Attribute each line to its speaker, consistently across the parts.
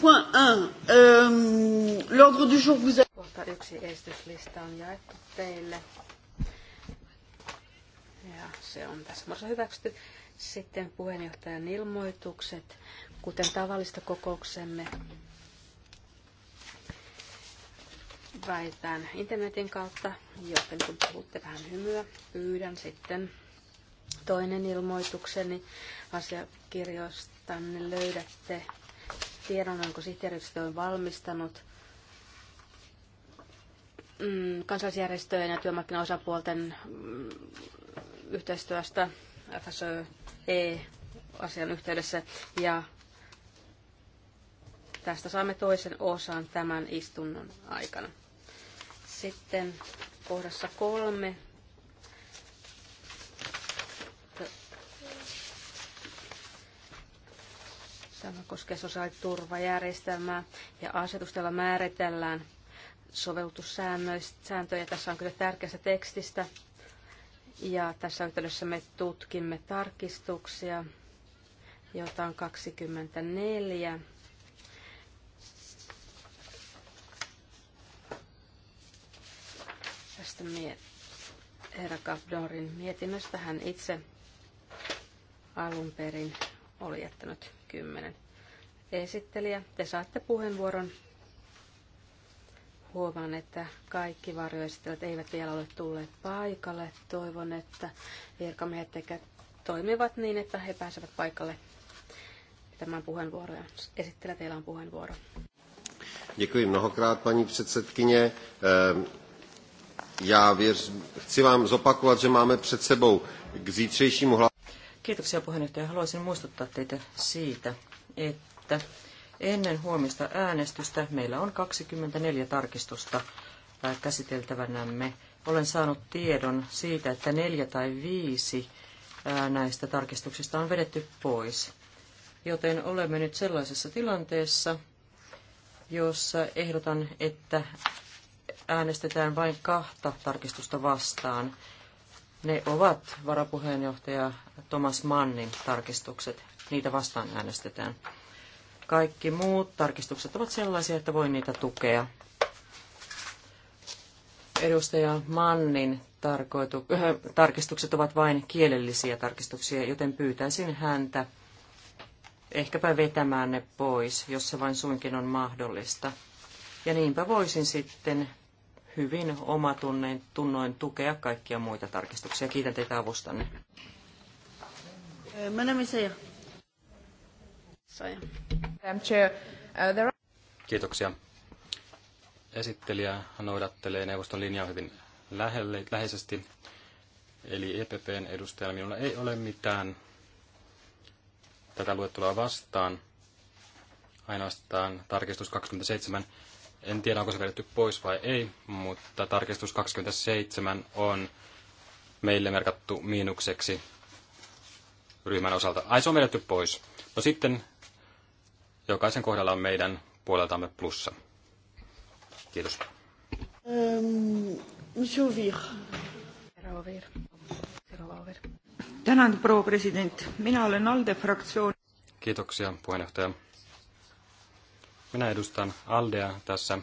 Speaker 1: Point 1. Euh, L'ordre du jour vous a... Kohta yksi
Speaker 2: esityslista on jaettu teille. Ja se on tässä muodossa hyväksytty. Sitten puheenjohtajan ilmoitukset, kuten tavallista kokouksemme. Väitän internetin kautta, joten kun puhutte vähän hymyä, pyydän sitten toinen ilmoitukseni asiakirjoista. Tänne löydätte kun sihteeristö on valmistanut mm, kansalaisjärjestöjen ja työmarkkinaosapuolten mm, yhteistyöstä FSÖE-asian yhteydessä ja tästä saamme toisen osan tämän istunnon aikana. Sitten kohdassa kolme Tämä koskee sosiaaliturvajärjestelmää ja asetustella määritellään sovellutussääntöjä. Tässä on kyllä tärkeästä tekstistä ja tässä yhteydessä me tutkimme tarkistuksia, joita on 24. Tästä miet- herra Kapdorin mietinnöstä hän itse alun perin oli jättänyt 10. Esittelijä, te saatte puheenvuoron. Huomaan, että kaikki varjoesittelijät eivät vielä ole tulleet paikalle. Toivon, että virkamiehet toimivat niin, että he pääsevät paikalle tämän puheenvuoron. Esittelijä, teillä on puheenvuoro.
Speaker 3: Děkuji mnohokrát, paní předsedkyně. Ehm, já věř, chci vám zopakovat, že máme před sebou k zítřejšímu hlasování
Speaker 4: Kiitoksia puheenjohtaja. Haluaisin muistuttaa teitä siitä, että ennen huomista äänestystä meillä on 24 tarkistusta äh, käsiteltävänämme. Olen saanut tiedon siitä, että neljä tai viisi äh, näistä tarkistuksista on vedetty pois. Joten olemme nyt sellaisessa tilanteessa, jossa ehdotan, että äänestetään vain kahta tarkistusta vastaan. Ne ovat varapuheenjohtaja Thomas Mannin tarkistukset. Niitä vastaan äänestetään. Kaikki muut tarkistukset ovat sellaisia, että voi niitä tukea. Edustaja Mannin tarkoitu, äh, tarkistukset ovat vain kielellisiä tarkistuksia, joten pyytäisin häntä ehkäpä vetämään ne pois, jos se vain suinkin on mahdollista. Ja niinpä voisin sitten hyvin omatunnoin tunnoin tukea kaikkia muita tarkistuksia. Kiitän teitä avustanne.
Speaker 1: Eh, uh,
Speaker 3: Kiitoksia. Esittelijä noudattelee neuvoston linjaa hyvin lähelle, läheisesti. Eli EPPn edustajalla minulla ei ole mitään tätä luettelua vastaan. Ainoastaan tarkistus 27 en tiedä, onko se vedetty pois vai ei, mutta tarkistus 27 on meille merkattu miinukseksi ryhmän osalta. Ai, se on vedetty pois. No sitten jokaisen kohdalla on meidän puoleltamme plussa. Kiitos.
Speaker 1: Ähm,
Speaker 4: Tänään, pro president. Minä olen ALDE-fraktioon.
Speaker 3: Kiitoksia, puheenjohtaja. Minä edustan Aldea tässä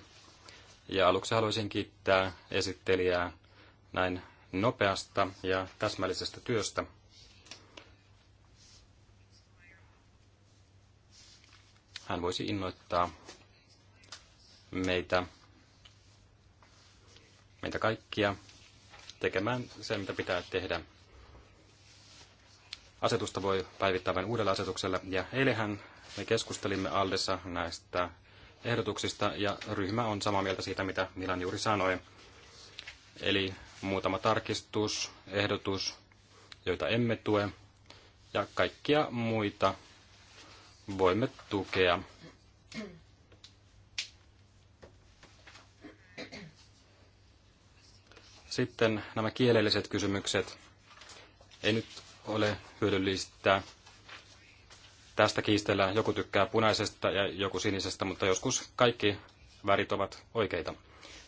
Speaker 3: ja aluksi haluaisin kiittää esittelijää näin nopeasta ja täsmällisestä työstä. Hän voisi innoittaa meitä, meitä kaikkia tekemään se, mitä pitää tehdä. Asetusta voi päivittää vain uudella asetuksella, ja eilenhän me keskustelimme Aldessa näistä ehdotuksista ja ryhmä on samaa mieltä siitä, mitä Milan juuri sanoi. Eli muutama tarkistus, ehdotus, joita emme tue, ja kaikkia muita voimme tukea. Sitten nämä kielelliset kysymykset. Ei nyt ole hyödyllistä Tästä kiistellään, joku tykkää punaisesta ja joku sinisestä, mutta joskus kaikki värit ovat oikeita.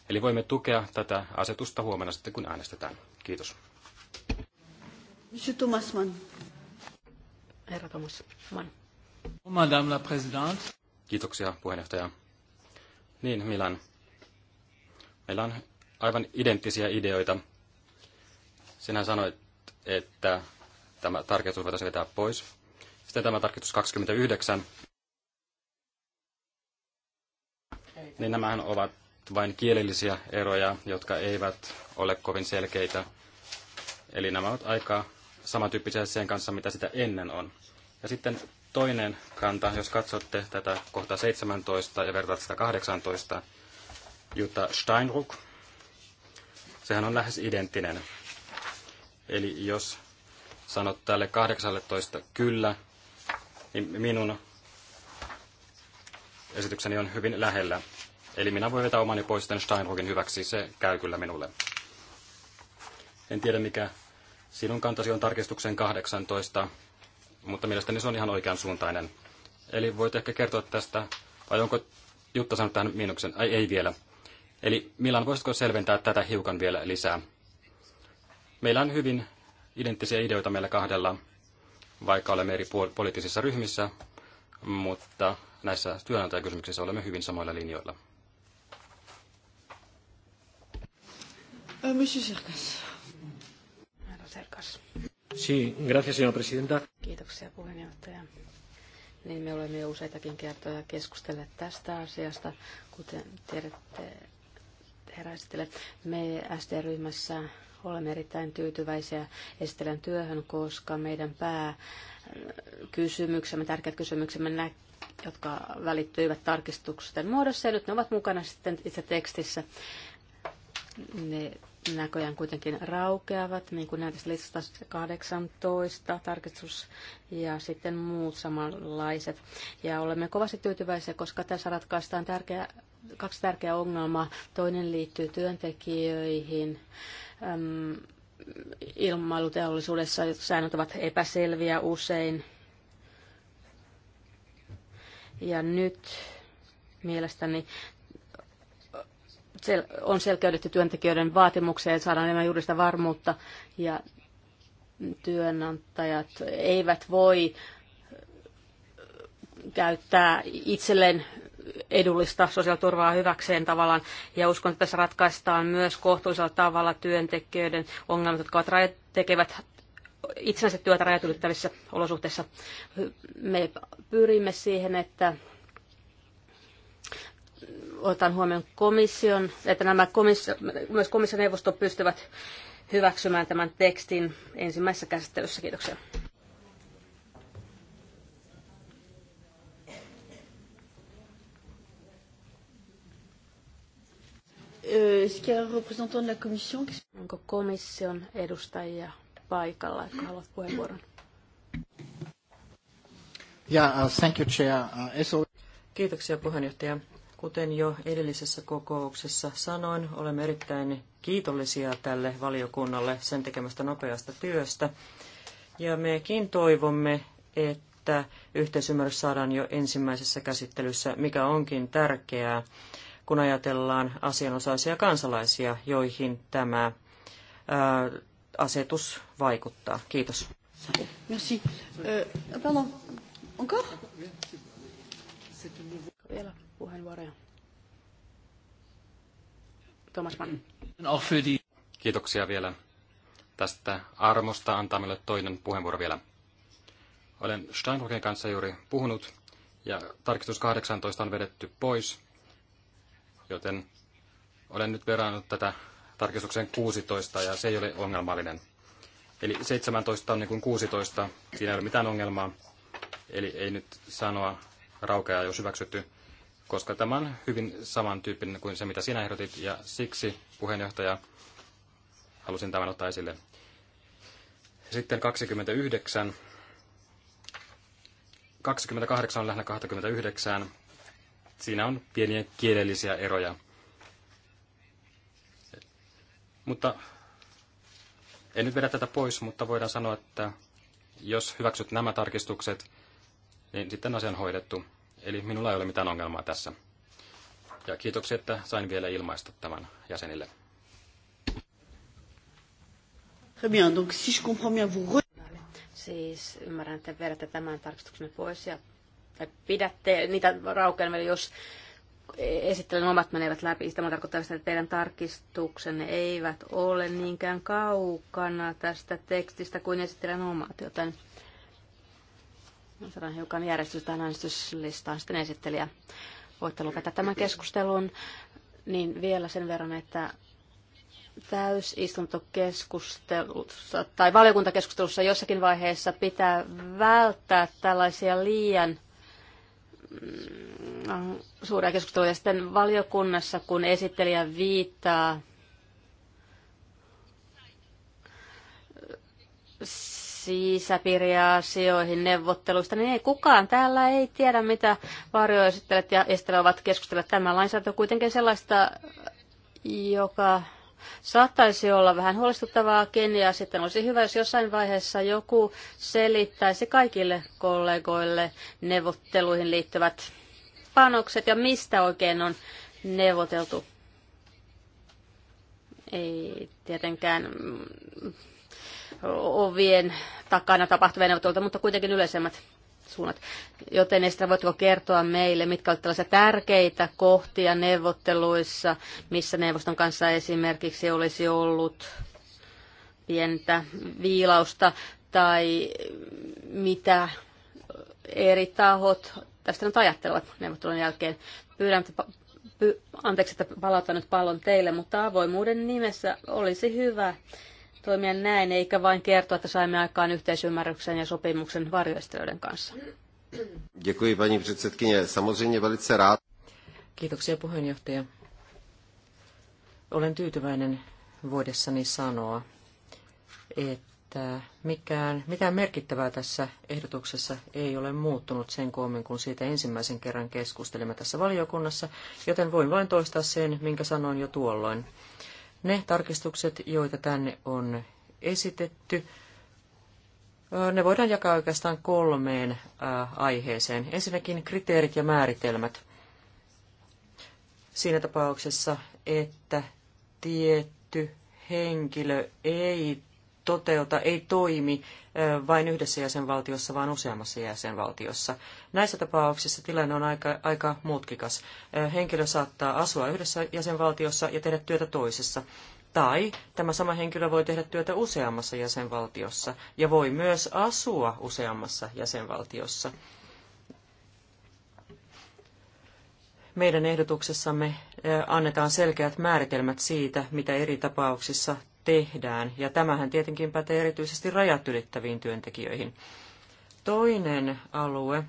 Speaker 3: Eli voimme tukea tätä asetusta huomenna sitten, kun äänestetään. Kiitos.
Speaker 2: Monsieur Thomas Mann. Herra Thomas Mann.
Speaker 3: Oh, madame la Présidente. Kiitoksia puheenjohtaja. Niin, Milan. Meillä on aivan identtisiä ideoita. Sinä sanoit, että tämä tarkistus voitaisiin vetää pois. Sitten tämä tarkistus 29. Niin nämähän ovat vain kielellisiä eroja, jotka eivät ole kovin selkeitä. Eli nämä ovat aika samantyyppisiä sen kanssa, mitä sitä ennen on. Ja sitten toinen kanta, jos katsotte tätä kohtaa 17 ja vertaat sitä 18, Jutta Steinruck, sehän on lähes identtinen. Eli jos sanot tälle 18 kyllä, niin minun esitykseni on hyvin lähellä. Eli minä voin vetää omani pois sitten Steinrockin hyväksi, se käy kyllä minulle. En tiedä mikä sinun kantasi on tarkistuksen 18, mutta mielestäni se on ihan oikean suuntainen. Eli voit ehkä kertoa tästä, vai onko Jutta sanonut tähän miinuksen? Ai ei vielä. Eli Milan, voisitko selventää tätä hiukan vielä lisää? Meillä on hyvin identtisiä ideoita meillä kahdella, vaikka olemme eri poliittisissa ryhmissä, mutta näissä työnantajakysymyksissä olemme hyvin samoilla linjoilla.
Speaker 2: Euh, monsieur Serkas. Serkas.
Speaker 3: Sí, gracias, señora presidenta.
Speaker 2: Kiitoksia puheenjohtaja. Niin me olemme jo useitakin kertoja keskustelleet tästä asiasta, kuten tiedätte, herra Me sd ryhmässä Olemme erittäin tyytyväisiä esitellen työhön, koska meidän pääkysymyksemme, tärkeät kysymyksemme nä- jotka välittyivät tarkistusten muodossa ja nyt ne ovat mukana sitten itse tekstissä. Ne näköjään kuitenkin raukeavat, niin kuin näitä listasta 18 tarkistus ja sitten muut samanlaiset. Ja olemme kovasti tyytyväisiä, koska tässä ratkaistaan tärkeä kaksi tärkeää ongelmaa. Toinen liittyy työntekijöihin. Öm, ilmailuteollisuudessa säännöt ovat epäselviä usein. Ja nyt mielestäni on selkeydetty työntekijöiden vaatimuksia että saadaan enemmän juridista varmuutta ja työnantajat eivät voi käyttää itselleen edullista sosiaaliturvaa hyväkseen tavallaan. Ja uskon, että tässä ratkaistaan myös kohtuullisella tavalla työntekijöiden ongelmat, jotka ovat rajat, tekevät itsensä työtä rajat ylittävissä olosuhteissa. Me pyrimme siihen, että otan huomioon komission, että nämä komissio, myös komissioneuvosto pystyvät hyväksymään tämän tekstin ensimmäisessä käsittelyssä. Kiitoksia.
Speaker 1: Euh, est-ce qu'il y a un représentant
Speaker 2: de la commission? Onko komission edustajia paikalla, jotka haluavat puheenvuoron?
Speaker 3: Yeah, uh, thank you, Chair. Uh, SO...
Speaker 4: Kiitoksia puheenjohtaja. Kuten jo edellisessä kokouksessa sanoin, olemme erittäin kiitollisia tälle valiokunnalle sen tekemästä nopeasta työstä. Ja mekin toivomme, että yhteisymmärrys saadaan jo ensimmäisessä käsittelyssä, mikä onkin tärkeää kun ajatellaan asianosaisia kansalaisia, joihin tämä ää, asetus vaikuttaa. Kiitos.
Speaker 2: Merci. Euh, pardon. Encore? Vielä puheenvuoroja. Thomas Mann.
Speaker 3: Kiitoksia vielä tästä armosta. Antaa meille toinen puheenvuoro vielä. Olen Steinbrücken kanssa juuri puhunut ja tarkistus 18 on vedetty pois joten olen nyt verrannut tätä tarkistuksen 16 ja se ei ole ongelmallinen. Eli 17 on niin kuin 16, siinä ei ole mitään ongelmaa. Eli ei nyt sanoa raukeaa, jos hyväksytty, koska tämä on hyvin samantyyppinen kuin se, mitä sinä ehdotit, ja siksi puheenjohtaja halusin tämän ottaa esille. Sitten 29. 28 on lähinnä 29. Siinä on pieniä kielellisiä eroja. Mutta en nyt vedä tätä pois, mutta voidaan sanoa, että jos hyväksyt nämä tarkistukset, niin sitten asia on hoidettu. Eli minulla ei ole mitään ongelmaa tässä. Ja kiitoksia, että sain vielä ilmaista tämän jäsenille.
Speaker 1: Très bien, donc si je bien, vous...
Speaker 2: Siis ymmärrän, että vedätte tämän tarkistuksen pois ja pidätte niitä raukeamia, jos esittelen omat menevät läpi. Tämä tarkoittaa sitä, että teidän tarkistuksenne eivät ole niinkään kaukana tästä tekstistä kuin esittelen omat, joten saadaan hiukan tähän äänestyslistaan sitten esittelijä. Voitte lukata tämän keskustelun. Niin vielä sen verran, että täysistuntokeskustelussa tai valiokuntakeskustelussa jossakin vaiheessa pitää välttää tällaisia liian Mm, no, suuria keskusteluja. Sitten valiokunnassa, kun esittelijä viittaa sisäpiiriä asioihin neuvotteluista, niin ei kukaan täällä ei tiedä, mitä varjoesittelijät ja esittelijät ovat keskustelleet Tämä lainsäädäntö on kuitenkin sellaista, joka saattaisi olla vähän huolestuttavaa ja sitten olisi hyvä, jos jossain vaiheessa joku selittäisi kaikille kollegoille neuvotteluihin liittyvät panokset ja mistä oikein on neuvoteltu. Ei tietenkään mm, ovien takana tapahtuvia neuvotteluita, mutta kuitenkin yleisemmät suunnat. Joten Estra, voitko kertoa meille, mitkä ovat tällaisia tärkeitä kohtia neuvotteluissa, missä neuvoston kanssa esimerkiksi olisi ollut pientä viilausta tai mitä eri tahot tästä nyt ajattelevat neuvottelun jälkeen. Pyydän, että anteeksi, että palautan nyt pallon teille, mutta avoimuuden nimessä olisi hyvä, toimia näin, eikä vain kertoa, että saimme aikaan yhteisymmärryksen ja sopimuksen varjoistelijoiden kanssa.
Speaker 3: Děkuji, paní předsedkyně. Samozřejmě velice rád.
Speaker 2: Kiitoksia puheenjohtaja.
Speaker 4: Olen tyytyväinen voidessani sanoa, että mikään, mitään merkittävää tässä ehdotuksessa ei ole muuttunut sen koomin, kun siitä ensimmäisen kerran keskustelimme tässä valiokunnassa, joten voin vain toistaa sen, minkä sanoin jo tuolloin. Ne tarkistukset, joita tänne on esitetty, ne voidaan jakaa oikeastaan kolmeen aiheeseen. Ensinnäkin kriteerit ja määritelmät. Siinä tapauksessa, että tietty henkilö ei toteuta, ei toimi vain yhdessä jäsenvaltiossa, vaan useammassa jäsenvaltiossa. Näissä tapauksissa tilanne on aika, aika mutkikas. Henkilö saattaa asua yhdessä jäsenvaltiossa ja tehdä työtä toisessa. Tai tämä sama henkilö voi tehdä työtä useammassa jäsenvaltiossa ja voi myös asua useammassa jäsenvaltiossa. Meidän ehdotuksessamme annetaan selkeät määritelmät siitä, mitä eri tapauksissa tehdään, ja tämähän tietenkin pätee erityisesti rajat ylittäviin työntekijöihin. Toinen alue,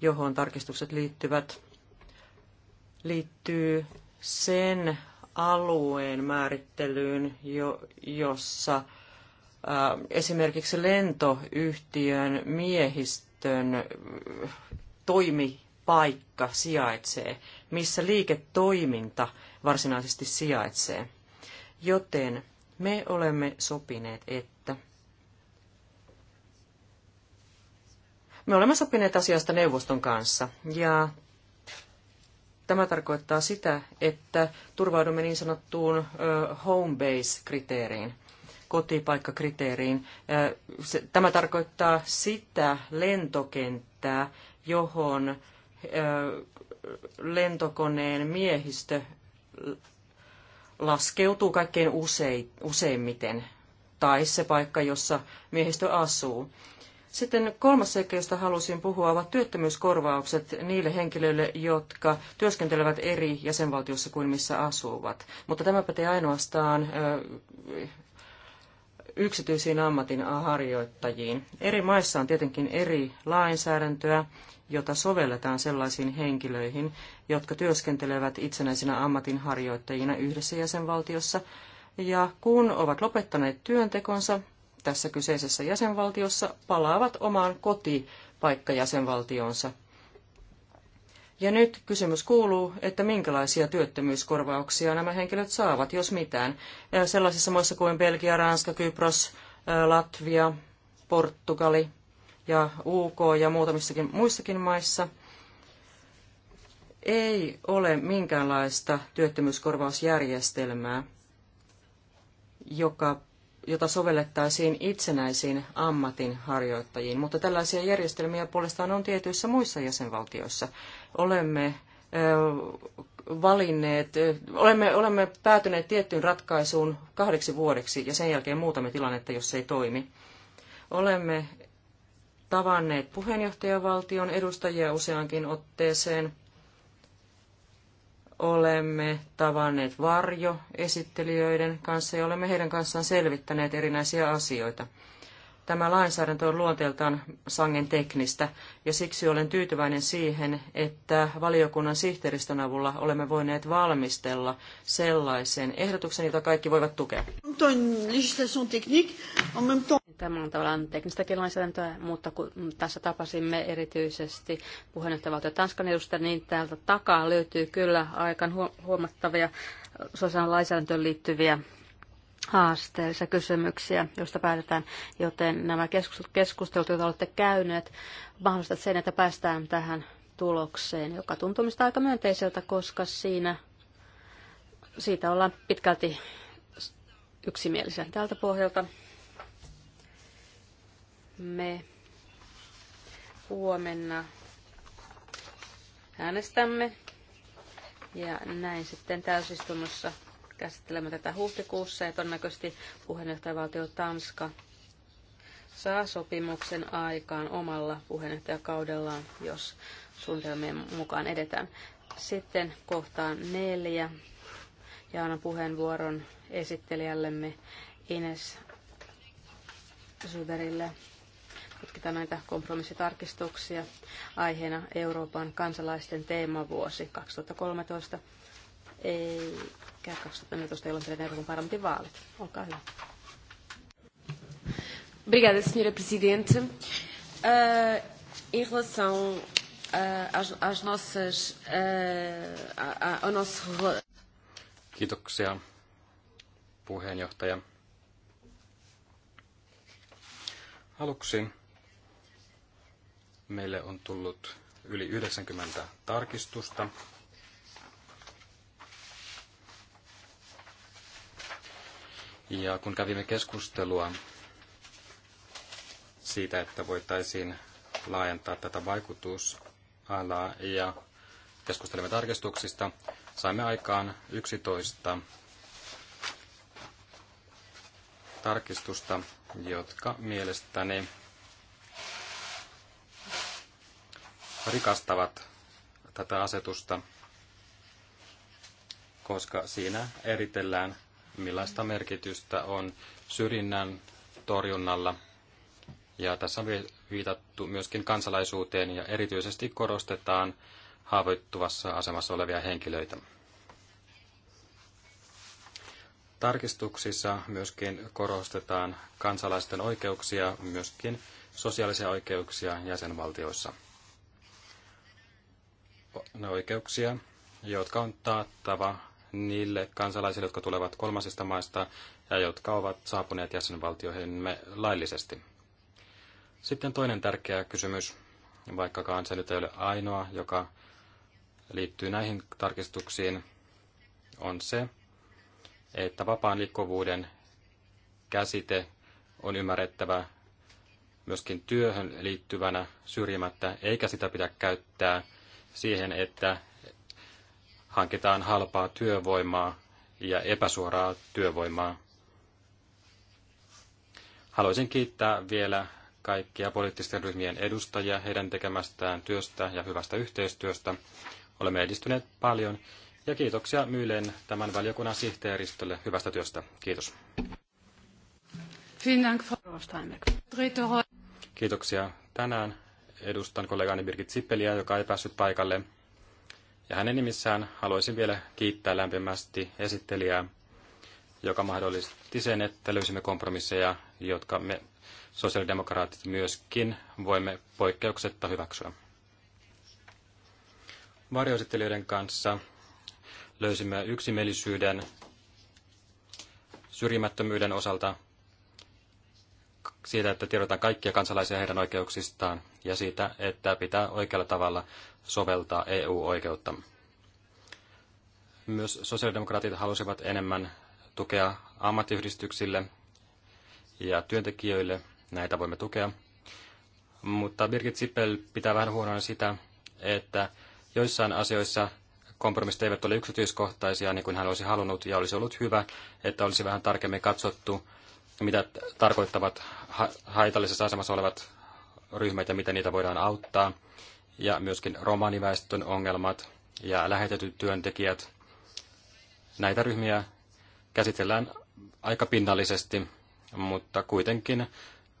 Speaker 4: johon tarkistukset liittyvät, liittyy sen alueen määrittelyyn, jo, jossa ä, esimerkiksi lentoyhtiön miehistön toimipaikka sijaitsee, missä liiketoiminta varsinaisesti sijaitsee. Joten me olemme sopineet, että me olemme sopineet asiasta neuvoston kanssa ja Tämä tarkoittaa sitä, että turvaudumme niin sanottuun home base-kriteeriin, kotipaikkakriteeriin. Tämä tarkoittaa sitä lentokenttää, johon lentokoneen miehistö laskeutuu kaikkein usein, useimmiten, tai se paikka, jossa miehistö asuu. Sitten kolmas seikka, josta halusin puhua, ovat työttömyyskorvaukset niille henkilöille, jotka työskentelevät eri jäsenvaltiossa kuin missä asuvat. Mutta tämä pätee ainoastaan yksityisiin ammatin harjoittajiin. Eri maissa on tietenkin eri lainsäädäntöä jota sovelletaan sellaisiin henkilöihin, jotka työskentelevät itsenäisinä ammatinharjoittajina yhdessä jäsenvaltiossa, ja kun ovat lopettaneet työntekonsa tässä kyseisessä jäsenvaltiossa, palaavat omaan kotipaikkajäsenvaltioonsa. Ja nyt kysymys kuuluu, että minkälaisia työttömyyskorvauksia nämä henkilöt saavat, jos mitään, sellaisissa maissa kuin Belgia, Ranska, Kypros, Latvia, Portugali, ja UK ja muutamissakin muissakin maissa ei ole minkäänlaista työttömyyskorvausjärjestelmää, joka, jota sovellettaisiin itsenäisiin ammatinharjoittajiin, mutta tällaisia järjestelmiä puolestaan on tietyissä muissa jäsenvaltioissa. Olemme valinneet, olemme, olemme päätyneet tiettyyn ratkaisuun kahdeksi vuodeksi ja sen jälkeen muutamme tilannetta, jos se ei toimi. Olemme tavanneet puheenjohtajavaltion edustajia useankin otteeseen. Olemme tavanneet varjoesittelijöiden kanssa ja olemme heidän kanssaan selvittäneet erinäisiä asioita. Tämä lainsäädäntö on luonteeltaan sangen teknistä, ja siksi olen tyytyväinen siihen, että valiokunnan sihteeristön avulla olemme voineet valmistella sellaisen ehdotuksen, jota kaikki voivat tukea.
Speaker 2: Tämä on tavallaan teknistäkin lainsäädäntöä, mutta kun tässä tapasimme erityisesti puheenjohtajavaltio Tanskan edustajan, niin täältä takaa löytyy kyllä aika huomattavia lainsäädäntöön liittyviä haasteellisia kysymyksiä, joista päätetään, joten nämä keskustelut, joita olette käyneet, mahdollistavat sen, että päästään tähän tulokseen, joka tuntuu mistä aika myönteiseltä, koska siinä, siitä ollaan pitkälti yksimielisiä tältä pohjalta. Me huomenna äänestämme ja näin sitten täysistunnossa Käsittelemme tätä huhtikuussa ja todennäköisesti puheenjohtajavaltio Tanska saa sopimuksen aikaan omalla puheenjohtajakaudellaan, jos suunnitelmien mukaan edetään. Sitten kohtaan neljä. Ja annan puheenvuoron esittelijällemme Ines Syberille. Tutkitaan näitä kompromissitarkistuksia. Aiheena Euroopan kansalaisten teemavuosi 2013. Ei sekä 2014 ilmoittelevat Euroopan parlamentin vaalit. Olkaa hyvä. Obrigada, senhora Presidente. Uh, em relação uh, às, às nossas,
Speaker 3: uh, ao nosso... Kiitoksia, puheenjohtaja. Aluksi meille on tullut yli 90 tarkistusta Ja kun kävimme keskustelua siitä, että voitaisiin laajentaa tätä vaikutusalaa ja keskustelimme tarkistuksista, saimme aikaan 11 tarkistusta, jotka mielestäni rikastavat tätä asetusta, koska siinä eritellään millaista merkitystä on syrjinnän torjunnalla. Ja tässä on viitattu myöskin kansalaisuuteen ja erityisesti korostetaan haavoittuvassa asemassa olevia henkilöitä. Tarkistuksissa myöskin korostetaan kansalaisten oikeuksia, myöskin sosiaalisia oikeuksia jäsenvaltioissa. Ne oikeuksia, jotka on taattava niille kansalaisille, jotka tulevat kolmasista maista ja jotka ovat saapuneet jäsenvaltioihimme laillisesti. Sitten toinen tärkeä kysymys, vaikkakaan se nyt ei ole ainoa, joka liittyy näihin tarkistuksiin, on se, että vapaan liikkuvuuden käsite on ymmärrettävä myöskin työhön liittyvänä syrjimättä, eikä sitä pidä käyttää siihen, että hankitaan halpaa työvoimaa ja epäsuoraa työvoimaa. Haluaisin kiittää vielä kaikkia poliittisten ryhmien edustajia heidän tekemästään työstä ja hyvästä yhteistyöstä. Olemme edistyneet paljon ja kiitoksia Myylen tämän valiokunnan sihteeristölle hyvästä työstä. Kiitos. Kiitoksia. Tänään edustan kollegaani Birgit Sippeliä, joka ei päässyt paikalle. Ja hänen nimissään haluaisin vielä kiittää lämpimästi esittelijää, joka mahdollisti sen, että löysimme kompromisseja, jotka me sosiaalidemokraatit myöskin voimme poikkeuksetta hyväksyä. Varjoesittelijöiden kanssa löysimme yksimielisyyden syrjimättömyyden osalta siitä, että tiedotetaan kaikkia kansalaisia heidän oikeuksistaan ja siitä, että pitää oikealla tavalla soveltaa EU-oikeutta. Myös sosiaalidemokraatit halusivat enemmän tukea ammattiyhdistyksille ja työntekijöille. Näitä voimme tukea. Mutta Birgit Sippel pitää vähän huonona sitä, että joissain asioissa kompromissit eivät ole yksityiskohtaisia, niin kuin hän olisi halunnut, ja olisi ollut hyvä, että olisi vähän tarkemmin katsottu mitä tarkoittavat haitallisessa asemassa olevat ryhmät ja miten niitä voidaan auttaa, ja myöskin romaniväestön ongelmat ja lähetetyt työntekijät. Näitä ryhmiä käsitellään aika pinnallisesti, mutta kuitenkin,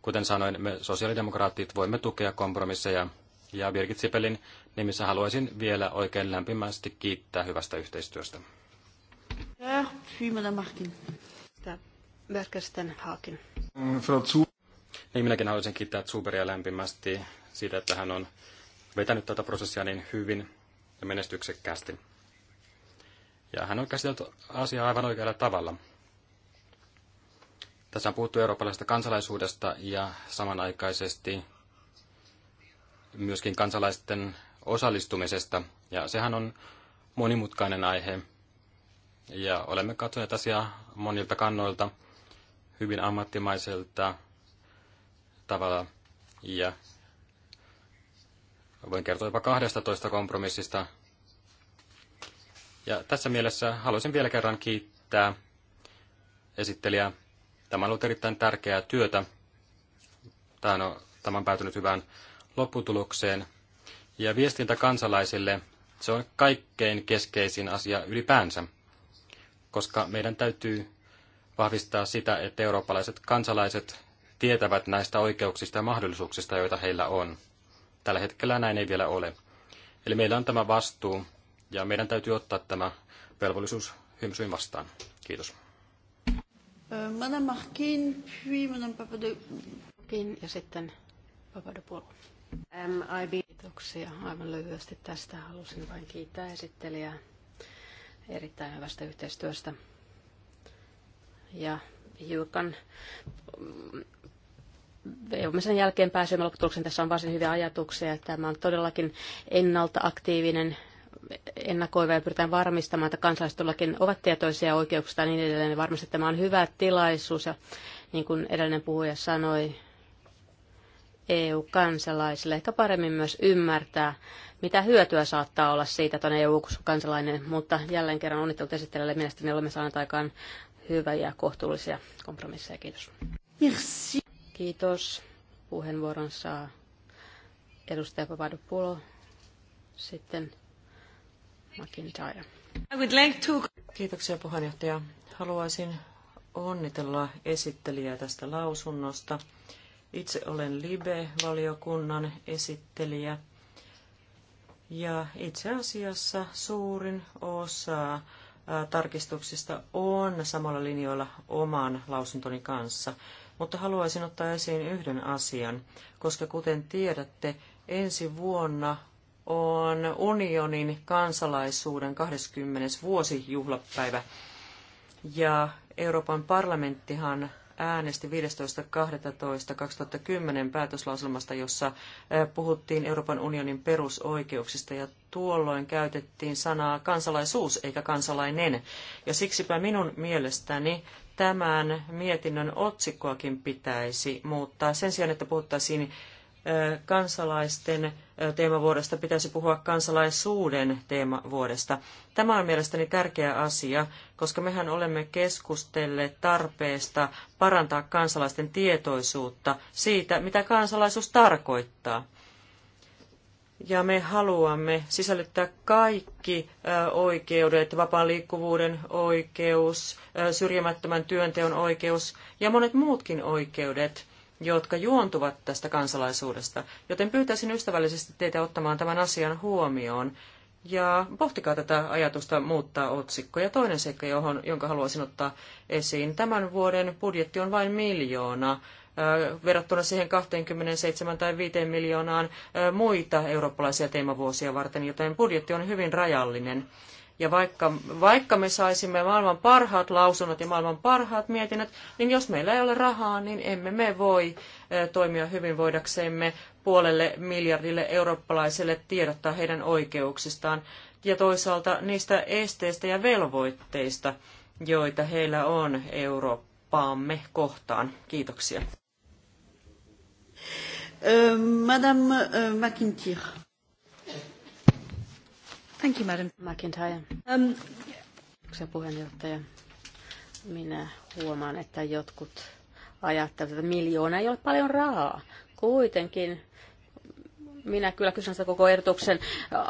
Speaker 3: kuten sanoin, me sosiaalidemokraatit voimme tukea kompromisseja, ja Birgit Sipelin nimissä haluaisin vielä oikein lämpimästi kiittää hyvästä yhteistyöstä.
Speaker 2: Ja, Berkersten Haakin.
Speaker 3: Niin, minäkin haluaisin kiittää Zuberia lämpimästi siitä, että hän on vetänyt tätä prosessia niin hyvin ja menestyksekkäästi. Ja hän on käsitellyt asiaa aivan oikealla tavalla. Tässä on puhuttu eurooppalaisesta kansalaisuudesta ja samanaikaisesti myöskin kansalaisten osallistumisesta. Ja sehän on monimutkainen aihe. Ja olemme katsoneet asiaa monilta kannoilta hyvin ammattimaiselta tavalla ja voin kertoa jopa 12 kompromissista. Ja tässä mielessä haluaisin vielä kerran kiittää esittelijää. Tämä on ollut erittäin tärkeää työtä. Tämä on, tämä on päätynyt hyvään lopputulokseen. Ja viestintä kansalaisille, se on kaikkein keskeisin asia ylipäänsä, koska meidän täytyy vahvistaa sitä, että eurooppalaiset kansalaiset tietävät näistä oikeuksista ja mahdollisuuksista, joita heillä on. Tällä hetkellä näin ei vielä ole. Eli meillä on tämä vastuu ja meidän täytyy ottaa tämä velvollisuus hymsyin vastaan. Kiitos.
Speaker 1: Madame Markin, puis Madame Papadopoulos.
Speaker 2: ja sitten Papadopoulos. Ähm, Kiitoksia. Aivan lyhyesti tästä halusin vain kiittää esittelijää erittäin hyvästä yhteistyöstä ja hiukan veumisen mm, jälkeen pääsemme lopputulokseen Tässä on varsin hyviä ajatuksia. Tämä on todellakin ennalta aktiivinen ennakoiva ja pyritään varmistamaan, että kansalaiset ovat tietoisia oikeuksista ja niin edelleen. Varmasti tämä on hyvä tilaisuus ja niin kuin edellinen puhuja sanoi, EU-kansalaisille ehkä paremmin myös ymmärtää, mitä hyötyä saattaa olla siitä, että on EU-kansalainen, mutta jälleen kerran onnittelut esittelijälle. Mielestäni olemme saaneet aikaan hyvä ja kohtuullisia kompromisseja. Kiitos. Merci. Kiitos. Puheenvuoron saa edustaja Papadopoulos. sitten McIntyre. I would like to... Kiitoksia puheenjohtaja.
Speaker 4: Haluaisin onnitella esittelijää tästä lausunnosta. Itse olen Libe-valiokunnan esittelijä. Ja itse asiassa suurin osa tarkistuksista on samalla linjoilla oman lausuntoni kanssa, mutta haluaisin ottaa esiin yhden asian, koska kuten tiedätte, ensi vuonna on unionin kansalaisuuden 20. vuosijuhlapäivä. Ja Euroopan parlamenttihan äänesti 15.12.2010 päätöslauselmasta, jossa puhuttiin Euroopan unionin perusoikeuksista ja tuolloin käytettiin sanaa kansalaisuus eikä kansalainen. Ja siksipä minun mielestäni tämän mietinnön otsikkoakin pitäisi muuttaa sen sijaan, että puhuttaisiin kansalaisten teemavuodesta pitäisi puhua kansalaisuuden teemavuodesta. Tämä on mielestäni tärkeä asia, koska mehän olemme keskustelleet tarpeesta parantaa kansalaisten tietoisuutta siitä, mitä kansalaisuus tarkoittaa. Ja me haluamme sisällyttää kaikki oikeudet, vapaan liikkuvuuden oikeus, syrjimättömän työnteon oikeus ja monet muutkin oikeudet jotka juontuvat tästä kansalaisuudesta. Joten pyytäisin ystävällisesti teitä ottamaan tämän asian huomioon ja pohtikaa tätä ajatusta muuttaa otsikko. Ja toinen seikka, johon, jonka haluaisin ottaa esiin. Tämän vuoden budjetti on vain miljoona äh, verrattuna siihen 27 tai 5 miljoonaan äh, muita eurooppalaisia teemavuosia varten, joten budjetti on hyvin rajallinen. Ja vaikka, vaikka me saisimme maailman parhaat lausunnot ja maailman parhaat mietinnöt, niin jos meillä ei ole rahaa, niin emme me voi toimia hyvin voidaksemme puolelle miljardille eurooppalaiselle tiedottaa heidän oikeuksistaan ja toisaalta niistä esteistä ja velvoitteista, joita heillä on Eurooppaamme kohtaan. Kiitoksia.
Speaker 2: Madame McIntyre. Thank you, Madam McIntyre. Um, puheenjohtaja. Minä huomaan, että jotkut ajattelevat, että miljoona ei ole paljon rahaa. Kuitenkin minä kyllä kysyn sitä koko ehdotuksen äh,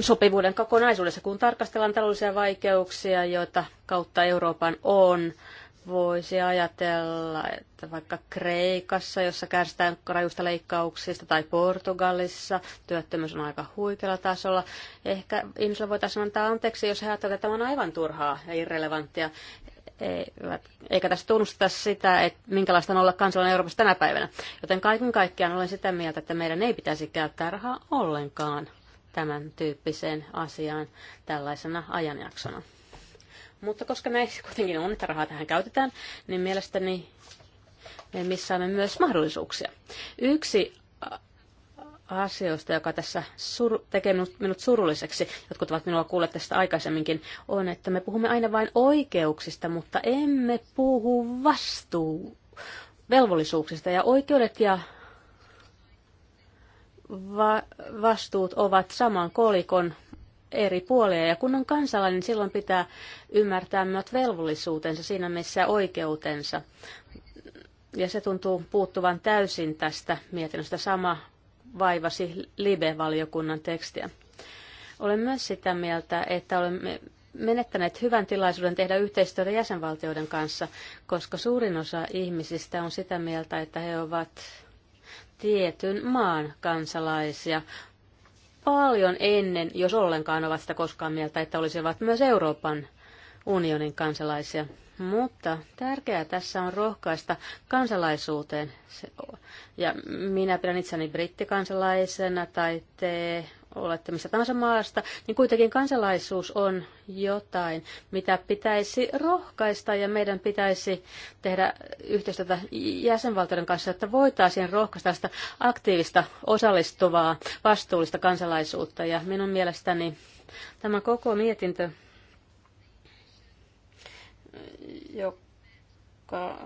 Speaker 2: sopivuuden kokonaisuudessa, kun tarkastellaan taloudellisia vaikeuksia, joita kautta Euroopan on, voisi ajatella, että vaikka Kreikassa, jossa kärsitään rajuista leikkauksista, tai Portugalissa työttömyys on aika huikealla tasolla, ehkä ihmisillä voitaisiin antaa anteeksi, jos he ajattelevat, että tämä on aivan turhaa ja irrelevanttia. Eikä tässä tunnusteta sitä, että minkälaista on olla kansalainen Euroopassa tänä päivänä. Joten kaiken kaikkiaan olen sitä mieltä, että meidän ei pitäisi käyttää rahaa ollenkaan tämän tyyppiseen asiaan tällaisena ajanjaksona. Mutta koska me kuitenkin on, että rahaa tähän käytetään, niin mielestäni me missaamme myös mahdollisuuksia. Yksi asioista, joka tässä sur- tekee minut, minut surulliseksi, jotkut ovat minua kuulleet tästä aikaisemminkin, on, että me puhumme aina vain oikeuksista, mutta emme puhu vastuu velvollisuuksista ja oikeudet ja va- vastuut ovat saman kolikon eri puolia. Ja kun on kansalainen, niin silloin pitää ymmärtää myös velvollisuutensa siinä missä oikeutensa. Ja se tuntuu puuttuvan täysin tästä mietinnöstä. Sama vaivasi Libe-valiokunnan tekstiä. Olen myös sitä mieltä, että olemme menettäneet hyvän tilaisuuden tehdä yhteistyötä jäsenvaltioiden kanssa, koska suurin osa ihmisistä on sitä mieltä, että he ovat tietyn maan kansalaisia, paljon ennen, jos ollenkaan ovat sitä koskaan mieltä, että olisivat myös Euroopan unionin kansalaisia. Mutta tärkeää tässä on rohkaista kansalaisuuteen. Ja minä pidän itseni brittikansalaisena tai te olette mistä tahansa maasta, niin kuitenkin kansalaisuus on jotain, mitä pitäisi rohkaista ja meidän pitäisi tehdä yhteistyötä jäsenvaltioiden kanssa, että voitaisiin rohkaista sitä aktiivista, osallistuvaa, vastuullista kansalaisuutta. Ja minun mielestäni tämä koko mietintö, joka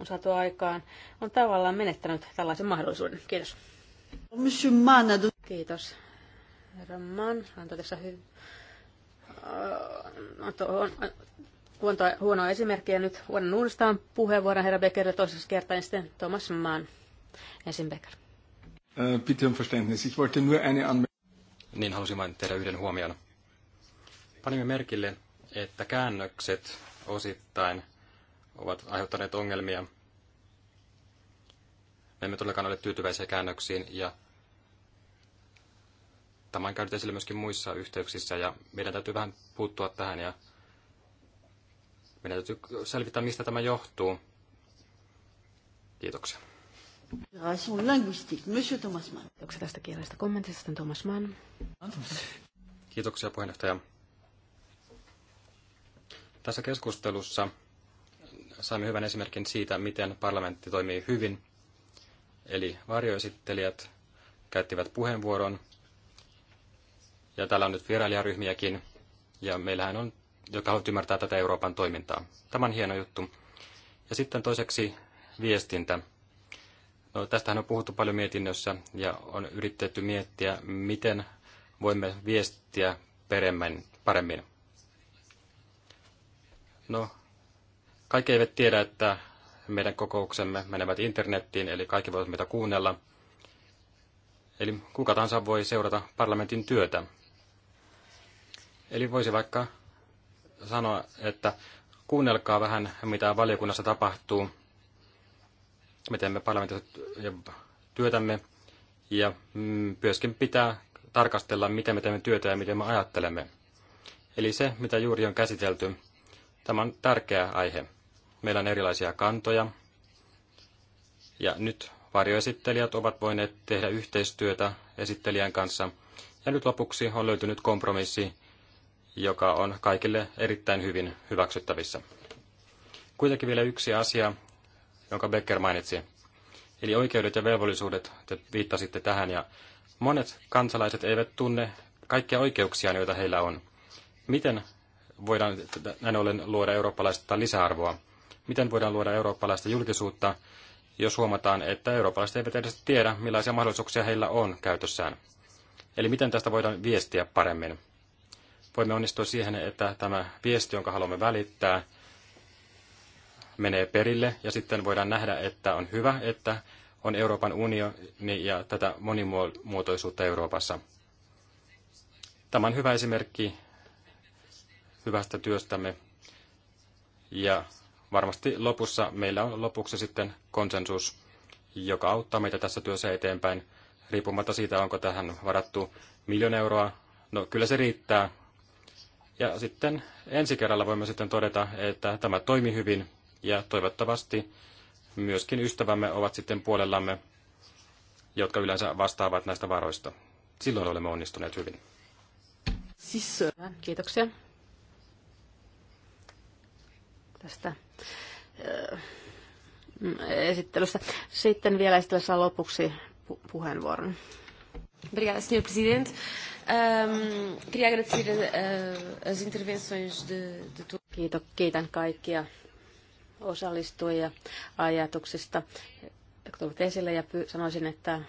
Speaker 2: on saatu aikaan, on tavallaan menettänyt tällaisen mahdollisuuden. Kiitos. Monsieur Mann Kiitos. Herra Mann antoi tässä hy- äh, huono, huono esimerkki ja nyt huonon uudestaan puheenvuoron herra ja toisessa kertaa, ja niin sitten Thomas Mann. Ensin Becker.
Speaker 3: Äh, bitte um Verständnis. Ich wollte nur eine Niin halusin vain tehdä yhden huomion. Panimme merkille, että käännökset osittain ovat aiheuttaneet ongelmia. Me emme todellakaan ole tyytyväisiä käännöksiin ja tämä on käynyt esille myöskin muissa yhteyksissä ja meidän täytyy vähän puuttua tähän ja meidän täytyy selvittää, mistä tämä johtuu. Kiitoksia.
Speaker 2: Kiitoksia tästä kielestä kommentista, sitten Thomas Mann.
Speaker 3: Kiitoksia puheenjohtaja. Tässä keskustelussa saimme hyvän esimerkin siitä, miten parlamentti toimii hyvin. Eli varjoesittelijät käyttivät puheenvuoron ja täällä on nyt vierailijaryhmiäkin, ja meillähän on, joka haluavat ymmärtää tätä Euroopan toimintaa. Tämä on hieno juttu. Ja sitten toiseksi viestintä. No, tästähän on puhuttu paljon mietinnössä, ja on yritetty miettiä, miten voimme viestiä paremmin. paremmin. No, kaikki eivät tiedä, että meidän kokouksemme menevät internettiin, eli kaikki voivat meitä kuunnella. Eli kuka tahansa voi seurata parlamentin työtä. Eli voisi vaikka sanoa, että kuunnelkaa vähän, mitä valiokunnassa tapahtuu, miten me parlamentissa työtämme, ja mm, myöskin pitää tarkastella, miten me teemme työtä ja miten me ajattelemme. Eli se, mitä juuri on käsitelty, tämä on tärkeä aihe. Meillä on erilaisia kantoja, ja nyt varjoesittelijät ovat voineet tehdä yhteistyötä esittelijän kanssa, ja nyt lopuksi on löytynyt kompromissi, joka on kaikille erittäin hyvin hyväksyttävissä. Kuitenkin vielä yksi asia, jonka Becker mainitsi. Eli oikeudet ja velvollisuudet, te viittasitte tähän, ja monet kansalaiset eivät tunne kaikkia oikeuksia, joita heillä on. Miten voidaan näin ollen luoda eurooppalaista lisäarvoa? Miten voidaan luoda eurooppalaista julkisuutta, jos huomataan, että eurooppalaiset eivät edes tiedä, millaisia mahdollisuuksia heillä on käytössään? Eli miten tästä voidaan viestiä paremmin? voimme onnistua siihen, että tämä viesti, jonka haluamme välittää, menee perille ja sitten voidaan nähdä, että on hyvä, että on Euroopan unioni ja tätä monimuotoisuutta Euroopassa. Tämä on hyvä esimerkki hyvästä työstämme ja varmasti lopussa meillä on lopuksi sitten konsensus, joka auttaa meitä tässä työssä eteenpäin, riippumatta siitä, onko tähän varattu miljoona euroa. No kyllä se riittää ja sitten ensi kerralla voimme sitten todeta, että tämä toimi hyvin ja toivottavasti myöskin ystävämme ovat sitten puolellamme, jotka yleensä vastaavat näistä varoista. Silloin olemme onnistuneet hyvin.
Speaker 2: Siis, kiitoksia tästä mm, esittelystä. Sitten vielä saa lopuksi puheenvuoron. Obrigada, Sr. Presidente. Um, queria agradecer uh, as intervenções de, de tu. Kiitos, kiitän kaikkia osallistujia ajatuksista, jotka tulivat esille ja py- sanoisin, että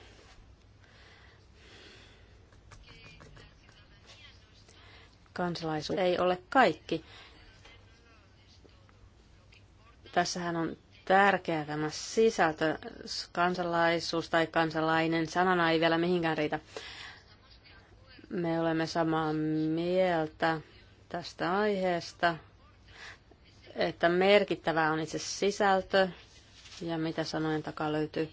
Speaker 2: kansalaisuus ei ole kaikki. Tässähän on tärkeä tämä sisältö, kansalaisuus tai kansalainen, sanana ei vielä mihinkään riitä. Me olemme samaa mieltä tästä aiheesta, että merkittävää on itse sisältö ja mitä sanojen takaa löytyy.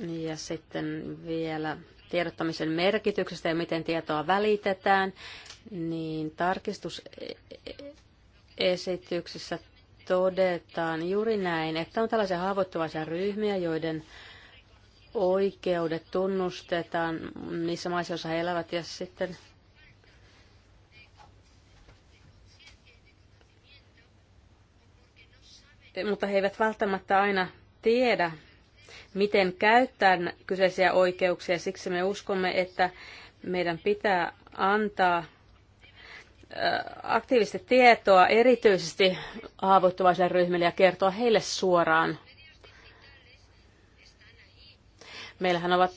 Speaker 2: Ja sitten vielä tiedottamisen merkityksestä ja miten tietoa välitetään, niin tarkistus esityksessä todetaan juuri näin, että on tällaisia haavoittuvaisia ryhmiä, joiden oikeudet tunnustetaan niissä maissa, joissa he elävät, ja sitten mutta he eivät välttämättä aina tiedä, miten käyttää kyseisiä oikeuksia. Siksi me uskomme, että meidän pitää antaa Äh, aktiivisesti tietoa erityisesti haavoittuvaisille ryhmille ja kertoa heille suoraan. Meillähän ovat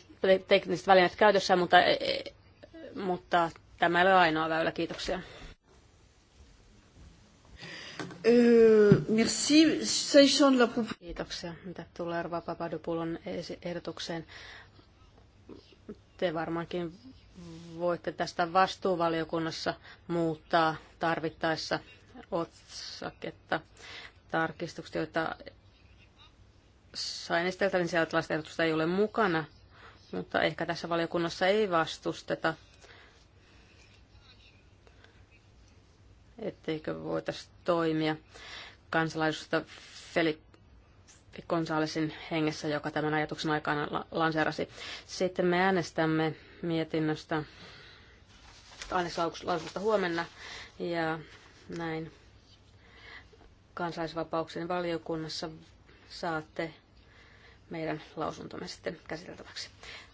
Speaker 2: tekniset välineet käytössä, mutta, e, e, mutta tämä ei ole ainoa väylä. Kiitoksia. Äh, Kiitoksia. Mitä tulee Rova Papadopoulon ehdotukseen, te varmaankin voitte tästä vastuuvaliokunnassa muuttaa tarvittaessa otsaketta tarkistukset, joita sain esiteltä, niin sieltä ei ole mukana, mutta ehkä tässä valiokunnassa ei vastusteta, etteikö voitaisiin toimia kansalaisuudesta Felip Gonzalesin hengessä, joka tämän ajatuksen aikana lanseerasi. Sitten me äänestämme mietinnöstä aineslaususta huomenna ja näin kansalaisvapauksien valiokunnassa saatte meidän lausuntomme sitten käsiteltäväksi.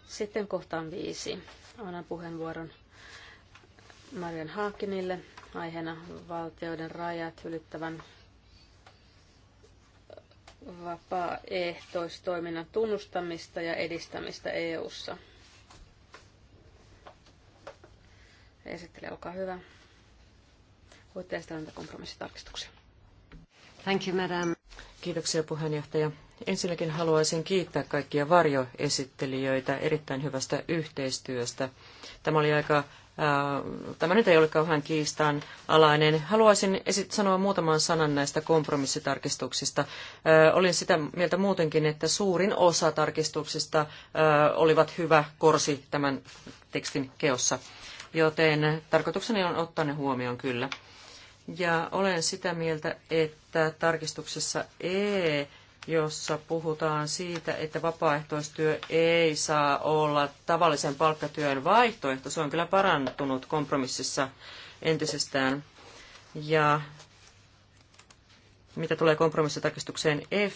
Speaker 2: Sitten kohtaan viisi. Annan puheenvuoron Marian Haakinille aiheena valtioiden rajat ylittävän vapaaehtoistoiminnan tunnustamista ja edistämistä EU:ssa. Esittelijä, olkaa hyvä. Voitte estää näitä kompromissitarkistuksia.
Speaker 1: Thank you, madam. Kiitoksia
Speaker 4: puheenjohtaja. Ensinnäkin haluaisin kiittää kaikkia varjoesittelijöitä erittäin hyvästä yhteistyöstä. Tämä oli aika Tämä nyt ei ole kauhean kiistan alainen. Haluaisin esit- sanoa muutaman sanan näistä kompromissitarkistuksista. Olin sitä mieltä muutenkin, että suurin osa tarkistuksista olivat hyvä korsi tämän tekstin keossa, joten tarkoitukseni on ottaa ne huomioon kyllä. Ja olen sitä mieltä, että tarkistuksessa E jossa puhutaan siitä, että vapaaehtoistyö ei saa olla tavallisen palkkatyön vaihtoehto. Se on kyllä parantunut kompromississa entisestään. Ja mitä tulee kompromissitarkistukseen F,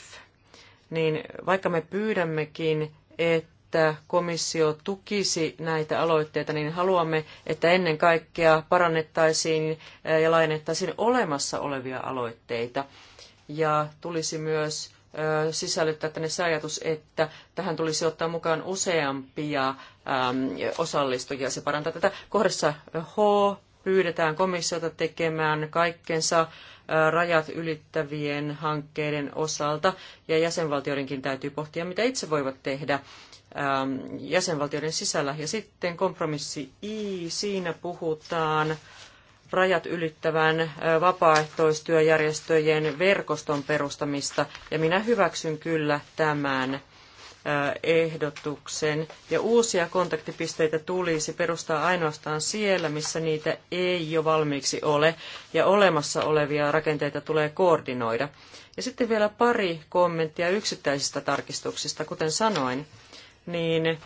Speaker 4: niin vaikka me pyydämmekin, että komissio tukisi näitä aloitteita, niin haluamme, että ennen kaikkea parannettaisiin ja laajennettaisiin olemassa olevia aloitteita. Ja tulisi myös sisällyttää tänne se ajatus, että tähän tulisi ottaa mukaan useampia osallistujia. Se parantaa tätä. Kohdassa H pyydetään komissiota tekemään kaikkensa rajat ylittävien hankkeiden osalta, ja jäsenvaltioidenkin täytyy pohtia, mitä itse voivat tehdä jäsenvaltioiden sisällä. Ja sitten kompromissi I, siinä puhutaan rajat ylittävän vapaaehtoistyöjärjestöjen verkoston perustamista, ja minä hyväksyn kyllä tämän ehdotuksen. Ja uusia kontaktipisteitä tulisi perustaa ainoastaan siellä, missä niitä ei jo valmiiksi ole, ja olemassa olevia rakenteita tulee koordinoida. Ja sitten vielä pari kommenttia yksittäisistä tarkistuksista. Kuten sanoin, niin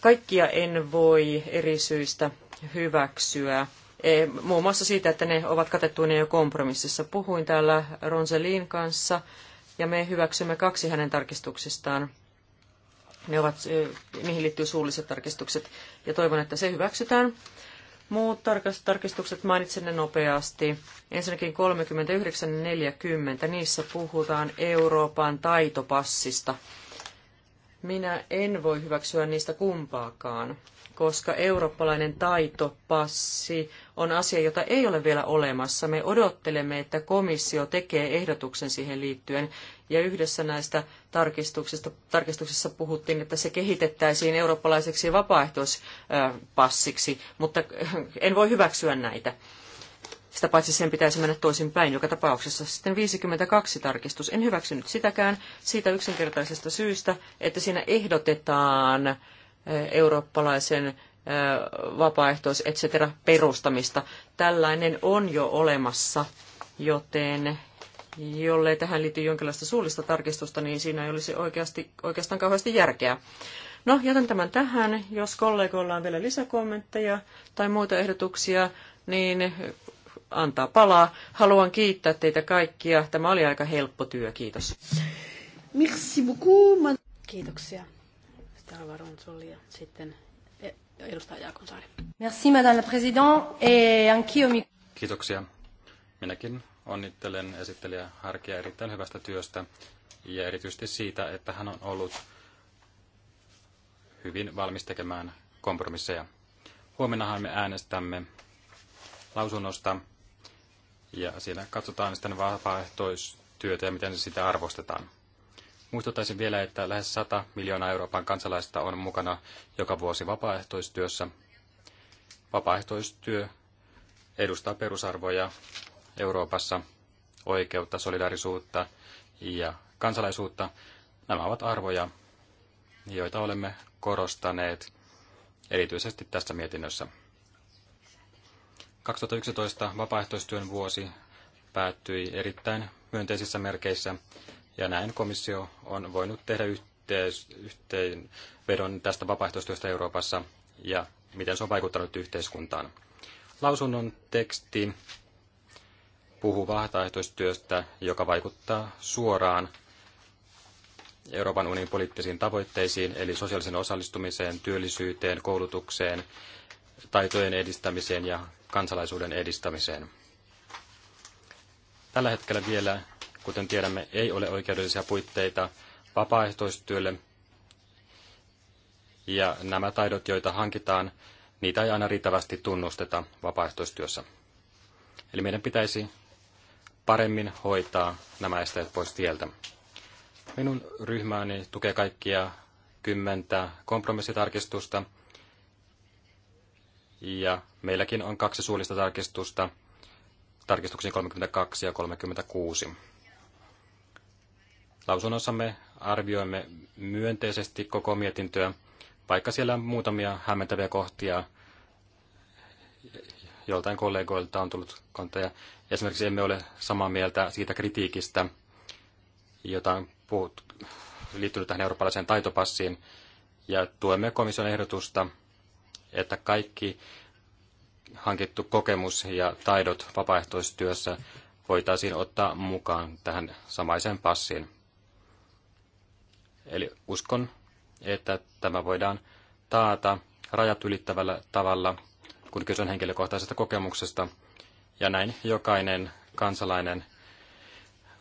Speaker 4: kaikkia en voi eri syistä hyväksyä. E, muun muassa siitä, että ne ovat katettuina jo kompromississa. Puhuin täällä Ronselin kanssa ja me hyväksymme kaksi hänen tarkistuksistaan. Ne ovat, niihin e, liittyy suulliset tarkistukset ja toivon, että se hyväksytään. Muut tarkistukset mainitsen ne nopeasti. Ensinnäkin 39.40, niissä puhutaan Euroopan taitopassista. Minä en voi hyväksyä niistä kumpaakaan koska eurooppalainen taitopassi on asia, jota ei ole vielä olemassa. Me odottelemme, että komissio tekee ehdotuksen siihen liittyen, ja yhdessä näistä tarkistuksista, tarkistuksissa puhuttiin, että se kehitettäisiin eurooppalaiseksi vapaaehtoispassiksi, mutta en voi hyväksyä näitä. Sitä paitsi sen pitäisi mennä toisin päin joka tapauksessa. Sitten 52 tarkistus. En hyväksynyt sitäkään siitä yksinkertaisesta syystä, että siinä ehdotetaan eurooppalaisen vapaaehtois cetera, perustamista. Tällainen on jo olemassa, joten jollei tähän liity jonkinlaista suullista tarkistusta, niin siinä ei olisi oikeasti, oikeastaan kauheasti järkeä. No, jätän tämän tähän. Jos kollegoilla on vielä lisäkommentteja tai muita ehdotuksia, niin antaa palaa. Haluan kiittää teitä kaikkia. Tämä oli aika helppo työ. Kiitos.
Speaker 2: Merci beaucoup. Kiitoksia. Sitten Alvaro Unzoli ja sitten e, edustaja Jaakonsaari.
Speaker 1: Merci madame la présidente et anch'io.
Speaker 3: Kiitoksia. Minäkin onnittelen esittelijä Harkia erittäin hyvästä työstä ja erityisesti siitä, että hän on ollut hyvin valmis tekemään kompromisseja. Huomennahan me äänestämme lausunnosta ja siinä katsotaan sitten vapaaehtoistyötä ja miten sitä arvostetaan. Muistuttaisin vielä, että lähes 100 miljoonaa Euroopan kansalaista on mukana joka vuosi vapaaehtoistyössä. Vapaaehtoistyö edustaa perusarvoja Euroopassa, oikeutta, solidarisuutta ja kansalaisuutta. Nämä ovat arvoja, joita olemme korostaneet erityisesti tässä mietinnössä. 2011 vapaaehtoistyön vuosi päättyi erittäin myönteisissä merkeissä ja näin komissio on voinut tehdä yhteis- yhteenvedon tästä vapaaehtoistyöstä Euroopassa ja miten se on vaikuttanut yhteiskuntaan. Lausunnon teksti puhuu vapaaehtoistyöstä, joka vaikuttaa suoraan Euroopan unionin poliittisiin tavoitteisiin, eli sosiaaliseen osallistumiseen, työllisyyteen, koulutukseen, taitojen edistämiseen ja kansalaisuuden edistämiseen. Tällä hetkellä vielä Kuten tiedämme, ei ole oikeudellisia puitteita vapaaehtoistyölle. Ja nämä taidot, joita hankitaan, niitä ei aina riittävästi tunnusteta vapaaehtoistyössä. Eli meidän pitäisi paremmin hoitaa nämä esteet pois tieltä. Minun ryhmäni tukee kaikkia kymmentä kompromissitarkistusta. Ja meilläkin on kaksi suullista tarkistusta, tarkistuksiin 32 ja 36. Lausunnossamme arvioimme myönteisesti koko mietintöä, vaikka siellä on muutamia hämmentäviä kohtia joltain kollegoilta on tullut kantoja. Esimerkiksi emme ole samaa mieltä siitä kritiikistä, jota on puhut, liittynyt tähän eurooppalaiseen taitopassiin, ja tuemme komission ehdotusta, että kaikki hankittu kokemus ja taidot vapaaehtoistyössä voitaisiin ottaa mukaan tähän samaiseen passiin. Eli uskon, että tämä voidaan taata rajat ylittävällä tavalla, kun kyse on henkilökohtaisesta kokemuksesta. Ja näin jokainen kansalainen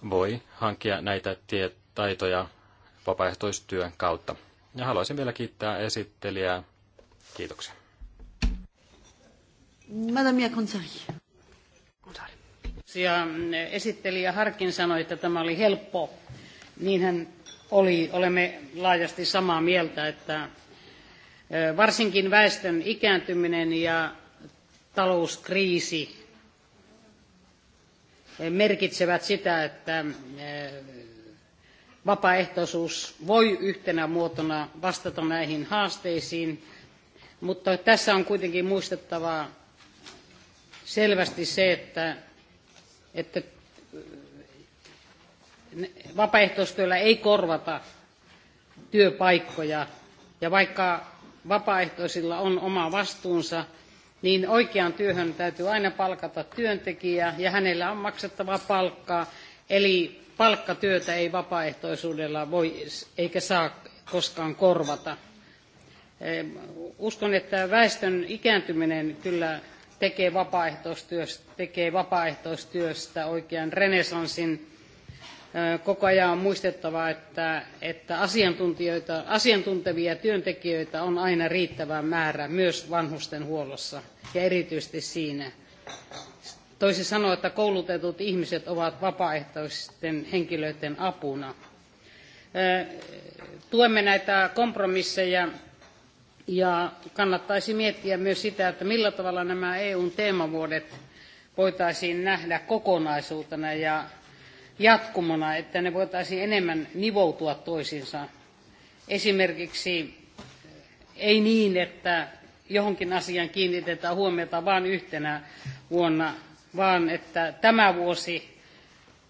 Speaker 3: voi hankkia näitä taitoja vapaaehtoistyön kautta. Ja haluaisin vielä kiittää esittelijää. Kiitoksia.
Speaker 1: Madame Jakonsari. Ja mm, esittelijä Harkin sanoi, että tämä oli helppo. Niinhän oli. Olemme laajasti samaa mieltä, että varsinkin väestön ikääntyminen ja talouskriisi merkitsevät sitä, että vapaaehtoisuus voi yhtenä muotona vastata näihin haasteisiin, mutta tässä on kuitenkin muistettava selvästi se, että, että vapaaehtoistyöllä ei korvata työpaikkoja. Ja vaikka vapaaehtoisilla on oma vastuunsa, niin oikeaan työhön täytyy aina palkata työntekijä ja hänellä on maksettava palkkaa. Eli palkkatyötä ei vapaaehtoisuudella voi eikä saa koskaan korvata. Uskon, että väestön ikääntyminen kyllä tekee vapaaehtoistyöstä, tekee vapaaehtoistyöstä oikean renesanssin koko ajan on muistettava, että, että asiantuntijoita, asiantuntevia työntekijöitä on aina riittävä määrä myös vanhustenhuollossa ja erityisesti siinä. Toisin sanoen, että koulutetut ihmiset ovat vapaaehtoisten henkilöiden apuna. Tuemme näitä kompromisseja ja kannattaisi miettiä myös sitä, että millä tavalla nämä EUn teemavuodet voitaisiin nähdä kokonaisuutena ja jatkumona, että ne voitaisiin enemmän nivoutua toisiinsa. Esimerkiksi eh, ei niin, että johonkin asiaan kiinnitetään huomiota vain yhtenä vuonna, vaan että tämä vuosi,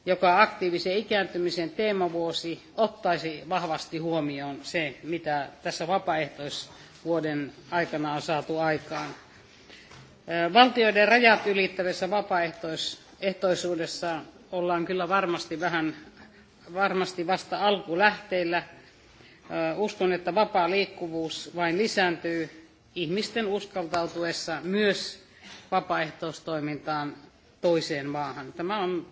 Speaker 1: joka aktiivisen ikääntymisen teemavuosi, ottaisi vahvasti huomioon se, mitä tässä vapaaehtoisvuoden aikana on saatu aikaan. Eh, valtioiden rajat ylittävässä vapaaehtoisuudessa ollaan kyllä varmasti vähän varmasti vasta alkulähteillä. Uskon, että vapaa liikkuvuus vain lisääntyy ihmisten uskaltautuessa myös vapaaehtoistoimintaan toiseen maahan. Tämä on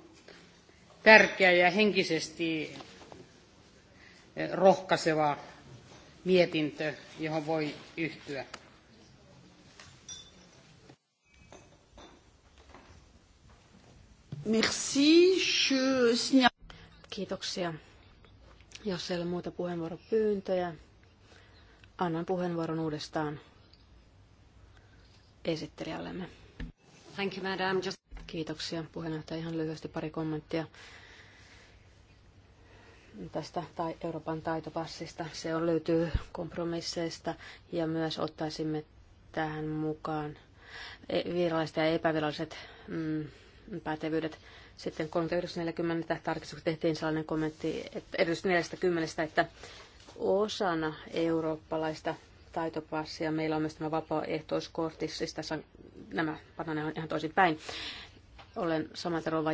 Speaker 1: tärkeä ja henkisesti rohkaiseva mietintö, johon voi yhtyä.
Speaker 2: Merci. Je... Kiitoksia. Jos ei ole muita puheenvuoropyyntöjä, annan puheenvuoron uudestaan esittelijällemme. Thank you, madam. Just... Kiitoksia puheenjohtaja. Ihan lyhyesti pari kommenttia tästä tai Euroopan taitopassista. Se on, löytyy kompromisseista ja myös ottaisimme tähän mukaan viralliset ja epäviralliset mm, pätevyydet. Sitten 39.40 tarkistuksessa tehtiin sellainen kommentti, että erityisesti 40, että osana eurooppalaista taitopassia meillä on myös tämä vapaaehtoiskortti, siis tässä on, nämä on ihan toisin päin. Olen samalta rouva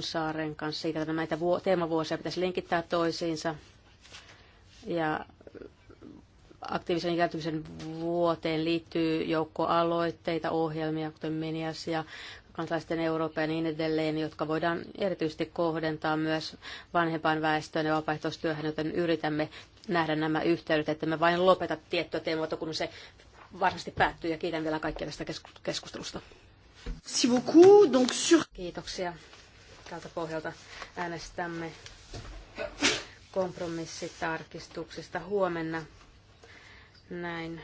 Speaker 2: Saaren kanssa siitä, että näitä teemavuosia pitäisi linkittää toisiinsa. Ja aktiivisen ikääntymisen vuoteen liittyy joukko aloitteita, ohjelmia, kuten Menias ja kansalaisten Eurooppa ja niin edelleen, jotka voidaan erityisesti kohdentaa myös vanhempaan väestöön ja vapaaehtoistyöhön, joten yritämme nähdä nämä yhteydet, että me vain lopeta tiettyä teemoita, kun se varmasti päättyy. Ja kiitän vielä kaikkia tästä keskustelusta. Kiitoksia. Tältä pohjalta äänestämme kompromissitarkistuksista huomenna. Näin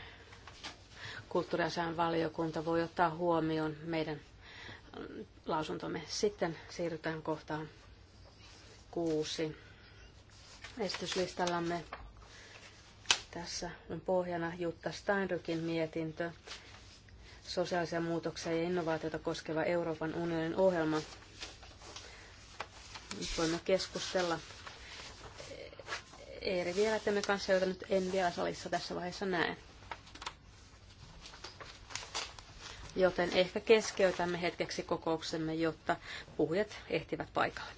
Speaker 2: kulttuuriasian valiokunta voi ottaa huomioon meidän lausuntomme. Sitten siirrytään kohtaan kuusi. Esityslistallamme tässä on pohjana Jutta Steinrykin mietintö sosiaalisia muutoksia ja innovaatiota koskeva Euroopan unionin ohjelma. Nyt voimme keskustella Eeri me kanssa, jota nyt en vielä salissa tässä vaiheessa näe. joten ehkä keskeytämme hetkeksi kokouksemme, jotta puhujat ehtivät paikalle.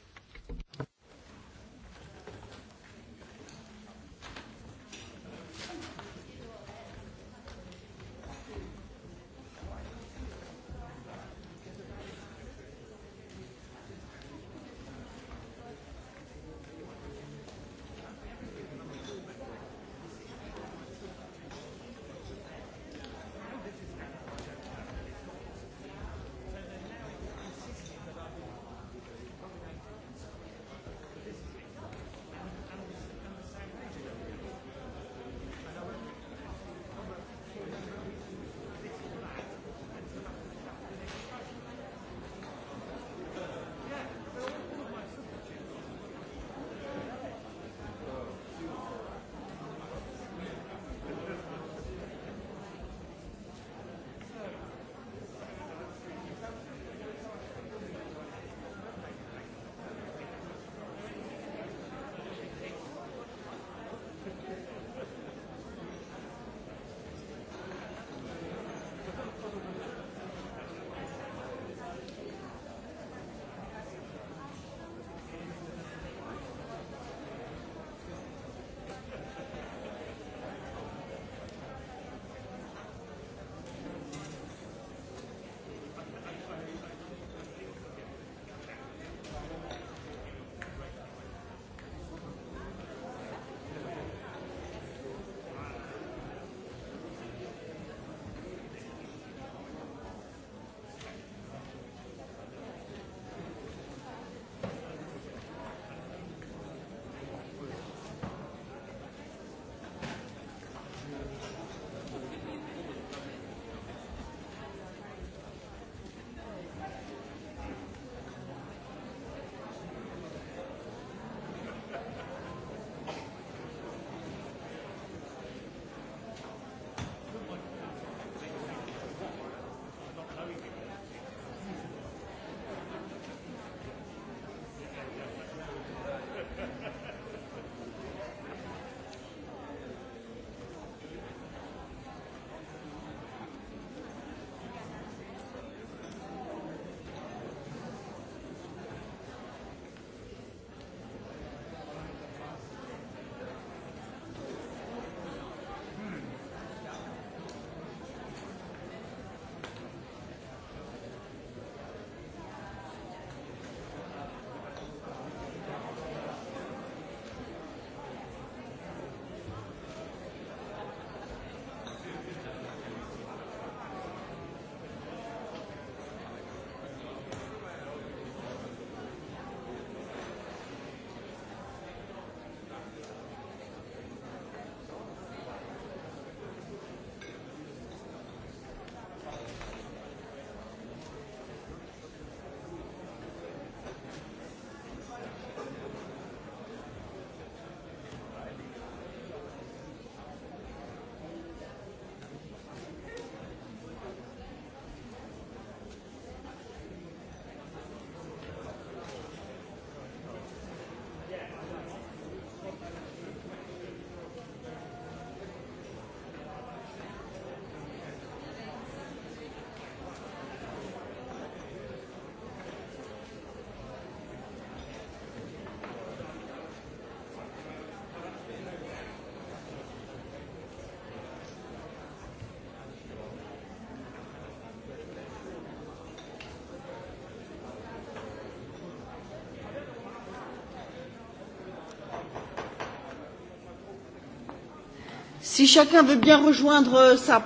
Speaker 2: Si chacun veut bien rejoindre euh, sa...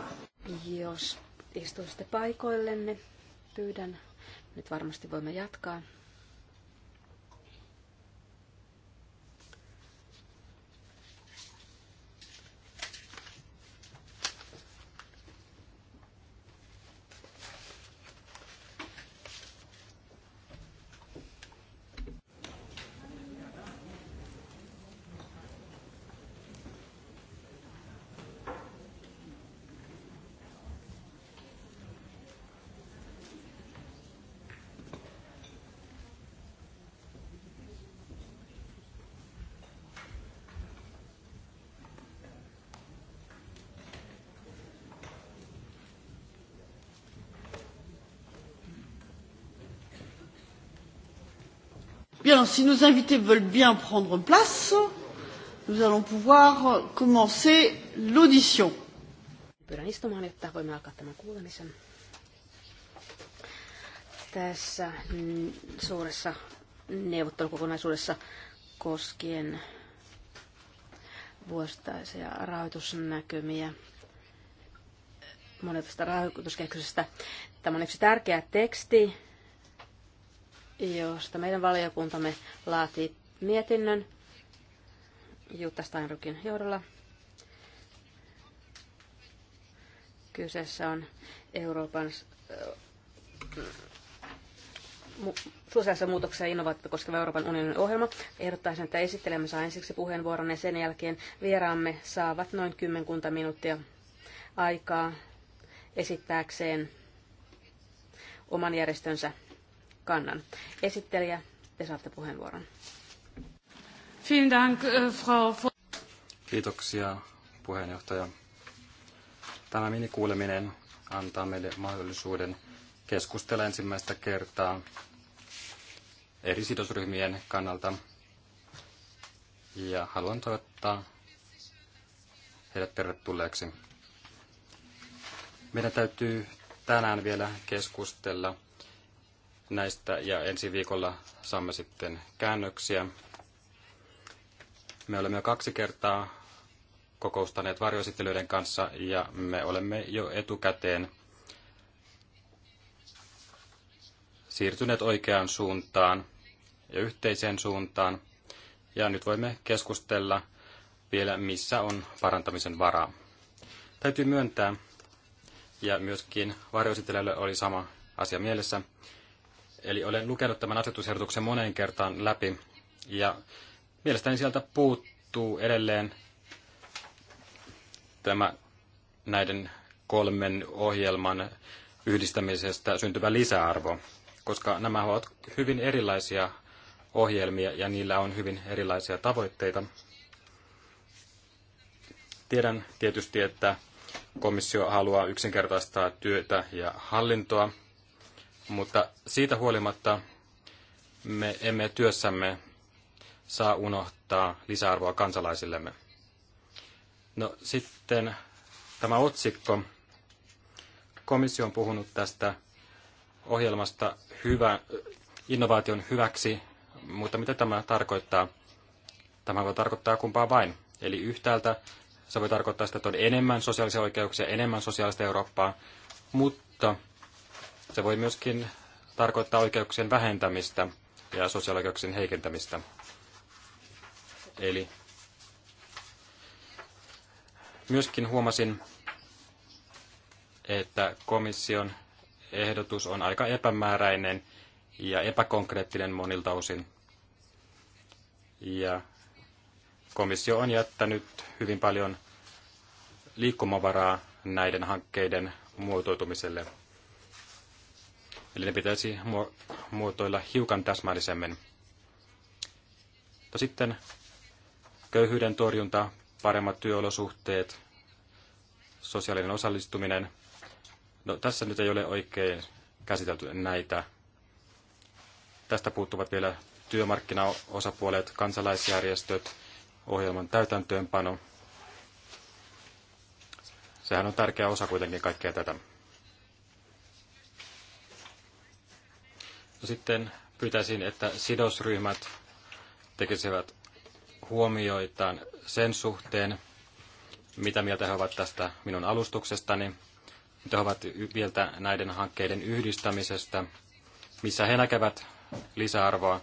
Speaker 2: Jos istuisitte paikoillenne, pyydän. Nyt varmasti voimme jatkaa.
Speaker 1: si nos invités veulent bien prendre place, nous allons pouvoir commencer l'audition. Pyydän
Speaker 2: istumaan, jotta voimme alkaa tämän kuulemisen. Tässä mm, suuressa neuvottelukokonaisuudessa koskien vuosittaisia rahoitusnäkymiä monesta rahoituskehyksestä. Tämä on yksi tärkeä teksti, josta meidän valiokuntamme laati mietinnön Jutta Steinrukin johdolla. Kyseessä on Euroopan äh, sosiaalisia muutoksia ja innovaatioita koskeva Euroopan unionin ohjelma. Ehdottaisin, että esittelemme saa ensiksi puheenvuoron ja sen jälkeen vieraamme saavat noin kymmenkunta minuuttia aikaa esittääkseen oman järjestönsä kannan. Esittelijä, te saatte puheenvuoron.
Speaker 1: Äh,
Speaker 3: Kiitoksia puheenjohtaja. Tämä minikuuleminen antaa meille mahdollisuuden keskustella ensimmäistä kertaa eri sidosryhmien kannalta. Ja haluan toivottaa heidät tervetulleeksi. Meidän täytyy tänään vielä keskustella näistä ja ensi viikolla saamme sitten käännöksiä. Me olemme jo kaksi kertaa kokoustaneet varjoesittelyiden kanssa ja me olemme jo etukäteen siirtyneet oikeaan suuntaan ja yhteiseen suuntaan. Ja nyt voimme keskustella vielä, missä on parantamisen varaa. Täytyy myöntää, ja myöskin varjoesittelijöille oli sama asia mielessä, Eli olen lukenut tämän asetusehdotuksen moneen kertaan läpi ja mielestäni sieltä puuttuu edelleen tämä näiden kolmen ohjelman yhdistämisestä syntyvä lisäarvo, koska nämä ovat hyvin erilaisia ohjelmia ja niillä on hyvin erilaisia tavoitteita. Tiedän tietysti, että komissio haluaa yksinkertaistaa työtä ja hallintoa, mutta siitä huolimatta me emme työssämme saa unohtaa lisäarvoa kansalaisillemme. No sitten tämä otsikko. Komissio on puhunut tästä ohjelmasta hyvä, innovaation hyväksi, mutta mitä tämä tarkoittaa? Tämä voi tarkoittaa kumpaa vain. Eli yhtäältä se voi tarkoittaa sitä, että on enemmän sosiaalisia oikeuksia, enemmän sosiaalista Eurooppaa, mutta se voi myöskin tarkoittaa oikeuksien vähentämistä ja sosiaalioikeuksien heikentämistä. Eli myöskin huomasin, että komission ehdotus on aika epämääräinen ja epäkonkreettinen monilta osin. Ja komissio on jättänyt hyvin paljon liikkumavaraa näiden hankkeiden muotoitumiselle. Eli ne pitäisi muotoilla hiukan täsmällisemmin. Mutta no sitten köyhyyden torjunta, paremmat työolosuhteet, sosiaalinen osallistuminen. No, tässä nyt ei ole oikein käsitelty näitä. Tästä puuttuvat vielä työmarkkinaosapuolet, kansalaisjärjestöt, ohjelman täytäntöönpano. Sehän on tärkeä osa kuitenkin kaikkea tätä. sitten pyytäisin, että sidosryhmät tekisivät huomioitaan sen suhteen, mitä mieltä he ovat tästä minun alustuksestani, mitä he ovat mieltä näiden hankkeiden yhdistämisestä, missä he näkevät lisäarvoa.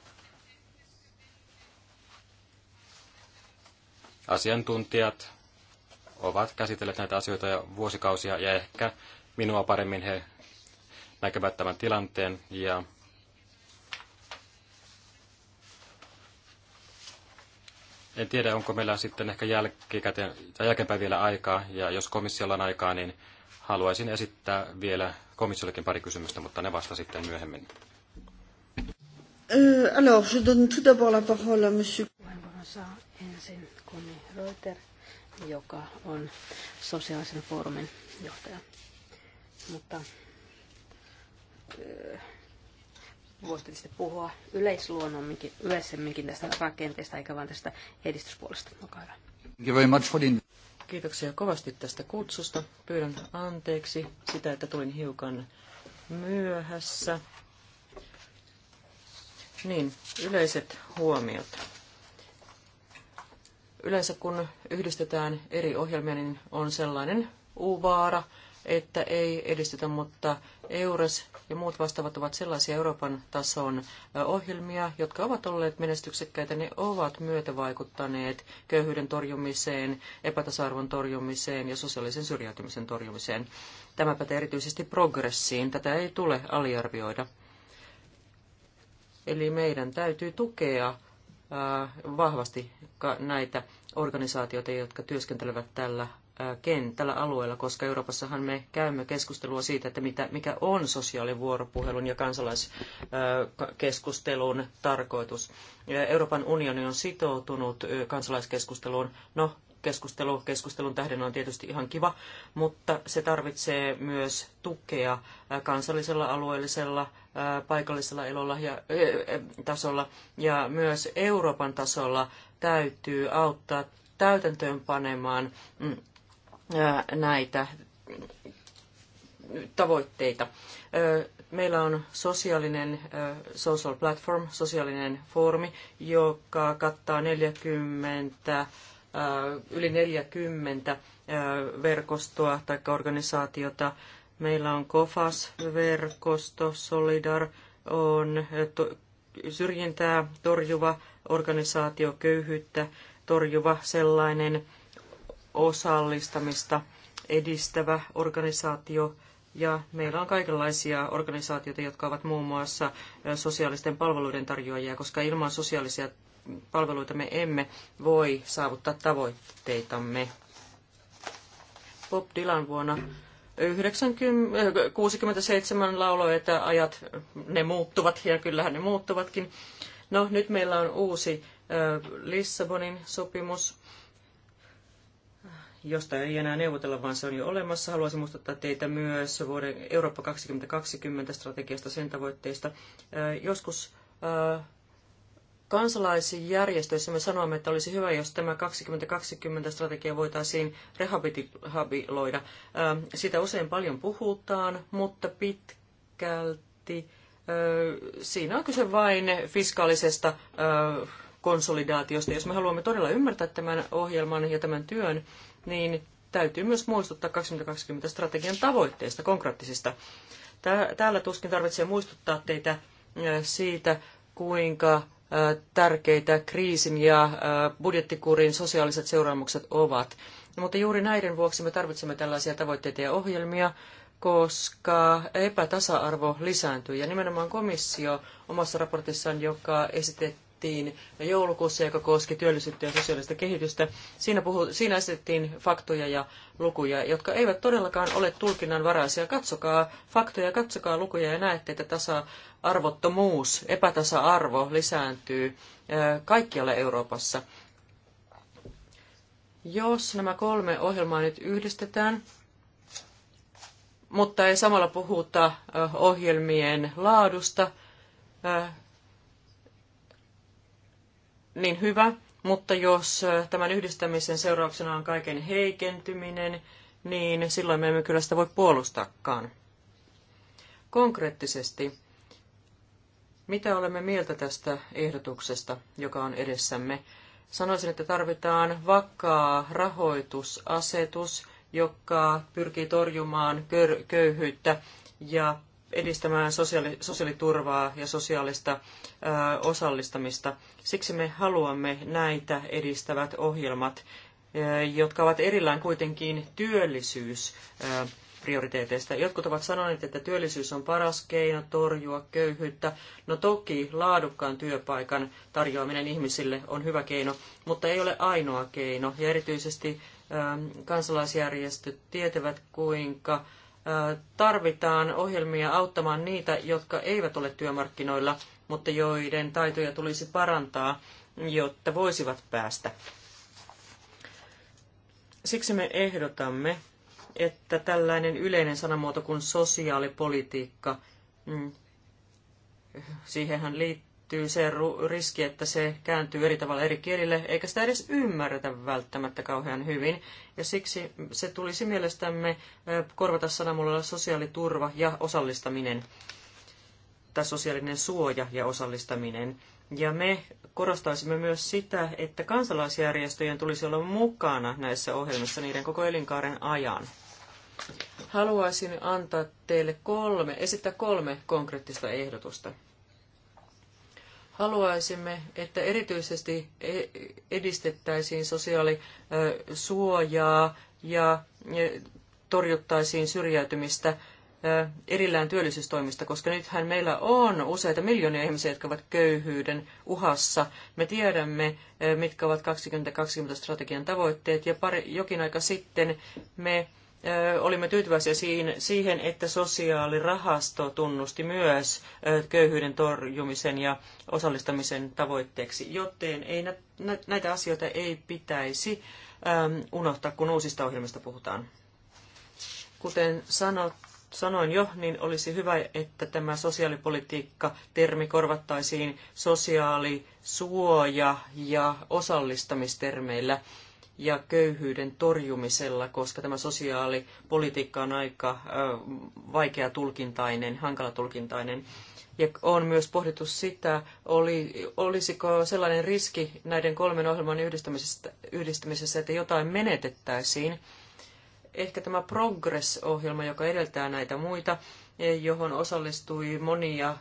Speaker 3: Asiantuntijat ovat käsitelleet näitä asioita jo vuosikausia ja ehkä minua paremmin he näkevät tämän tilanteen ja En tiedä, onko meillä sitten ehkä jälkikäteen, tai jälkeenpäin vielä aikaa, ja jos komissiolla on aikaa, niin haluaisin esittää vielä komissiollekin pari kysymystä, mutta ne vasta sitten myöhemmin.
Speaker 4: Euh, alors, je donne tout d'abord la parole à monsieur.
Speaker 2: saa ensin Conny Reuter, joka on sosiaalisen foorumin johtaja. Mutta voisi tietysti puhua yleisluonnonminkin, yleisemminkin tästä rakenteesta, eikä vain tästä edistyspuolesta. Olkaa
Speaker 5: hyvä.
Speaker 2: Kiitoksia kovasti tästä kutsusta. Pyydän
Speaker 4: anteeksi sitä, että tulin hiukan myöhässä. Niin, yleiset huomiot. Yleensä kun yhdistetään eri ohjelmia, niin on sellainen uvaara, että ei edistetä, mutta EURES ja muut vastaavat ovat sellaisia Euroopan tason ohjelmia, jotka ovat olleet menestyksekkäitä. Ne ovat myötävaikuttaneet köyhyyden torjumiseen, epätasa-arvon torjumiseen ja sosiaalisen syrjäytymisen torjumiseen. Tämä pätee erityisesti progressiin. Tätä ei tule aliarvioida. Eli meidän täytyy tukea vahvasti näitä organisaatioita, jotka työskentelevät tällä kentällä alueella, koska Euroopassahan me käymme keskustelua siitä, että mitä, mikä on sosiaalivuoropuhelun ja kansalaiskeskustelun tarkoitus. Euroopan unioni on sitoutunut kansalaiskeskusteluun. No, keskustelu keskustelun tähden on tietysti ihan kiva, mutta se tarvitsee myös tukea kansallisella, alueellisella, paikallisella elolla ja, tasolla ja myös Euroopan tasolla täytyy auttaa täytäntöön panemaan mm, näitä tavoitteita. Meillä on sosiaalinen social platform, sosiaalinen foorumi, joka kattaa 40, yli 40 verkostoa tai organisaatiota. Meillä on COFAS-verkosto, Solidar on syrjintää torjuva organisaatio, köyhyyttä torjuva sellainen – osallistamista edistävä organisaatio, ja meillä on kaikenlaisia organisaatioita, jotka ovat muun muassa sosiaalisten palveluiden tarjoajia, koska ilman sosiaalisia palveluita me emme voi saavuttaa tavoitteitamme. Bob Dylan vuonna 1967 67 lauloi, että ajat ne muuttuvat, ja kyllähän ne muuttuvatkin. No, nyt meillä on uusi Lissabonin sopimus, josta ei enää neuvotella, vaan se on jo olemassa. Haluaisin muistuttaa teitä myös vuoden Eurooppa 2020 strategiasta sen tavoitteista. Joskus kansalaisjärjestöissä me sanomme, että olisi hyvä, jos tämä 2020 strategia voitaisiin rehabiloida. Sitä usein paljon puhutaan, mutta pitkälti siinä on kyse vain fiskaalisesta konsolidaatiosta. Jos me haluamme todella ymmärtää tämän ohjelman ja tämän työn, niin täytyy myös muistuttaa 2020 strategian tavoitteista, konkreettisista. Täällä tuskin tarvitsee muistuttaa teitä äh, siitä, kuinka äh, tärkeitä kriisin ja äh, budjettikurin sosiaaliset seuraamukset ovat. Mutta juuri näiden vuoksi me tarvitsemme tällaisia tavoitteita ja ohjelmia, koska epätasa-arvo lisääntyy. Ja nimenomaan komissio omassa raportissaan, joka esitettiin, tehtiin joulukuussa, joka koski työllisyyttä ja sosiaalista kehitystä. Siinä, puhu, siinä esitettiin faktoja ja lukuja, jotka eivät todellakaan ole tulkinnanvaraisia. Katsokaa faktoja, katsokaa lukuja ja näette, että tasa-arvottomuus, epätasa-arvo lisääntyy kaikkialla Euroopassa. Jos nämä kolme ohjelmaa nyt yhdistetään, mutta ei samalla puhuta ohjelmien laadusta, niin hyvä, mutta jos tämän yhdistämisen seurauksena on kaiken heikentyminen, niin silloin me emme kyllä sitä voi puolustakaan. Konkreettisesti, mitä olemme mieltä tästä ehdotuksesta, joka on edessämme? Sanoisin, että tarvitaan vakaa rahoitusasetus, joka pyrkii torjumaan köyhyyttä ja edistämään sosiaali, sosiaaliturvaa ja sosiaalista osallistamista. Siksi me haluamme näitä edistävät ohjelmat, jotka ovat erillään kuitenkin työllisyys prioriteeteista. Jotkut ovat sanoneet, että työllisyys on paras keino torjua köyhyyttä. No toki laadukkaan työpaikan tarjoaminen ihmisille on hyvä keino, mutta ei ole ainoa keino. Ja erityisesti kansalaisjärjestöt tietävät, kuinka Tarvitaan ohjelmia auttamaan niitä, jotka eivät ole työmarkkinoilla, mutta joiden taitoja tulisi parantaa, jotta voisivat päästä. Siksi me ehdotamme, että tällainen yleinen sanamuoto kuin sosiaalipolitiikka, mm, siihenhän liittyy liittyy se riski, että se kääntyy eri tavalla eri kielille, eikä sitä edes ymmärretä välttämättä kauhean hyvin. Ja siksi se tulisi mielestämme korvata sanamuodolla sosiaaliturva ja osallistaminen, tai sosiaalinen suoja ja osallistaminen. Ja me korostaisimme myös sitä, että kansalaisjärjestöjen tulisi olla mukana näissä ohjelmissa niiden koko elinkaaren ajan. Haluaisin antaa teille kolme, esittää kolme konkreettista ehdotusta. Haluaisimme, että erityisesti e- edistettäisiin sosiaalisuojaa ja torjuttaisiin syrjäytymistä erillään työllisyystoimista, koska nythän meillä on useita miljoonia ihmisiä, jotka ovat köyhyyden uhassa. Me tiedämme, mitkä ovat 2020 strategian tavoitteet, ja pari, jokin aika sitten me olimme tyytyväisiä siihen, että sosiaalirahasto tunnusti myös köyhyyden torjumisen ja osallistamisen tavoitteeksi, joten ei, näitä asioita ei pitäisi unohtaa, kun uusista ohjelmista puhutaan. Kuten sanot, sanoin jo, niin olisi hyvä, että tämä sosiaalipolitiikka-termi korvattaisiin sosiaalisuoja- ja osallistamistermeillä – ja köyhyyden torjumisella, koska tämä sosiaalipolitiikka on aika vaikea tulkintainen, hankala tulkintainen. Ja on myös pohdittu sitä, oli, olisiko sellainen riski näiden kolmen ohjelman yhdistämisessä, yhdistämisessä että jotain menetettäisiin. Ehkä tämä Progress-ohjelma, joka edeltää näitä muita, e, johon osallistui monia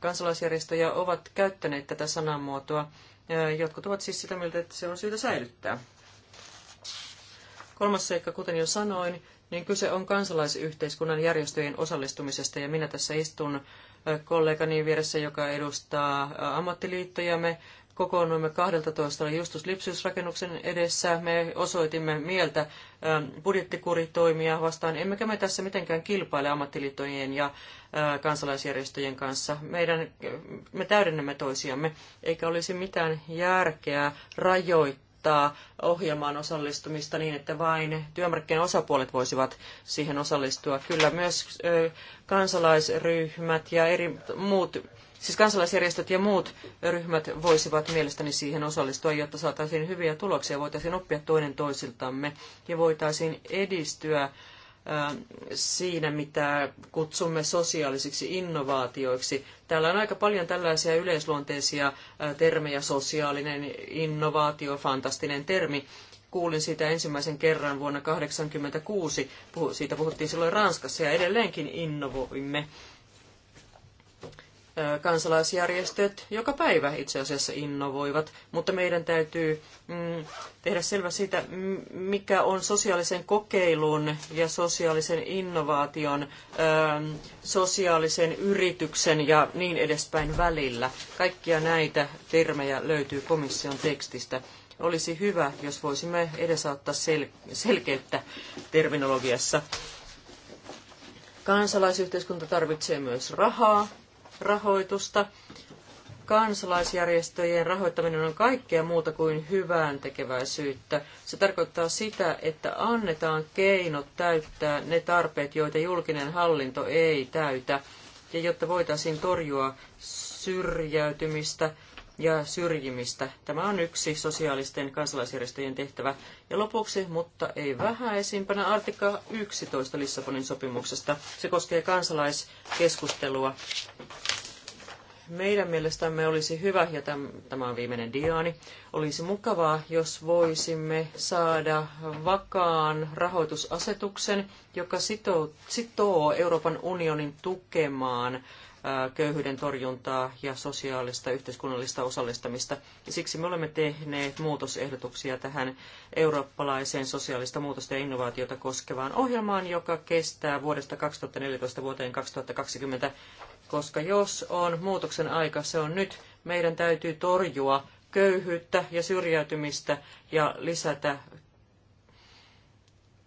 Speaker 4: kansalaisjärjestöjä, ovat käyttäneet tätä sanamuotoa. E, jotkut ovat siis sitä mieltä, että se on syytä säilyttää. Kolmas seikka, kuten jo sanoin, niin kyse on kansalaisyhteiskunnan järjestöjen osallistumisesta ja minä tässä istun kollegani vieressä, joka edustaa ammattiliittoja. Me kokoonnuimme 12 Justus Lipsius-rakennuksen edessä. Me osoitimme mieltä budjettikuritoimia vastaan, emmekä me tässä mitenkään kilpaile ammattiliittojen ja kansalaisjärjestöjen kanssa. Meidän, me täydennämme toisiamme, eikä olisi mitään järkeä rajoittaa rajoittaa ohjelmaan osallistumista niin, että vain työmarkkinoiden osapuolet voisivat siihen osallistua. Kyllä myös kansalaisryhmät ja eri muut, siis kansalaisjärjestöt ja muut ryhmät voisivat mielestäni siihen osallistua, jotta saataisiin hyviä tuloksia, voitaisiin oppia toinen toisiltamme ja voitaisiin edistyä siinä, mitä kutsumme sosiaalisiksi innovaatioiksi. Täällä on aika paljon tällaisia yleisluonteisia termejä, sosiaalinen innovaatio, fantastinen termi. Kuulin siitä ensimmäisen kerran vuonna 1986, siitä puhuttiin silloin Ranskassa ja edelleenkin innovoimme kansalaisjärjestöt joka päivä itse asiassa innovoivat, mutta meidän täytyy mm, tehdä selvä siitä, mikä on sosiaalisen kokeilun ja sosiaalisen innovaation, sosiaalisen yrityksen ja niin edespäin välillä. Kaikkia näitä termejä löytyy komission tekstistä. Olisi hyvä, jos voisimme edesauttaa sel- selkeyttä terminologiassa. Kansalaisyhteiskunta tarvitsee myös rahaa, rahoitusta. Kansalaisjärjestöjen rahoittaminen on kaikkea muuta kuin hyvään tekeväisyyttä. Se tarkoittaa sitä, että annetaan keinot täyttää ne tarpeet, joita julkinen hallinto ei täytä. Ja jotta voitaisiin torjua syrjäytymistä, ja syrjimistä. Tämä on yksi sosiaalisten kansalaisjärjestöjen tehtävä. Ja lopuksi, mutta ei vähäisimpänä, artikla 11 Lissabonin sopimuksesta. Se koskee kansalaiskeskustelua. Meidän mielestämme olisi hyvä, ja tämä on viimeinen diaani, olisi mukavaa, jos voisimme saada vakaan rahoitusasetuksen, joka sitoo, sitoo Euroopan unionin tukemaan köyhyyden torjuntaa ja sosiaalista yhteiskunnallista osallistamista. Siksi me olemme tehneet muutosehdotuksia tähän eurooppalaiseen sosiaalista muutosta ja innovaatiota koskevaan ohjelmaan, joka kestää vuodesta 2014 vuoteen 2020, koska jos on muutoksen aika, se on nyt. Meidän täytyy torjua köyhyyttä ja syrjäytymistä ja lisätä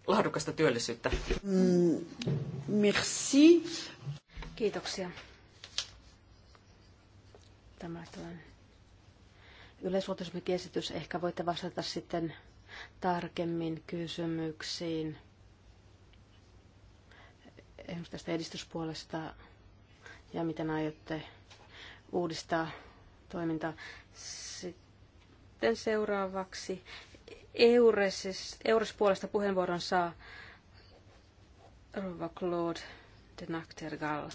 Speaker 4: laadukasta työllisyyttä.
Speaker 2: Mm, merci. Kiitoksia. Tämä tällainen yleisluotoisempi Ehkä voitte vastata sitten tarkemmin kysymyksiin esimerkiksi tästä edistyspuolesta ja miten aiotte uudistaa toimintaa. Sitten seuraavaksi Eures puolesta puheenvuoron saa Rova Claude de Nachtergall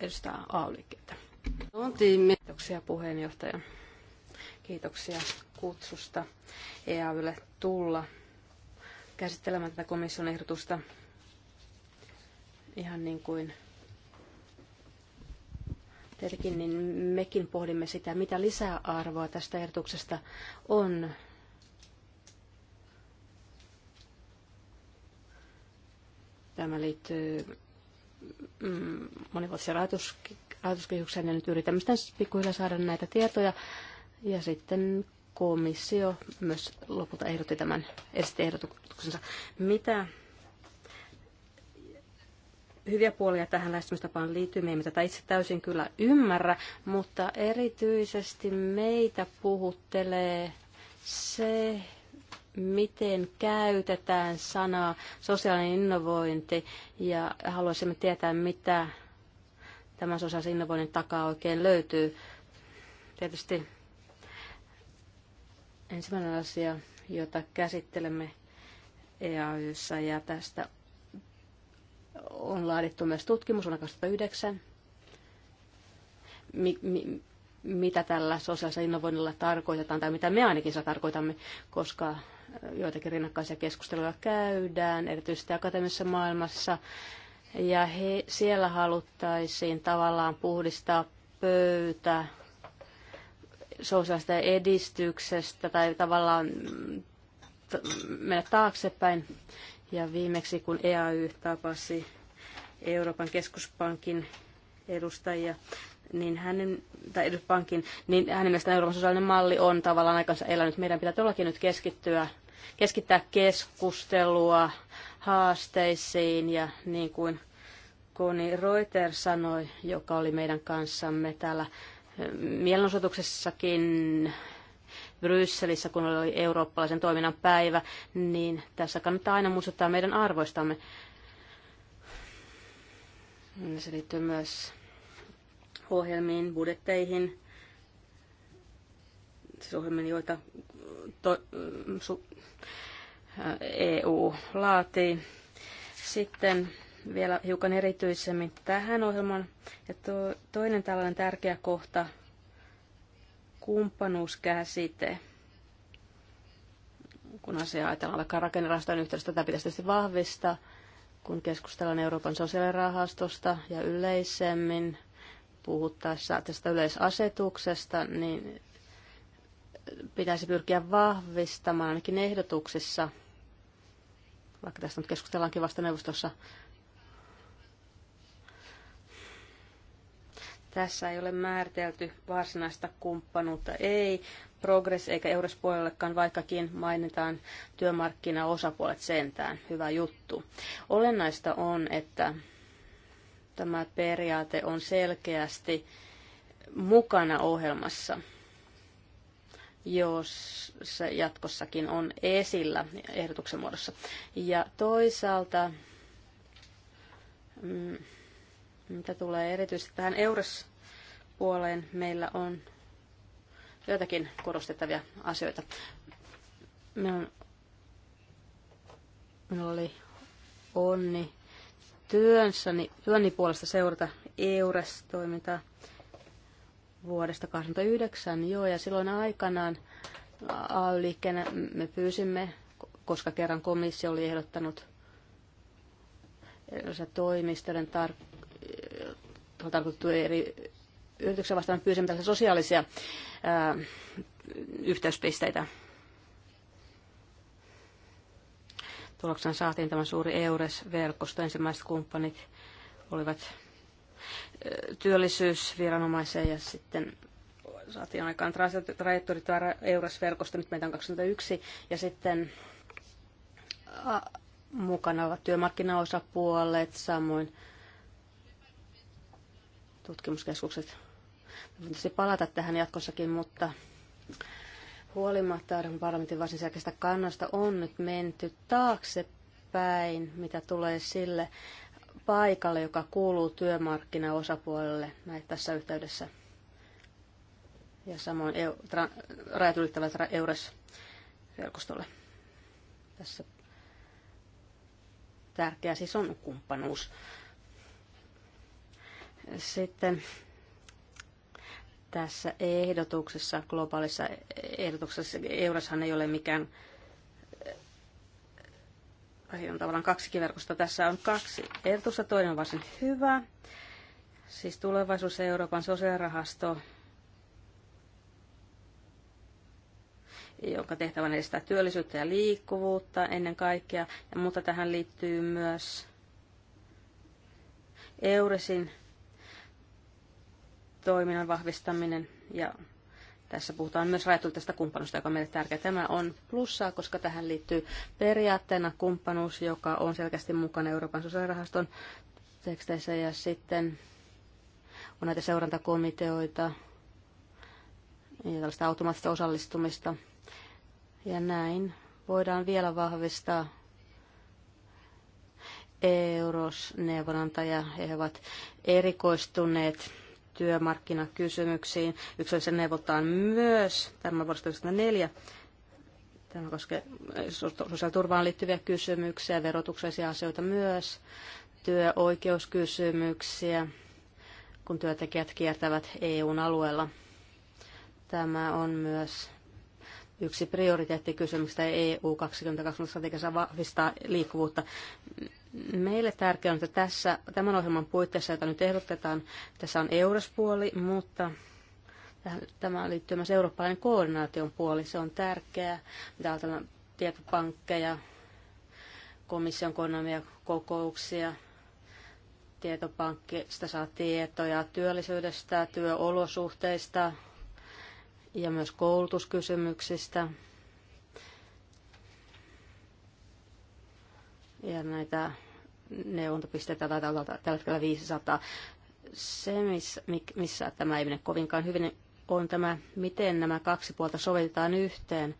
Speaker 2: edustaa AY-liikkeitä. Kiitoksia puheenjohtaja. Kiitoksia kutsusta EAYlle tulla käsittelemään tätä komission ehdotusta ihan niin kuin tietenkin, niin mekin pohdimme sitä, mitä lisäarvoa tästä ehdotuksesta on. Tämä liittyy mm, monivuotisen rahoitus, rahoituskehyksiä, ja nyt yritämme sitten pikkuhiljaa saada näitä tietoja. Ja sitten komissio myös lopulta ehdotti tämän ehdotuksensa. Mitä hyviä puolia tähän lähestymistapaan liittyy. Me emme tätä itse täysin kyllä ymmärrä, mutta erityisesti meitä puhuttelee se, miten käytetään sanaa sosiaalinen innovointi ja haluaisimme tietää, mitä tämän sosiaalisen innovoinnin takaa oikein löytyy. Tietysti ensimmäinen asia, jota käsittelemme EAYssä ja tästä on laadittu myös tutkimus vuonna 2009, mi, mi, mitä tällä sosiaalisella innovoinnilla tarkoitetaan tai mitä me ainakin sitä tarkoitamme, koska joitakin rinnakkaisia keskusteluja käydään, erityisesti akateemisessa maailmassa, ja he, siellä haluttaisiin tavallaan puhdistaa pöytä sosiaalista edistyksestä tai tavallaan mennä taaksepäin. Ja viimeksi kun EAY tapasi Euroopan keskuspankin edustajia, niin hänen, tai eduspankin, niin hänen mielestään Euroopan sosiaalinen malli on tavallaan aikansa elänyt. Meidän pitää todellakin nyt keskittyä keskittää keskustelua haasteisiin ja niin kuin Koni Reuter sanoi, joka oli meidän kanssamme täällä eh, mielenosoituksessakin Brysselissä, kun oli eurooppalaisen toiminnan päivä, niin tässä kannattaa aina muistuttaa meidän arvoistamme. Se liittyy myös ohjelmiin, budjetteihin, ohjelmiin, joita mm, to, mm, su, EU laatii. Sitten vielä hiukan erityisemmin tähän ohjelman. Ja to, toinen tällainen tärkeä kohta, kumppanuuskäsite. Kun asiaa ajatellaan vaikka rakennerahastojen yhteydessä, tätä pitäisi tietysti vahvistaa, kun keskustellaan Euroopan sosiaalirahastosta ja yleisemmin puhuttaessa tästä yleisasetuksesta, niin pitäisi pyrkiä vahvistamaan ainakin ehdotuksissa, vaikka tästä nyt keskustellaankin vasta neuvostossa. Tässä ei ole määritelty varsinaista kumppanuutta, ei Progress eikä Eurospuolellekaan, vaikkakin mainitaan työmarkkinaosapuolet sentään. Hyvä juttu. Olennaista on, että tämä periaate on selkeästi mukana ohjelmassa – jos se jatkossakin on esillä ehdotuksen muodossa. Ja toisaalta, mm, mitä tulee erityisesti tähän EURES-puoleen, meillä on joitakin korostettavia asioita. Minulla oli onni työnsäni työni puolesta seurata EURES-toimintaa vuodesta 2009, joo, ja silloin aikanaan ay me pyysimme, koska kerran komissio oli ehdottanut toimistojen tar- äh, tarkoitettu eri yrityksen vastaan pyysimme tällaisia sosiaalisia ää, äh, yhteyspisteitä. Tuloksena saatiin tämä suuri EURES-verkosto. Ensimmäiset kumppanit olivat työllisyysviranomaiseen ja sitten saatiin aikaan trajektorit EURES-verkosto, nyt meitä on 21, ja sitten a, mukana ovat työmarkkinaosapuolet, samoin tutkimuskeskukset. Voisi palata tähän jatkossakin, mutta huolimatta Euroopan parlamentin varsin selkeästä kannasta on nyt menty taaksepäin, mitä tulee sille, paikalle, joka kuuluu työmarkkinaosapuolelle näitä tässä yhteydessä. Ja samoin rajat ylittävät EURES-verkostolle. Tässä tärkeä siis on kumppanuus. Sitten tässä ehdotuksessa, globaalissa ehdotuksessa, EUREShan ei ole mikään tai on tavallaan kaksi verkosta. Tässä on kaksi ehdotusta, toinen on varsin hyvä, siis tulevaisuus Euroopan sosiaalirahasto, jonka tehtävä on edistää työllisyyttä ja liikkuvuutta ennen kaikkea, ja, mutta tähän liittyy myös Euresin toiminnan vahvistaminen ja tässä puhutaan myös rajatulta kumppanusta, joka on meille tärkeä. Tämä on plussaa, koska tähän liittyy periaatteena kumppanuus, joka on selkeästi mukana Euroopan sosiaalirahaston teksteissä ja sitten on näitä seurantakomiteoita ja tällaista automaattista osallistumista. Ja näin voidaan vielä vahvistaa eurosneuvonantaja. He ovat erikoistuneet työmarkkinakysymyksiin. sen neuvontaan myös tämä vuodesta 1994. Tämä koskee sosiaaliturvaan liittyviä kysymyksiä, verotuksellisia asioita myös, työoikeuskysymyksiä, kun työntekijät kiertävät EUn alueella. Tämä on myös yksi prioriteettikysymyksistä EU e 2020 strategiassa vahvistaa liikkuvuutta. Meille tärkeää on, että tässä, tämän ohjelman puitteissa, jota nyt ehdotetaan, tässä on eurospuoli, mutta tämä liittyy myös eurooppalainen koordinaation puoli. Se on tärkeää, mitä ajatellaan tietopankkeja, komission koordinaamia kokouksia, tietopankkista saa tietoja työllisyydestä, työolosuhteista ja myös koulutuskysymyksistä. Ja näitä neuvontapisteitä tai tällä hetkellä 500. Se, missä tämä ei mene kovinkaan hyvin, on tämä, miten nämä kaksi puolta sovitetaan yhteen.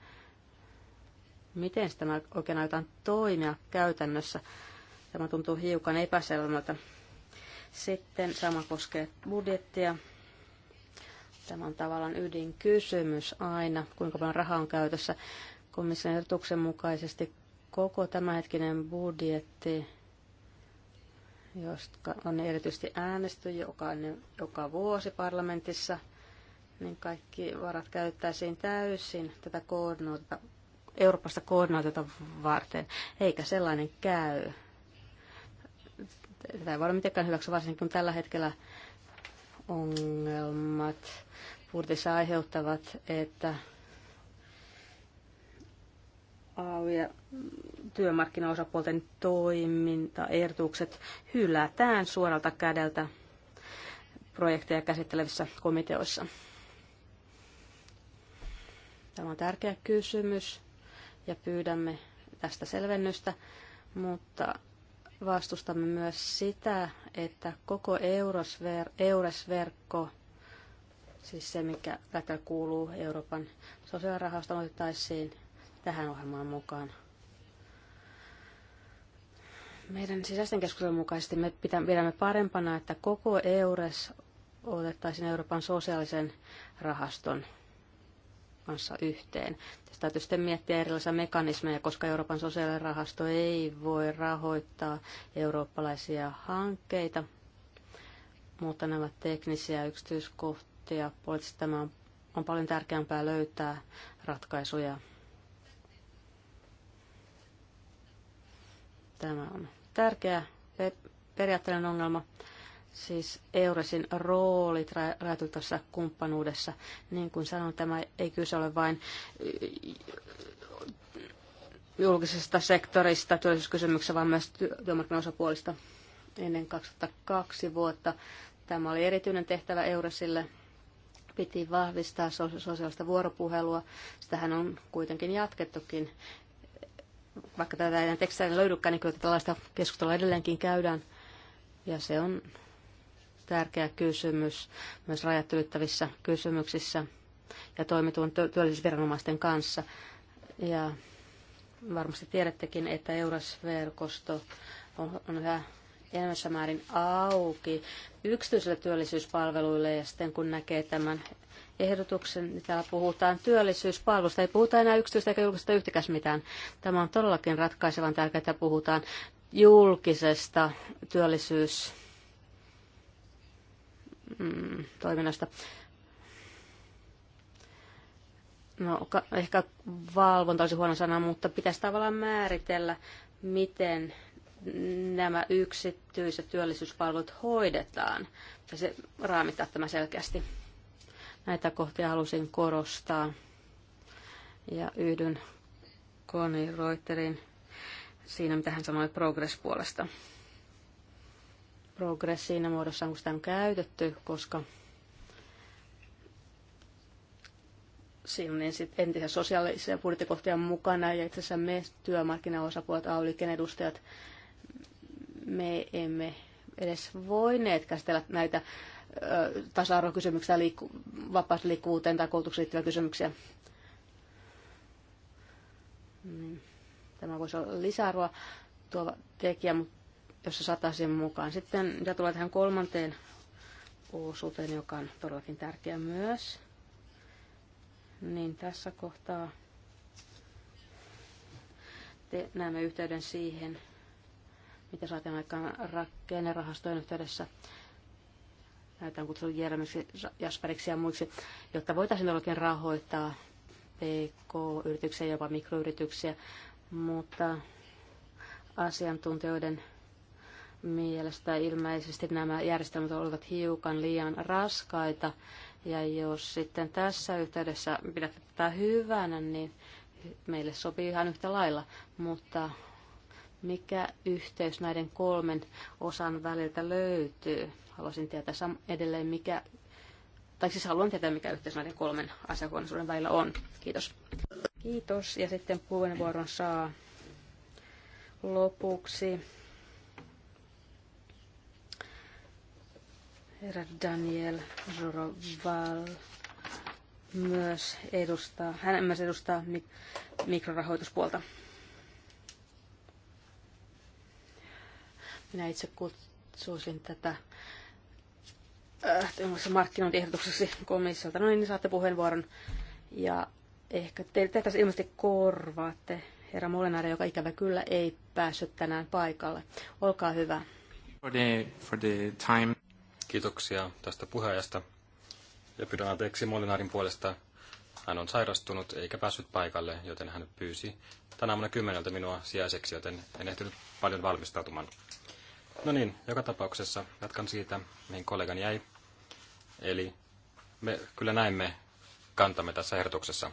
Speaker 2: Miten tämä oikein aiotaan toimia käytännössä? Tämä tuntuu hiukan epäselvältä. Sitten sama koskee budjettia. Tämä on tavallaan ydinkysymys aina, kuinka paljon rahaa on käytössä. Komission ehdotuksen mukaisesti koko tämänhetkinen budjetti josta on erityisesti äänestö joka, joka vuosi parlamentissa, niin kaikki varat käyttäisiin täysin tätä koordinoita, Euroopasta koordinoita varten, eikä sellainen käy. Tätä ei voida mitenkään hyväksyä, varsinkin kun tällä hetkellä ongelmat budjetissa aiheuttavat, että AY ja työmarkkinaosapuolten toimintaehdotukset hylätään suoralta kädeltä projekteja käsittelevissä komiteoissa. Tämä on tärkeä kysymys ja pyydämme tästä selvennystä, mutta vastustamme myös sitä, että koko Eurosver, Eures-verkko, siis se mikä tätä kuuluu Euroopan sosiaalirahasta, otettaisiin tähän ohjelmaan mukaan. Meidän sisäisten keskustelun mukaisesti me pidämme parempana, että koko EURES otettaisiin Euroopan sosiaalisen rahaston kanssa yhteen. Tästä täytyy sitten miettiä erilaisia mekanismeja, koska Euroopan sosiaalinen rahasto ei voi rahoittaa eurooppalaisia hankkeita, mutta nämä teknisiä yksityiskohtia, poliittisesti tämä on, on paljon tärkeämpää löytää ratkaisuja Tämä on tärkeä periaatteellinen ongelma, siis Euresin rooli rajoitettavassa kumppanuudessa. Niin kuin sanoin, tämä ei kyse ole vain äh, julkisesta sektorista työllisyyskysymyksessä, vaan myös työmarkkinaosapuolista ennen 2002 vuotta. Tämä oli erityinen tehtävä Euresille. Piti vahvistaa sosiaalista vuoropuhelua. Sitähän on kuitenkin jatkettukin vaikka tätä ei tekstiä löydykään, niin kyllä tällaista keskustelua edelleenkin käydään. Ja se on tärkeä kysymys myös rajat ylittävissä kysymyksissä ja toimituun työllisyysviranomaisten kanssa. Ja varmasti tiedättekin, että Eurasverkosto on, on yhä enemmässä määrin auki yksityisille työllisyyspalveluille ja sitten kun näkee tämän ehdotuksen, niin täällä puhutaan työllisyyspalvelusta. Ei puhuta enää yksityistä eikä julkista yhtäkäs mitään. Tämä on todellakin ratkaisevan tärkeää, että puhutaan julkisesta työllisyys mm, toiminnasta. No, ehkä valvonta olisi huono sana, mutta pitäisi tavallaan määritellä, miten nämä yksityiset työllisyyspalvelut hoidetaan. Se raamittaa tämä selkeästi. Näitä kohtia halusin korostaa. Ja yhdyn Koni Reuterin siinä, mitä hän sanoi progress-puolesta. Progress siinä muodossa, kun sitä on käytetty, koska siinä on ensin entisiä sosiaalisia budjettikohtia mukana ja itse asiassa me työmarkkinaosapuolet, ay edustajat, me emme edes voineet käsitellä näitä tasa-arvokysymyksiä, liikku- vapaasti liikkuvuuteen tai koulutukseen liittyviä kysymyksiä. Niin, tämä voisi olla lisäarvoa tuova tekijä, mutta jos se saataisiin mukaan. Sitten mitä tulee tähän kolmanteen osuuteen, joka on todellakin tärkeä myös, niin tässä kohtaa te näemme yhteyden siihen, mitä saatiin aikaan rakennerahastojen yhteydessä. Näitä on kutsuttu Jeremiksi, Jasperiksi ja muiksi, jotta voitaisiin oikein rahoittaa PK-yrityksiä, jopa mikroyrityksiä, mutta asiantuntijoiden mielestä ilmeisesti nämä järjestelmät olivat hiukan liian raskaita. Ja jos sitten tässä yhteydessä pidät tätä hyvänä, niin meille sopii ihan yhtä lailla. Mutta mikä yhteys näiden kolmen osan väliltä löytyy? Haluaisin tietää edelleen, mikä, tai siis haluan tietää, mikä yhteys näiden kolmen asiakokonaisuuden välillä on. Kiitos. Kiitos. Ja sitten puheenvuoron saa lopuksi herra Daniel Joroval myös edustaa, hän myös edustaa mik- mikrorahoituspuolta. Minä itse kutsuisin tätä äh, markkinointiehdotukseksi komissiolta. No niin, niin, saatte puheenvuoron. Ja ehkä te, te tässä ilmeisesti korvaatte herra Molenaari, joka ikävä kyllä ei päässyt tänään paikalle. Olkaa hyvä.
Speaker 3: For the, for the time. Kiitoksia tästä puheajasta. Ja pyydän anteeksi Molinarin puolesta. Hän on sairastunut eikä päässyt paikalle, joten hän pyysi tänä aamuna kymmeneltä minua sijaiseksi, joten en ehtinyt paljon valmistautumaan. No niin, joka tapauksessa jatkan siitä, mihin kollegani jäi. Eli me kyllä näemme kantamme tässä ehdotuksessa.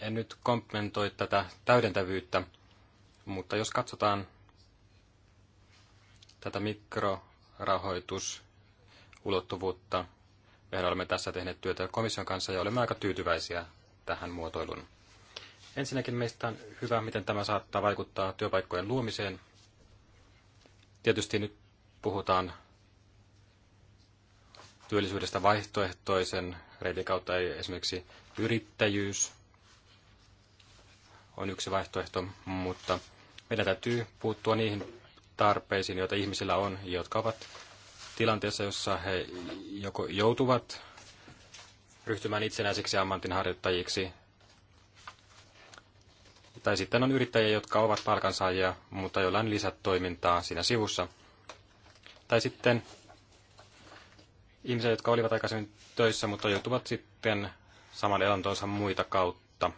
Speaker 3: En nyt kommentoi tätä täydentävyyttä, mutta jos katsotaan tätä mikrorahoitusulottuvuutta, mehän olemme tässä tehneet työtä komission kanssa ja olemme aika tyytyväisiä tähän muotoiluun. Ensinnäkin meistä on hyvä, miten tämä saattaa vaikuttaa työpaikkojen luomiseen Tietysti nyt puhutaan työllisyydestä vaihtoehtoisen reitin kautta, esimerkiksi yrittäjyys on yksi vaihtoehto, mutta meidän täytyy puuttua niihin tarpeisiin, joita ihmisillä on, jotka ovat tilanteessa, jossa he joko joutuvat ryhtymään itsenäisiksi ammatinharjoittajiksi tai sitten on yrittäjiä, jotka ovat palkansaajia, mutta joilla on lisätoimintaa siinä sivussa. Tai sitten ihmisiä, jotka olivat aikaisemmin töissä, mutta joutuvat sitten saman elantonsa muita kautta.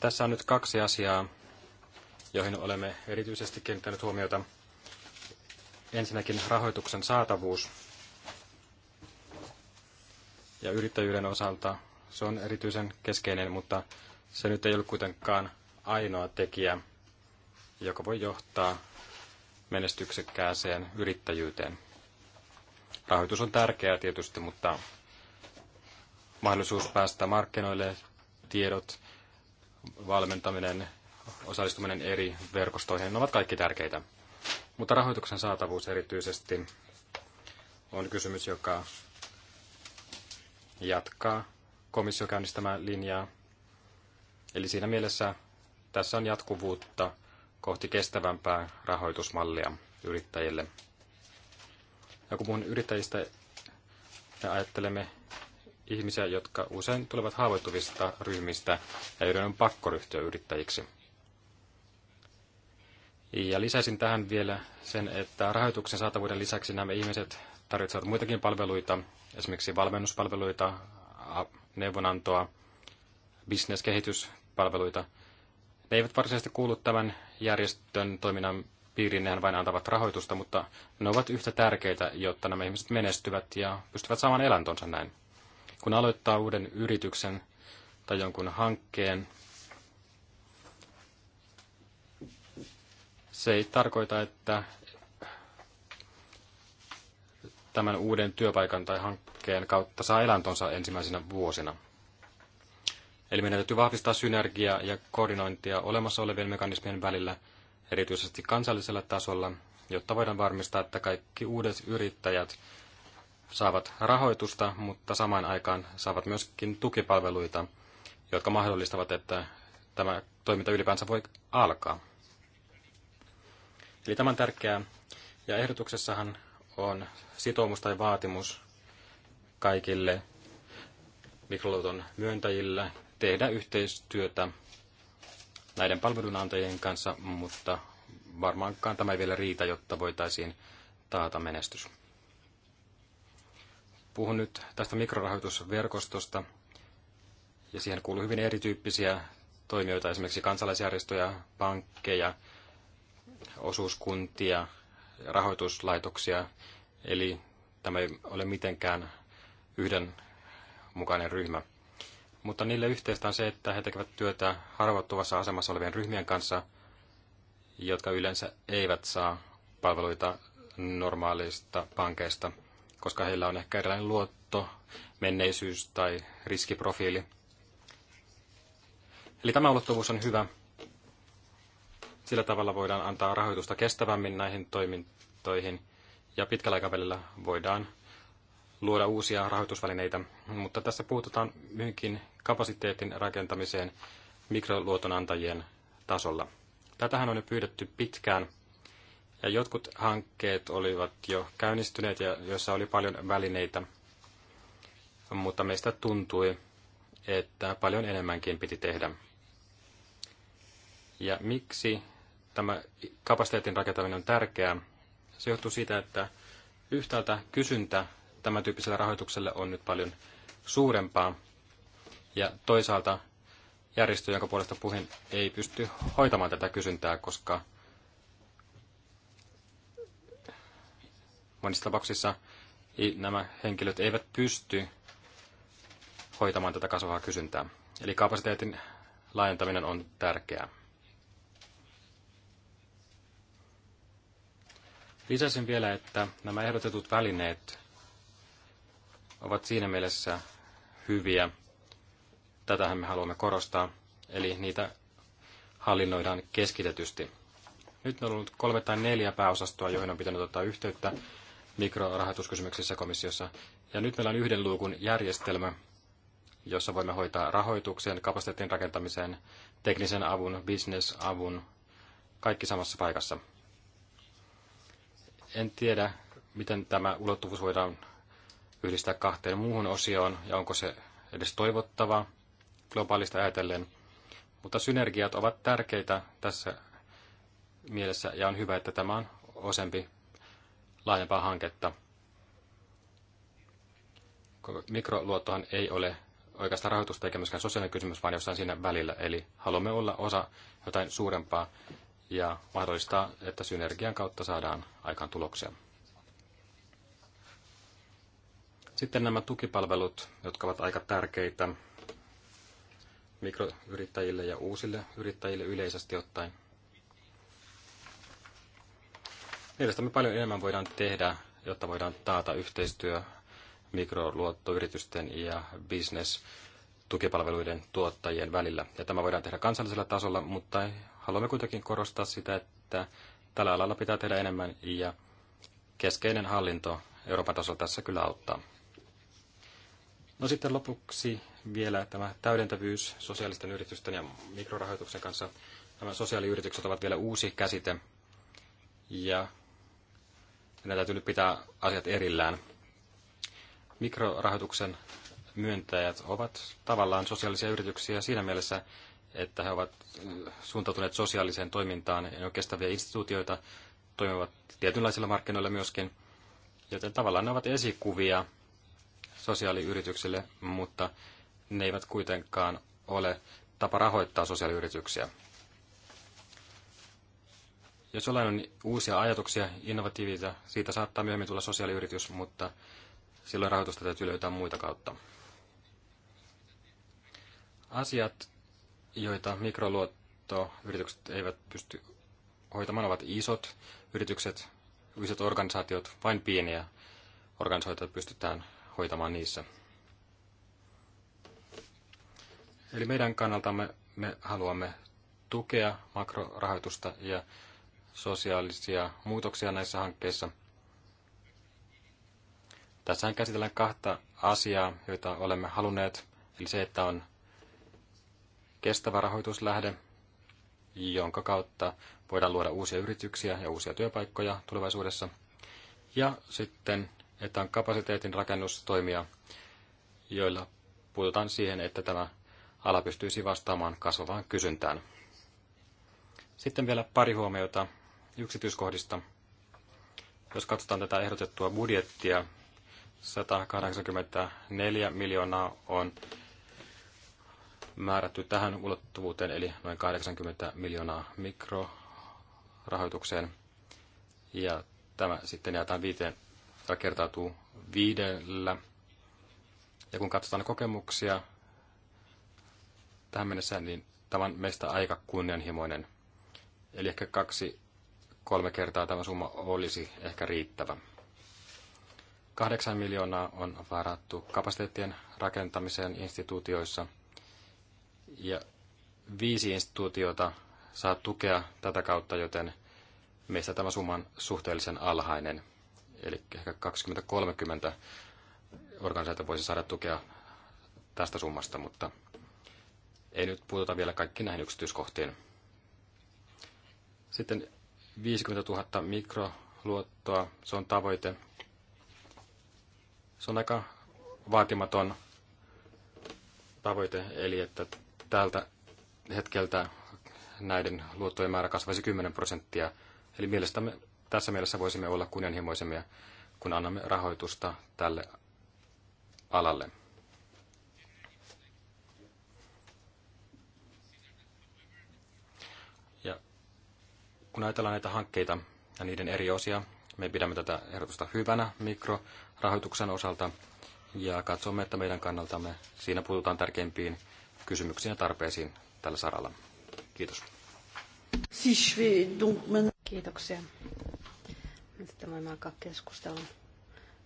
Speaker 3: Tässä on nyt kaksi asiaa, joihin olemme erityisesti kiinnittäneet huomiota. Ensinnäkin rahoituksen saatavuus ja yrittäjyyden osalta se on erityisen keskeinen, mutta se nyt ei ole kuitenkaan ainoa tekijä, joka voi johtaa menestyksekkääseen yrittäjyyteen. Rahoitus on tärkeää tietysti, mutta mahdollisuus päästä markkinoille, tiedot, valmentaminen, osallistuminen eri verkostoihin, ne ovat kaikki tärkeitä. Mutta rahoituksen saatavuus erityisesti on kysymys, joka jatkaa komissio käynnistämään linjaa. Eli siinä mielessä tässä on jatkuvuutta kohti kestävämpää rahoitusmallia yrittäjille. Ja kun puhun yrittäjistä, me ajattelemme ihmisiä, jotka usein tulevat haavoittuvista ryhmistä ja joiden on pakko ryhtyä yrittäjiksi. Ja lisäisin tähän vielä sen, että rahoituksen saatavuuden lisäksi nämä ihmiset tarvitsevat muitakin palveluita, esimerkiksi valmennuspalveluita, neuvonantoa, bisneskehityspalveluita. Ne eivät varsinaisesti kuulu tämän järjestön toiminnan piiriin, nehän vain antavat rahoitusta, mutta ne ovat yhtä tärkeitä, jotta nämä ihmiset menestyvät ja pystyvät saamaan elantonsa näin. Kun aloittaa uuden yrityksen tai jonkun hankkeen, se ei tarkoita, että tämän uuden työpaikan tai hankkeen kautta saa elantonsa ensimmäisenä vuosina. Eli meidän täytyy vahvistaa synergiaa ja koordinointia olemassa olevien mekanismien välillä, erityisesti kansallisella tasolla, jotta voidaan varmistaa, että kaikki uudet yrittäjät saavat rahoitusta, mutta samaan aikaan saavat myöskin tukipalveluita, jotka mahdollistavat, että tämä toiminta ylipäänsä voi alkaa. Eli tämä on tärkeää. Ja ehdotuksessahan on sitoumus tai vaatimus kaikille mikroluoton myöntäjillä tehdä yhteistyötä näiden palvelunantajien kanssa, mutta varmaankaan tämä ei vielä riitä, jotta voitaisiin taata menestys. Puhun nyt tästä mikrorahoitusverkostosta, ja siihen kuuluu hyvin erityyppisiä toimijoita, esimerkiksi kansalaisjärjestöjä, pankkeja, osuuskuntia, rahoituslaitoksia, eli tämä ei ole mitenkään yhden mukainen ryhmä. Mutta niille yhteistä on se, että he tekevät työtä harvoittuvassa asemassa olevien ryhmien kanssa, jotka yleensä eivät saa palveluita normaalista pankeista, koska heillä on ehkä erilainen luotto, menneisyys tai riskiprofiili. Eli tämä ulottuvuus on hyvä. Sillä tavalla voidaan antaa rahoitusta kestävämmin näihin toimintoihin ja pitkällä aikavälillä voidaan luoda uusia rahoitusvälineitä, mutta tässä puututaan myöskin kapasiteetin rakentamiseen mikroluotonantajien tasolla. Tätähän on jo pyydetty pitkään, ja jotkut hankkeet olivat jo käynnistyneet ja joissa oli paljon välineitä, mutta meistä tuntui, että paljon enemmänkin piti tehdä. Ja miksi tämä kapasiteetin rakentaminen on tärkeää. Se johtuu siitä, että yhtäältä kysyntä tämän tyyppiselle rahoitukselle on nyt paljon suurempaa, ja toisaalta järjestö, jonka puolesta puhin, ei pysty hoitamaan tätä kysyntää, koska monissa tapauksissa nämä henkilöt eivät pysty hoitamaan tätä kasvavaa kysyntää. Eli kapasiteetin laajentaminen on tärkeää. Lisäsin vielä, että nämä ehdotetut välineet ovat siinä mielessä hyviä. Tätähän me haluamme korostaa, eli niitä hallinnoidaan keskitetysti. Nyt on ollut kolme tai neljä pääosastoa, joihin on pitänyt ottaa yhteyttä mikrorahoituskysymyksissä komissiossa. Ja nyt meillä on yhden luukun järjestelmä, jossa voimme hoitaa rahoituksen, kapasiteetin rakentamiseen, teknisen avun, bisnesavun, kaikki samassa paikassa. En tiedä, miten tämä ulottuvuus voidaan yhdistää kahteen muuhun osioon ja onko se edes toivottava globaalista ajatellen. Mutta synergiat ovat tärkeitä tässä mielessä ja on hyvä, että tämä on osempi laajempaa hanketta. Mikroluottohan ei ole oikeastaan rahoitusta eikä myöskään sosiaalinen kysymys, vaan jossain siinä välillä. Eli haluamme olla osa jotain suurempaa ja mahdollistaa, että synergian kautta saadaan aikaan tuloksia. Sitten nämä tukipalvelut, jotka ovat aika tärkeitä mikroyrittäjille ja uusille yrittäjille yleisesti ottaen. Mielestäni paljon enemmän voidaan tehdä, jotta voidaan taata yhteistyö mikroluottoyritysten ja business tukipalveluiden tuottajien välillä. Ja tämä voidaan tehdä kansallisella tasolla, mutta haluamme kuitenkin korostaa sitä, että tällä alalla pitää tehdä enemmän ja keskeinen hallinto Euroopan tasolla tässä kyllä auttaa. No sitten lopuksi vielä tämä täydentävyys sosiaalisten yritysten ja mikrorahoituksen kanssa. Nämä sosiaaliyritykset ovat vielä uusi käsite ja näitä täytyy nyt pitää asiat erillään. Mikrorahoituksen myöntäjät ovat tavallaan sosiaalisia yrityksiä siinä mielessä, että he ovat suuntautuneet sosiaaliseen toimintaan ja kestäviä instituutioita, toimivat tietynlaisilla markkinoilla myöskin. Joten tavallaan ne ovat esikuvia sosiaaliyrityksille, mutta ne eivät kuitenkaan ole tapa rahoittaa sosiaaliyrityksiä. Jos jollain on uusia ajatuksia, innovatiivisia, siitä saattaa myöhemmin tulla sosiaaliyritys, mutta silloin rahoitusta täytyy löytää muita kautta. Asiat joita mikroluottoyritykset eivät pysty hoitamaan, ovat isot yritykset, isot organisaatiot, vain pieniä organisaatioita pystytään hoitamaan niissä. Eli meidän kannaltamme me haluamme tukea makrorahoitusta ja sosiaalisia muutoksia näissä hankkeissa. Tässähän käsitellään kahta asiaa, joita olemme halunneet, eli se, että on kestävä rahoituslähde, jonka kautta voidaan luoda uusia yrityksiä ja uusia työpaikkoja tulevaisuudessa. Ja sitten, että on kapasiteetin rakennustoimia, joilla puututaan siihen, että tämä ala pystyisi vastaamaan kasvavaan kysyntään. Sitten vielä pari huomiota yksityiskohdista. Jos katsotaan tätä ehdotettua budjettia, 184 miljoonaa on määrätty tähän ulottuvuuteen, eli noin 80 miljoonaa mikrorahoitukseen. Ja tämä sitten jaetaan viiteen, tämä kertautuu viidellä. Ja kun katsotaan kokemuksia tähän mennessä, niin tämä on meistä aika kunnianhimoinen. Eli ehkä kaksi, kolme kertaa tämä summa olisi ehkä riittävä. 8 miljoonaa on varattu kapasiteettien rakentamiseen instituutioissa – ja viisi instituutiota saa tukea tätä kautta, joten meistä tämä summa on suhteellisen alhainen. Eli ehkä 20-30 organisaatio voisi saada tukea tästä summasta, mutta ei nyt puututa vielä kaikki näihin yksityiskohtiin. Sitten 50 000 mikroluottoa, se on tavoite. Se on aika vaatimaton tavoite, eli että tältä hetkeltä näiden luottojen määrä kasvaisi 10 prosenttia. Eli mielestämme tässä mielessä voisimme olla kunnianhimoisemmia, kun annamme rahoitusta tälle alalle. Ja kun ajatellaan näitä hankkeita ja niiden eri osia, me pidämme tätä ehdotusta hyvänä mikrorahoituksen osalta ja katsomme, että meidän kannaltamme siinä puututaan tärkeimpiin kysymyksiin ja tarpeisiin tällä saralla. Kiitos.
Speaker 1: Kiitoksia. Nyt voimme
Speaker 2: alkaa keskustelun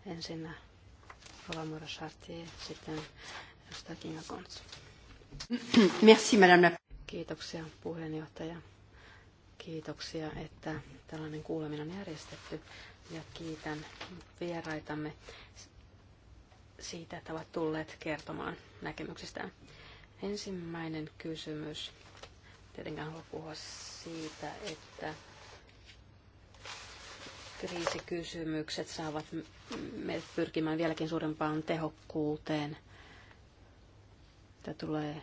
Speaker 2: ensin Rolamura Chartier, sitten edustaja Kinga
Speaker 4: Merci, madame
Speaker 2: Kiitoksia puheenjohtaja. Kiitoksia, että tällainen kuuleminen on järjestetty ja kiitän vieraitamme siitä, että ovat tulleet kertomaan näkemyksistään. Ensimmäinen kysymys. Tietenkään haluan puhua siitä, että kriisikysymykset saavat meidät pyrkimään vieläkin suurempaan tehokkuuteen. Tämä tulee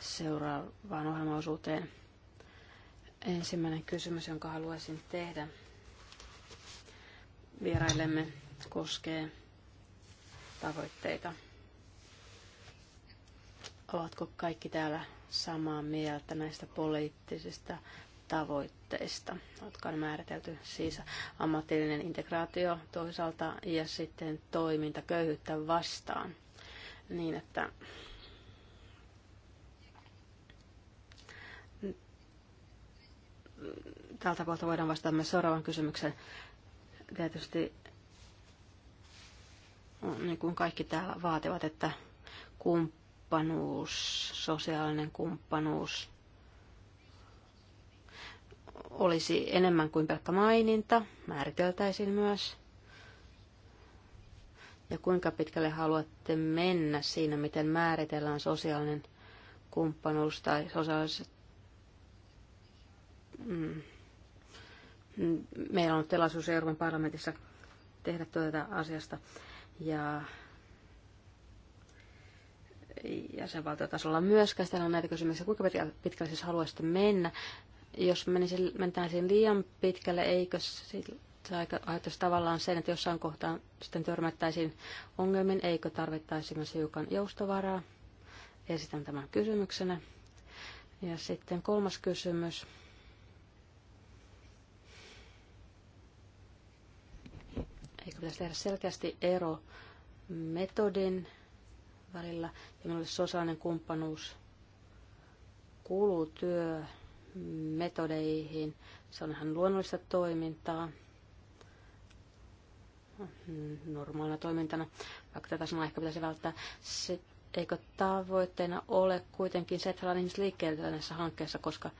Speaker 2: seuraavaan ohjelmaosuuteen. Ensimmäinen kysymys, jonka haluaisin tehdä vierailemme, koskee tavoitteita. Ovatko kaikki täällä samaa mieltä näistä poliittisista tavoitteista, jotka on määritelty siis ammatillinen integraatio toisaalta ja sitten toiminta köyhyyttä vastaan niin, että tältä puolta voidaan vastata myös seuraavan kysymyksen. Tietysti niin kuin kaikki täällä vaativat, että kumppanit kumppanuus, sosiaalinen kumppanuus olisi enemmän kuin pelkkä maininta, määriteltäisiin myös. Ja kuinka pitkälle haluatte mennä siinä, miten määritellään sosiaalinen kumppanuus tai sosiaaliset... Mm. Meillä on tilaisuus Euroopan parlamentissa tehdä tuota asiasta. Ja jäsenvaltiotasolla myös on näitä kysymyksiä, kuinka pitkälle siis haluaisitte mennä. Jos menisin, mentäisiin liian pitkälle, eikö se aiheuttaisi tavallaan sen, että jossain kohtaa sitten törmättäisiin ongelmiin, eikö tarvittaisi myös hiukan joustovaraa? Esitän tämän kysymyksenä. Ja sitten kolmas kysymys. Eikö pitäisi tehdä selkeästi ero metodin välillä. Ja meillä oli sosiaalinen kumppanuus kuuluu työmetodeihin. Se on ihan luonnollista toimintaa normaalina toimintana, vaikka tätä sanaa ehkä pitäisi välttää. Se, eikö tavoitteena ole kuitenkin se, että ihmiset liikkeelle näissä hankkeissa, koska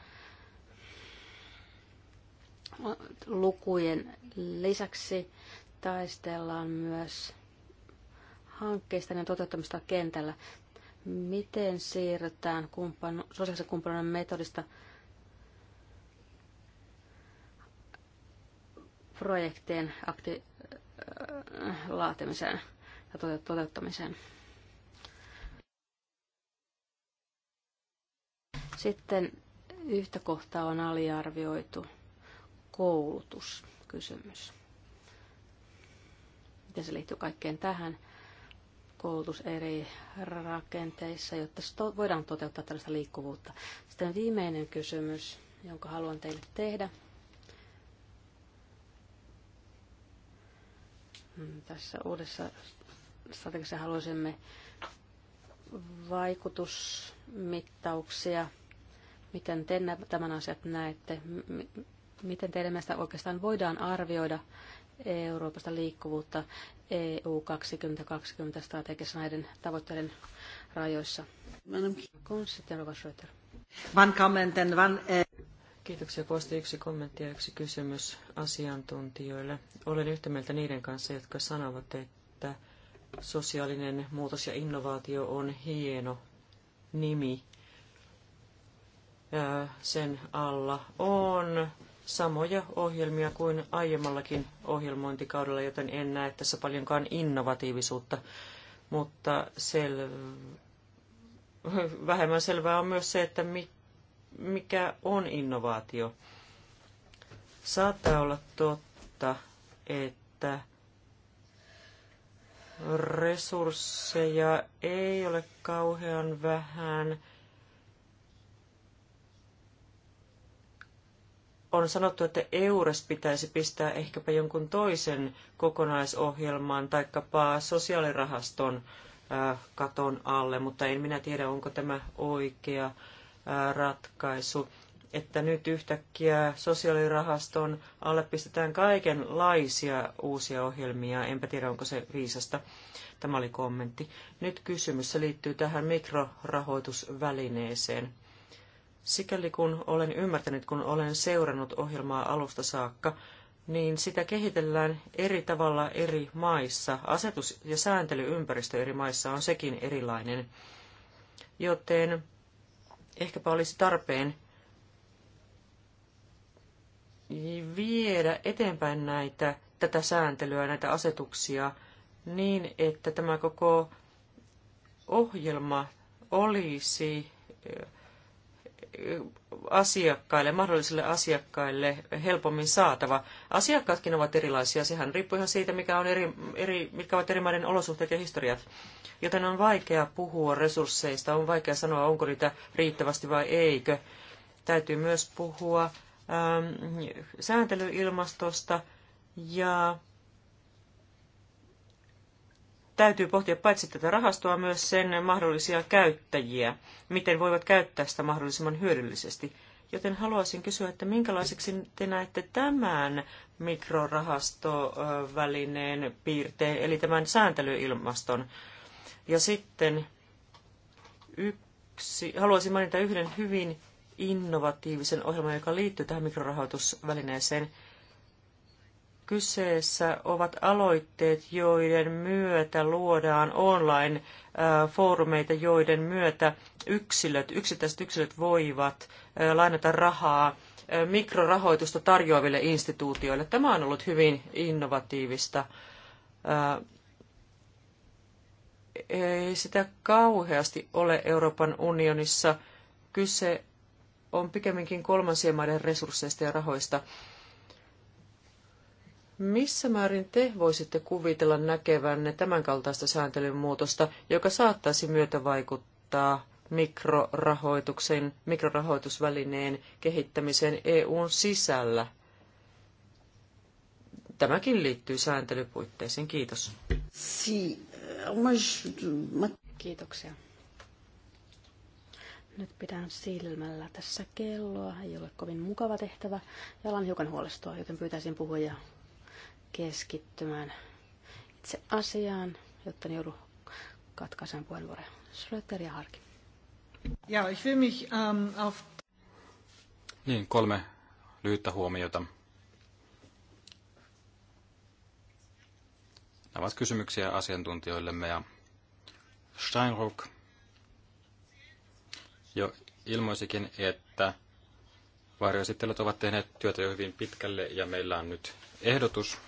Speaker 2: lukujen lisäksi taistellaan myös hankkeista ja toteuttamista kentällä. Miten siirrytään kumppan, sosiaalisen kumppanuuden metodista projektien akti- äh, laatimiseen ja toteuttamiseen? Sitten yhtä kohtaa on aliarvioitu koulutuskysymys. Miten se liittyy kaikkeen tähän? koulutus eri rakenteissa, jotta voidaan toteuttaa tällaista liikkuvuutta. Sitten viimeinen kysymys, jonka haluan teille tehdä. Hmm, tässä uudessa strategiassa haluaisimme vaikutusmittauksia. Miten te tämän asiat näette? Miten teidän mielestä oikeastaan voidaan arvioida Euroopasta liikkuvuutta EU 2020 strategiassa näiden tavoitteiden rajoissa. Van
Speaker 1: van,
Speaker 4: eh. Kiitoksia Kosti. Yksi kommentti ja yksi kysymys asiantuntijoille. Olen yhtä mieltä niiden kanssa, jotka sanovat, että sosiaalinen muutos ja innovaatio on hieno nimi. Sen alla on samoja ohjelmia kuin aiemmallakin ohjelmointikaudella, joten en näe tässä paljonkaan innovatiivisuutta. Mutta sel... vähemmän selvää on myös se, että mikä on innovaatio. Saattaa olla totta, että resursseja ei ole kauhean vähän – on sanottu, että EURES pitäisi pistää ehkäpä jonkun toisen kokonaisohjelman taikapa sosiaalirahaston katon alle, mutta en minä tiedä, onko tämä oikea ratkaisu, että nyt yhtäkkiä sosiaalirahaston alle pistetään kaikenlaisia uusia ohjelmia. Enpä tiedä, onko se viisasta. Tämä oli kommentti. Nyt kysymys se liittyy tähän mikrorahoitusvälineeseen Sikäli kun olen ymmärtänyt, kun olen seurannut ohjelmaa alusta saakka, niin sitä kehitellään eri tavalla eri maissa. Asetus- ja sääntelyympäristö eri maissa on sekin erilainen. Joten ehkäpä olisi tarpeen viedä eteenpäin näitä, tätä sääntelyä, näitä asetuksia niin, että tämä koko ohjelma olisi asiakkaille, mahdollisille asiakkaille helpommin saatava. Asiakkaatkin ovat erilaisia, sehän riippuu ihan siitä, mikä on eri, eri, mitkä ovat eri maiden olosuhteet ja historiat. Joten on vaikea puhua resursseista, on vaikea sanoa, onko niitä riittävästi vai eikö. Täytyy myös puhua ähm, sääntelyilmastosta ja täytyy pohtia paitsi tätä rahastoa myös sen mahdollisia käyttäjiä, miten voivat käyttää sitä mahdollisimman hyödyllisesti. Joten haluaisin kysyä, että minkälaiseksi te näette tämän mikrorahastovälineen piirteen, eli tämän sääntelyilmaston. Ja sitten yksi, haluaisin mainita yhden hyvin innovatiivisen ohjelman, joka liittyy tähän mikrorahoitusvälineeseen – Kyseessä ovat aloitteet, joiden myötä luodaan online-foorumeita, joiden myötä yksilöt, yksittäiset yksilöt voivat lainata rahaa mikrorahoitusta tarjoaville instituutioille. Tämä on ollut hyvin innovatiivista. Ei sitä kauheasti ole Euroopan unionissa. Kyse on pikemminkin kolmansien maiden resursseista ja rahoista. Missä määrin te voisitte kuvitella näkevänne tämänkaltaista sääntelyn muutosta, joka saattaisi vaikuttaa mikrorahoituksen, mikrorahoitusvälineen kehittämiseen EUn sisällä? Tämäkin liittyy sääntelypuitteisiin. Kiitos.
Speaker 2: Eh, Kiitoksia. Nyt pidän silmällä tässä kelloa. Ei ole kovin mukava tehtävä ja alan hiukan huolestua, joten pyytäisin puhujaa keskittymään itse asiaan, jotta ne joudu katkaisemaan puheenvuoroja.
Speaker 1: Schröter ja Harki. Ja, ich will mich, um, auf...
Speaker 3: Niin, kolme lyhyttä huomiota. Nämä ovat kysymyksiä asiantuntijoillemme ja Steinruck jo ilmoisikin, että varjoesittelijät ovat tehneet työtä jo hyvin pitkälle ja meillä on nyt ehdotus,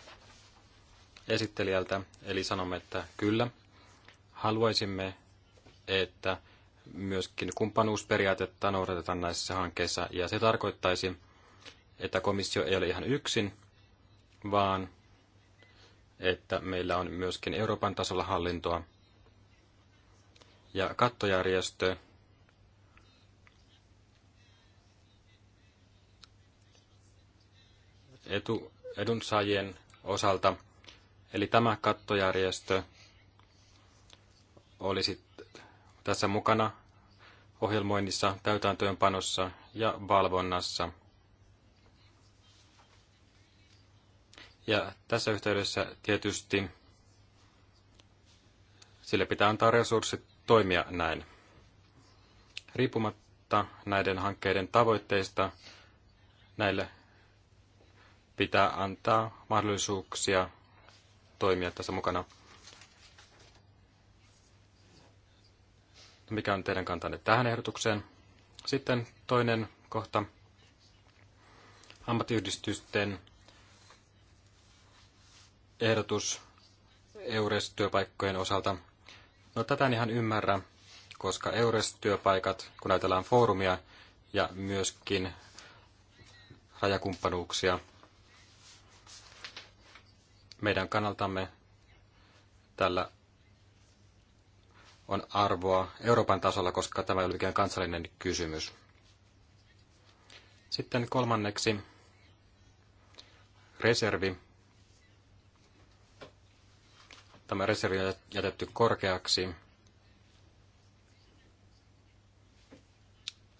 Speaker 3: esittelijältä, eli sanomme, että kyllä, haluaisimme, että myöskin kumppanuusperiaatetta noudatetaan näissä hankkeissa, ja se tarkoittaisi, että komissio ei ole ihan yksin, vaan että meillä on myöskin Euroopan tasolla hallintoa. Ja kattojärjestö etu, edunsaajien osalta Eli tämä kattojärjestö olisi tässä mukana ohjelmoinnissa, täytäntöönpanossa ja valvonnassa. Ja tässä yhteydessä tietysti sille pitää antaa resurssit toimia näin. Riippumatta näiden hankkeiden tavoitteista, näille pitää antaa mahdollisuuksia toimia tässä mukana. Mikä on teidän kantanne tähän ehdotukseen? Sitten toinen kohta. Ammattiyhdistysten ehdotus EURES-työpaikkojen osalta. No tätä en ihan ymmärrä, koska EURES-työpaikat, kun ajatellaan foorumia ja myöskin rajakumppanuuksia, meidän kannaltamme tällä on arvoa Euroopan tasolla, koska tämä ei ole mikään kansallinen kysymys. Sitten kolmanneksi reservi. Tämä reservi on jätetty korkeaksi.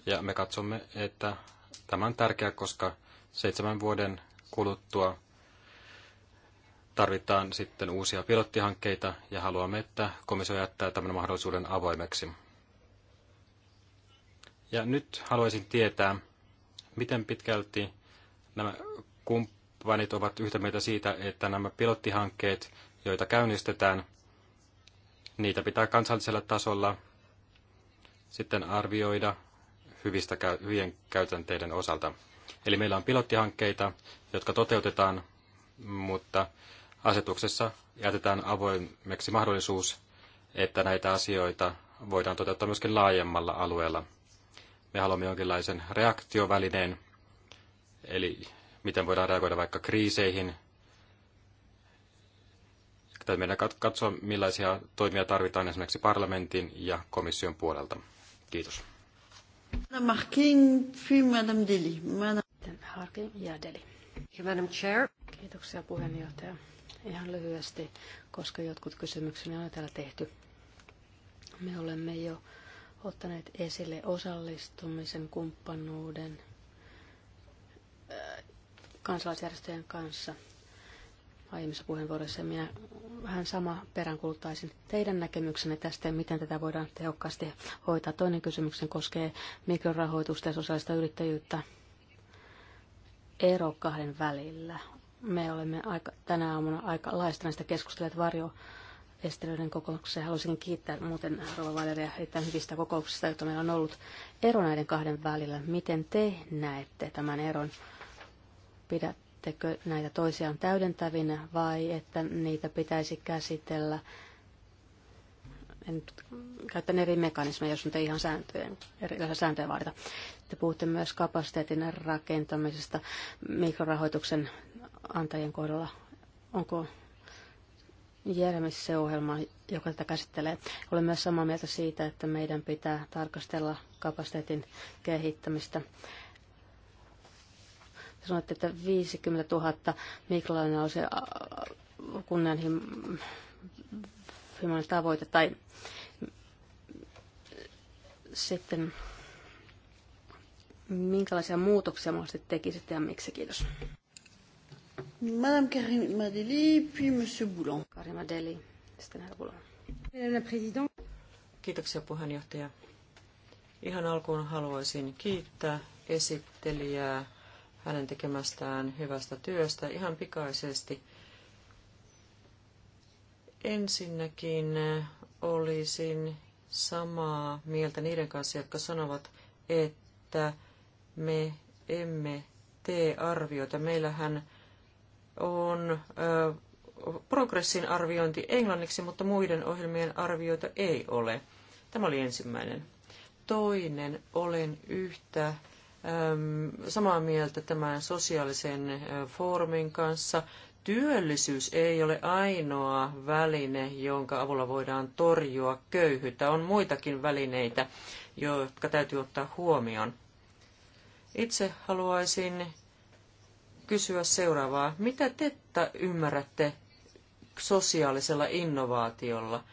Speaker 3: Ja me katsomme, että tämä on tärkeää, koska seitsemän vuoden kuluttua tarvitaan sitten uusia pilottihankkeita ja haluamme, että komissio jättää tämän mahdollisuuden avoimeksi. Ja nyt haluaisin tietää, miten pitkälti nämä kumppanit ovat yhtä mieltä siitä, että nämä pilottihankkeet, joita käynnistetään, niitä pitää kansallisella tasolla sitten arvioida hyvistä, hyvien käytänteiden osalta. Eli meillä on pilottihankkeita, jotka toteutetaan, mutta Asetuksessa jätetään avoimeksi mahdollisuus, että näitä asioita voidaan toteuttaa myöskin laajemmalla alueella. Me haluamme jonkinlaisen reaktiovälineen, eli miten voidaan reagoida vaikka kriiseihin. Täytyy meidän katsoa, millaisia toimia tarvitaan esimerkiksi parlamentin ja komission puolelta. Kiitos.
Speaker 2: Kiitoksia puheenjohtaja. Ihan lyhyesti, koska jotkut kysymykset on täällä tehty. Me olemme jo ottaneet esille osallistumisen, kumppanuuden äh, kansalaisjärjestöjen kanssa aiemmissa puheenvuoroissa. Minä vähän sama peräänkuluttaisin teidän näkemyksenne tästä, miten tätä voidaan tehokkaasti hoitaa. Toinen kysymyksen koskee mikrorahoitusta ja sosiaalista yrittäjyyttä. Ero kahden välillä me olemme aika, tänä aamuna aika laista näistä keskustelut varjo estelyiden kokouksessa. Haluaisin kiittää muuten Rova Valeria erittäin hyvistä kokouksista, joita meillä on ollut ero näiden kahden välillä. Miten te näette tämän eron? Pidättekö näitä toisiaan täydentävinä vai että niitä pitäisi käsitellä? En käyttää eri mekanismeja, jos nyt ei ihan sääntöjä, erilaisia sääntöjä vaadita. Te puhutte myös kapasiteetin rakentamisesta mikrorahoituksen antajien kohdalla? Onko Jeremissä se ohjelma, joka tätä käsittelee? Olen myös samaa mieltä siitä, että meidän pitää tarkastella kapasiteetin kehittämistä. Sanoitte, että 50 000 mikrolainen on se kunnianhimoinen tavoite. Tai sitten minkälaisia muutoksia mahdollisesti tekisitte ja miksi? Kiitos.
Speaker 1: Madame Karim Madeli, puis
Speaker 2: Monsieur Boulon. Karim Madeli, sitten herra Boulon. Kiitoksia puheenjohtaja.
Speaker 4: Ihan alkuun haluaisin kiittää esittelijää hänen tekemästään hyvästä työstä ihan pikaisesti. Ensinnäkin olisin samaa mieltä niiden kanssa, jotka sanovat, että me emme tee arvioita. Meillähän on progressin arviointi englanniksi, mutta muiden ohjelmien arvioita ei ole. Tämä oli ensimmäinen. Toinen, olen yhtä samaa mieltä tämän sosiaalisen foorumin kanssa. Työllisyys ei ole ainoa väline, jonka avulla voidaan torjua köyhyyttä. On muitakin välineitä, jotka täytyy ottaa huomioon. Itse haluaisin kysyä seuraavaa. Mitä te ymmärrätte sosiaalisella innovaatiolla?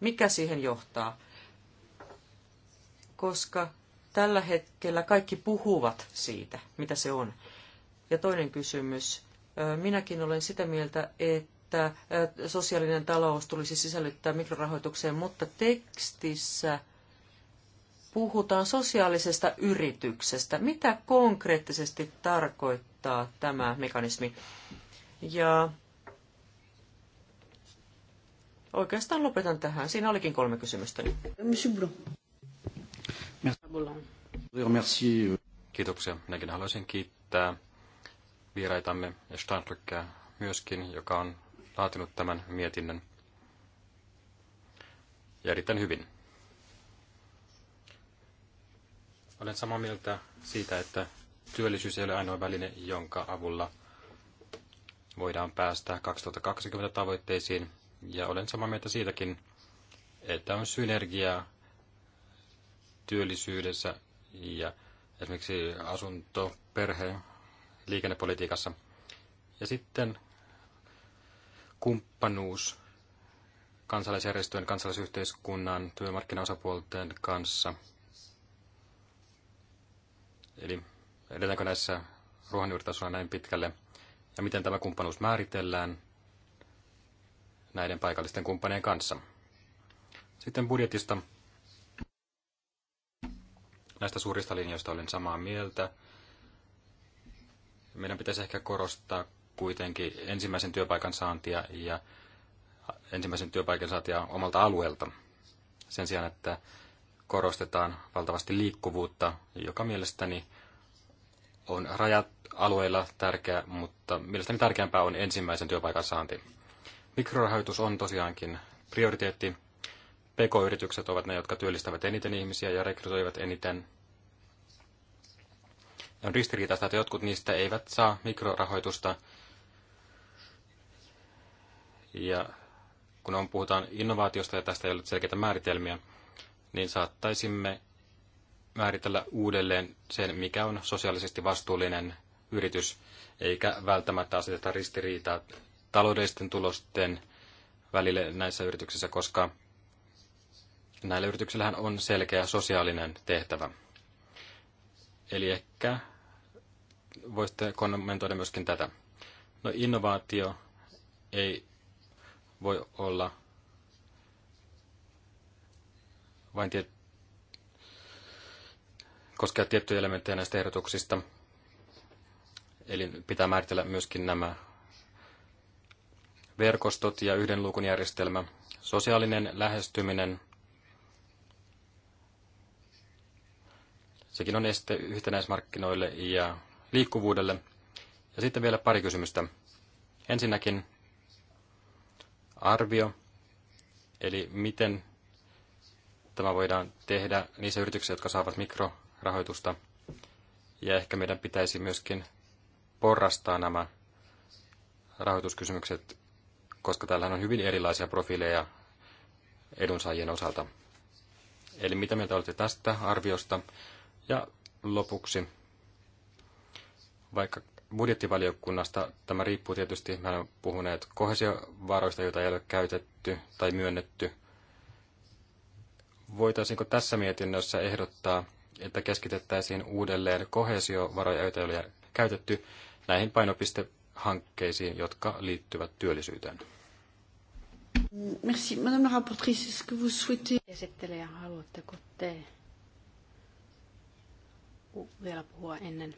Speaker 4: Mikä siihen johtaa? Koska tällä hetkellä kaikki puhuvat siitä, mitä se on. Ja toinen kysymys. Minäkin olen sitä mieltä, että sosiaalinen talous tulisi sisällyttää mikrorahoitukseen, mutta tekstissä puhutaan sosiaalisesta yrityksestä. Mitä konkreettisesti tarkoittaa tämä mekanismi? Ja oikeastaan lopetan tähän. Siinä olikin kolme kysymystä.
Speaker 3: Kiitoksia. Minäkin haluaisin kiittää vieraitamme ja Steinrückää myöskin, joka on laatinut tämän mietinnön. Ja erittäin hyvin. Olen samaa mieltä siitä, että työllisyys ei ole ainoa väline, jonka avulla voidaan päästä 2020 tavoitteisiin. Ja olen samaa mieltä siitäkin, että on synergiaa työllisyydessä ja esimerkiksi asunto, perhe, liikennepolitiikassa. Ja sitten kumppanuus kansalaisjärjestöjen, kansalaisyhteiskunnan, työmarkkinaosapuolten kanssa – Eli edetäänkö näissä ruohonjuuritasolla näin pitkälle? Ja miten tämä kumppanuus määritellään näiden paikallisten kumppanien kanssa? Sitten budjetista. Näistä suurista linjoista olen samaa mieltä. Meidän pitäisi ehkä korostaa kuitenkin ensimmäisen työpaikan saantia ja ensimmäisen työpaikan saantia omalta alueelta. Sen sijaan, että korostetaan valtavasti liikkuvuutta, joka mielestäni on rajat alueilla tärkeä, mutta mielestäni tärkeämpää on ensimmäisen työpaikan saanti. Mikrorahoitus on tosiaankin prioriteetti. PK-yritykset ovat ne, jotka työllistävät eniten ihmisiä ja rekrytoivat eniten. On ristiriitaista, että jotkut niistä eivät saa mikrorahoitusta. Ja kun on, puhutaan innovaatiosta ja tästä ei ole selkeitä määritelmiä, niin saattaisimme määritellä uudelleen sen, mikä on sosiaalisesti vastuullinen yritys, eikä välttämättä aseteta ristiriitaa taloudellisten tulosten välille näissä yrityksissä, koska näillä yrityksillähän on selkeä sosiaalinen tehtävä. Eli ehkä voisitte kommentoida myöskin tätä. No innovaatio ei voi olla vain tiet- koskea tiettyjä elementtejä näistä ehdotuksista. Eli pitää määritellä myöskin nämä verkostot ja yhden luukun järjestelmä, sosiaalinen lähestyminen, sekin on este yhtenäismarkkinoille ja liikkuvuudelle. Ja sitten vielä pari kysymystä. Ensinnäkin arvio, eli miten Tämä voidaan tehdä niissä yrityksissä, jotka saavat mikrorahoitusta. Ja ehkä meidän pitäisi myöskin porrastaa nämä rahoituskysymykset, koska täällä on hyvin erilaisia profiileja edunsaajien osalta. Eli mitä mieltä olette tästä arviosta? Ja lopuksi, vaikka budjettivaliokunnasta tämä riippuu tietysti, mä olen puhuneet kohesiovaroista, joita ei ole käytetty tai myönnetty – voitaisiinko tässä mietinnössä ehdottaa, että keskitettäisiin uudelleen kohesiovaroja, joita oli käytetty, näihin painopistehankkeisiin, jotka liittyvät työllisyyteen?
Speaker 2: Merci. Madame la rapportrice, est-ce que vous souhaitez... Esittelijä, haluatteko te vielä puhua ennen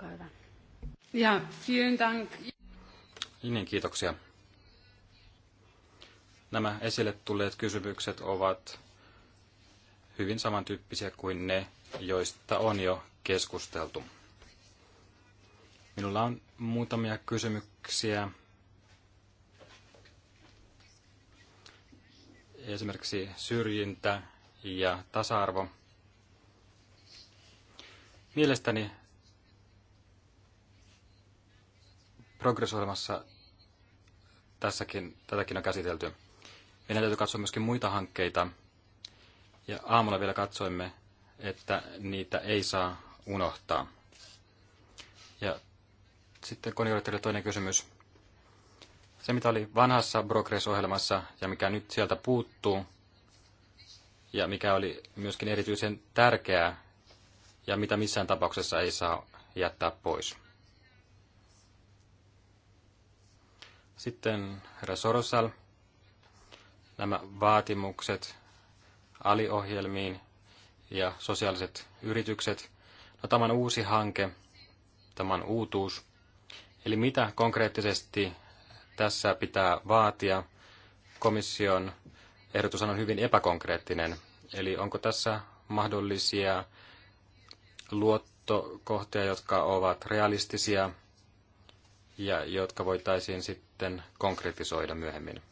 Speaker 1: käydä? Ja, vielen dank.
Speaker 3: Niin, kiitoksia. Nämä esille tulleet kysymykset ovat hyvin samantyyppisiä kuin ne, joista on jo keskusteltu. Minulla on muutamia kysymyksiä. Esimerkiksi syrjintä ja tasa-arvo. Mielestäni progressohjelmassa tässäkin, tätäkin on käsitelty. Meidän täytyy katsoa myöskin muita hankkeita, ja aamulla vielä katsoimme, että niitä ei saa unohtaa. Ja sitten konjunktiiville toinen kysymys. Se, mitä oli vanhassa Progress-ohjelmassa ja mikä nyt sieltä puuttuu, ja mikä oli myöskin erityisen tärkeää, ja mitä missään tapauksessa ei saa jättää pois. Sitten herra Sorosal, nämä vaatimukset aliohjelmiin ja sosiaaliset yritykset. No, tämä on uusi hanke, tämä on uutuus. Eli mitä konkreettisesti tässä pitää vaatia? Komission ehdotus on hyvin epäkonkreettinen. Eli onko tässä mahdollisia luottokohtia, jotka ovat realistisia ja jotka voitaisiin sitten konkretisoida myöhemmin?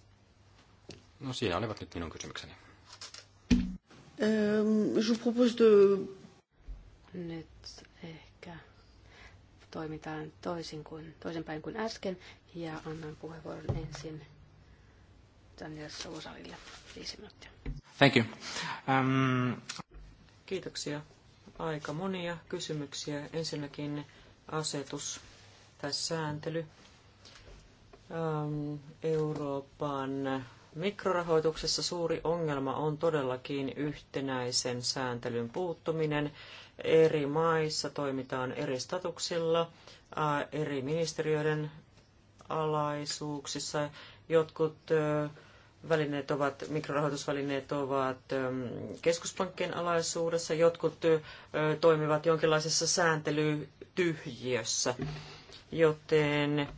Speaker 3: No siinä olivat nyt minun kysymykseni.
Speaker 1: Euh, je vous propose de... Nyt
Speaker 2: ehkä toimitaan toisin kuin, toisinpäin kuin äsken ja annan puheenvuoron ensin Daniel Sousalille viisi minuuttia.
Speaker 3: Thank you.
Speaker 4: Um... Kiitoksia. Aika monia kysymyksiä. Ensinnäkin asetus tai sääntely. Um, Euroopan Mikrorahoituksessa suuri ongelma on todellakin yhtenäisen sääntelyn puuttuminen. Eri maissa toimitaan eri statuksilla, eri ministeriöiden alaisuuksissa. Jotkut välineet ovat, mikrorahoitusvälineet ovat keskuspankkien alaisuudessa, jotkut toimivat jonkinlaisessa sääntelytyhjiössä, joten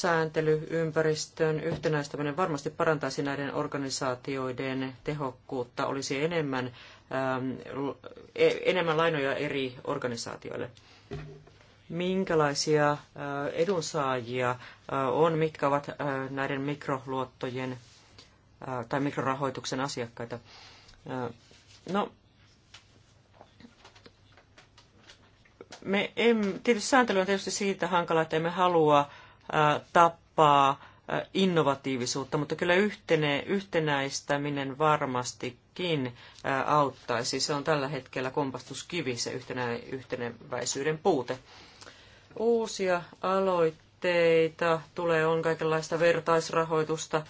Speaker 4: sääntelyympäristön yhtenäistäminen varmasti parantaisi näiden organisaatioiden tehokkuutta, olisi enemmän, ähm, e, enemmän lainoja eri organisaatioille. Minkälaisia äh, edunsaajia äh, on, mitkä ovat äh, näiden mikroluottojen äh, tai mikrorahoituksen asiakkaita? Äh, no, me em, tietysti sääntely on tietysti siitä hankala, että emme halua äh, tappaa innovatiivisuutta, mutta kyllä yhtene, yhtenäistäminen varmastikin auttaisi. Se on tällä hetkellä kompastuskivi, se yhtenä, yhteneväisyyden puute. Uusia aloitteita tulee, on kaikenlaista vertaisrahoitusta,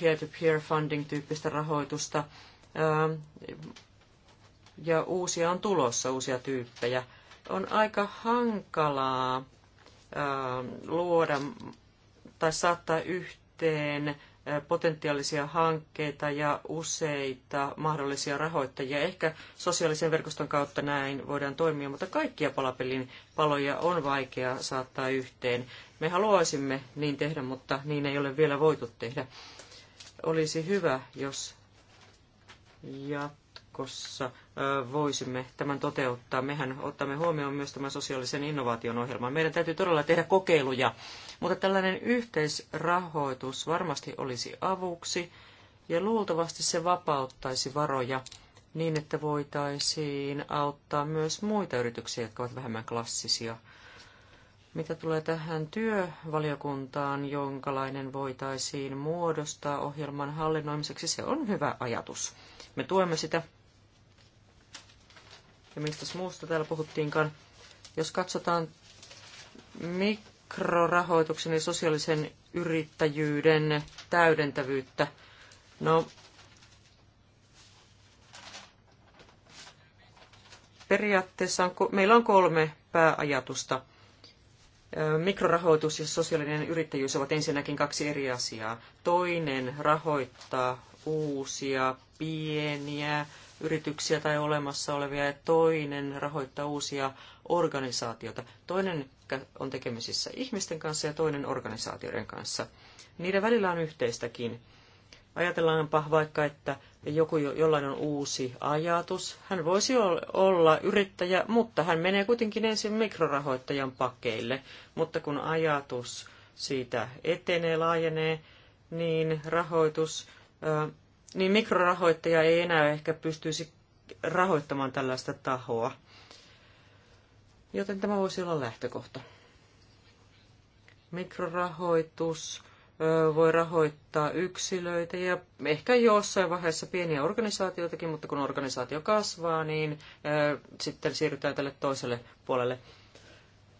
Speaker 4: peer-to-peer funding-tyyppistä rahoitusta, ja uusia on tulossa, uusia tyyppejä. On aika hankalaa Ähm, luoda tai saattaa yhteen äh, potentiaalisia hankkeita ja useita mahdollisia rahoittajia. Ehkä sosiaalisen verkoston kautta näin voidaan toimia, mutta kaikkia palapelin paloja on vaikea saattaa yhteen. Me haluaisimme niin tehdä, mutta niin ei ole vielä voitu tehdä. Olisi hyvä, jos jatkossa voisimme tämän toteuttaa. Mehän otamme huomioon myös tämän sosiaalisen innovaation ohjelman. Meidän täytyy todella tehdä kokeiluja, mutta tällainen yhteisrahoitus varmasti olisi avuksi ja luultavasti se vapauttaisi varoja niin, että voitaisiin auttaa myös muita yrityksiä, jotka ovat vähemmän klassisia. Mitä tulee tähän työvaliokuntaan, jonkalainen voitaisiin muodostaa ohjelman hallinnoimiseksi, se on hyvä ajatus. Me tuemme sitä ja mistä muusta täällä puhuttiinkaan. Jos katsotaan mikrorahoituksen ja sosiaalisen yrittäjyyden täydentävyyttä, no periaatteessa on, meillä on kolme pääajatusta. Mikrorahoitus ja sosiaalinen yrittäjyys ovat ensinnäkin kaksi eri asiaa. Toinen rahoittaa uusia, pieniä yrityksiä tai olemassa olevia ja toinen rahoittaa uusia organisaatioita. Toinen on tekemisissä ihmisten kanssa ja toinen organisaatioiden kanssa. Niiden välillä on yhteistäkin. Ajatellaanpa vaikka, että joku, jollain on uusi ajatus. Hän voisi olla yrittäjä, mutta hän menee kuitenkin ensin mikrorahoittajan pakeille. Mutta kun ajatus siitä etenee, laajenee, niin rahoitus niin mikrorahoittaja ei enää ehkä pystyisi rahoittamaan tällaista tahoa. Joten tämä voisi olla lähtökohta. Mikrorahoitus voi rahoittaa yksilöitä ja ehkä jossain vaiheessa pieniä organisaatioitakin, mutta kun organisaatio kasvaa, niin sitten siirrytään tälle toiselle puolelle.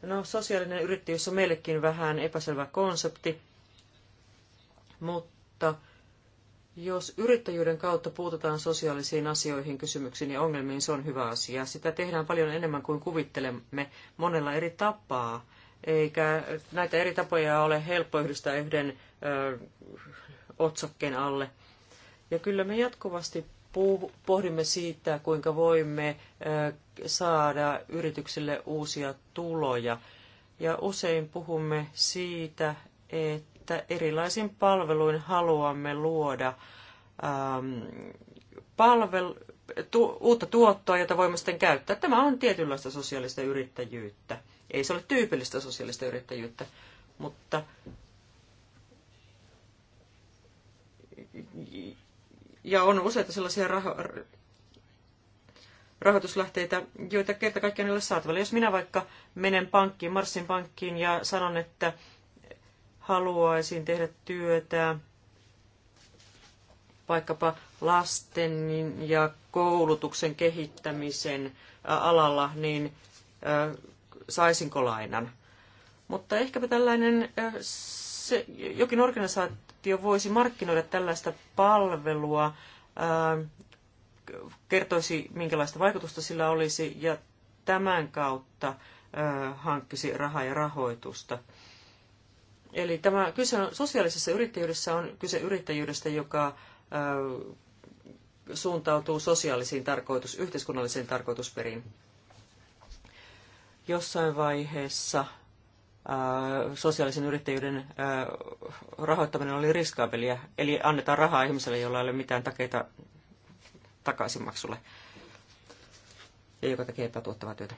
Speaker 4: No, sosiaalinen yrittäjyys on meillekin vähän epäselvä konsepti, mutta jos yrittäjyyden kautta puututaan sosiaalisiin asioihin, kysymyksiin ja ongelmiin, se on hyvä asia. Sitä tehdään paljon enemmän kuin kuvittelemme monella eri tapaa, eikä näitä eri tapoja ole helppo yhdistää yhden ö, otsakkeen alle. Ja kyllä me jatkuvasti pohdimme siitä, kuinka voimme saada yrityksille uusia tuloja. Ja usein puhumme siitä, että että erilaisin palveluin haluamme luoda ähm, palvelu, tu, uutta tuottoa, jota voimme sitten käyttää. Tämä on tietynlaista sosiaalista yrittäjyyttä. Ei se ole tyypillistä sosiaalista yrittäjyyttä, mutta ja on useita sellaisia raho- rahoituslähteitä, joita kerta kaikkiaan ei ole saatavilla. Jos minä vaikka menen pankkiin, Marsin pankkiin ja sanon, että haluaisin tehdä työtä vaikkapa lasten ja koulutuksen kehittämisen alalla, niin saisinko lainan. Mutta ehkäpä tällainen, se, jokin organisaatio voisi markkinoida tällaista palvelua, kertoisi minkälaista vaikutusta sillä olisi ja tämän kautta hankkisi rahaa ja rahoitusta. Eli tämä kyse on, sosiaalisessa yrittäjyydessä on kyse yrittäjyydestä, joka ö, suuntautuu sosiaalisiin tarkoitus, yhteiskunnallisiin tarkoitusperiin. Jossain vaiheessa sosiaalisen yrittäjyyden rahoittaminen oli riskaabeliä, eli annetaan rahaa ihmiselle, jolla ei ole mitään takeita takaisinmaksulle ja joka tekee epätuottavaa työtä.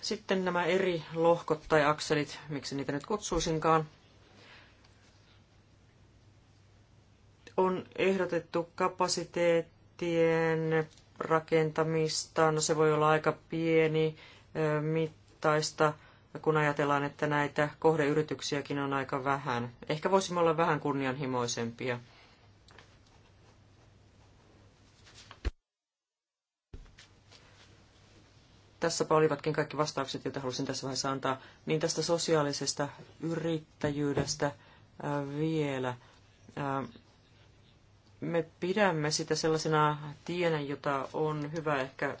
Speaker 4: Sitten nämä eri lohkot tai akselit, miksi niitä nyt kutsuisinkaan, on ehdotettu kapasiteettien rakentamista. No se voi olla aika pieni mittaista, kun ajatellaan, että näitä kohdeyrityksiäkin on aika vähän. Ehkä voisimme olla vähän kunnianhimoisempia. tässäpä olivatkin kaikki vastaukset, joita halusin tässä vaiheessa antaa, niin tästä sosiaalisesta yrittäjyydestä vielä me pidämme sitä sellaisena tienä, jota on hyvä ehkä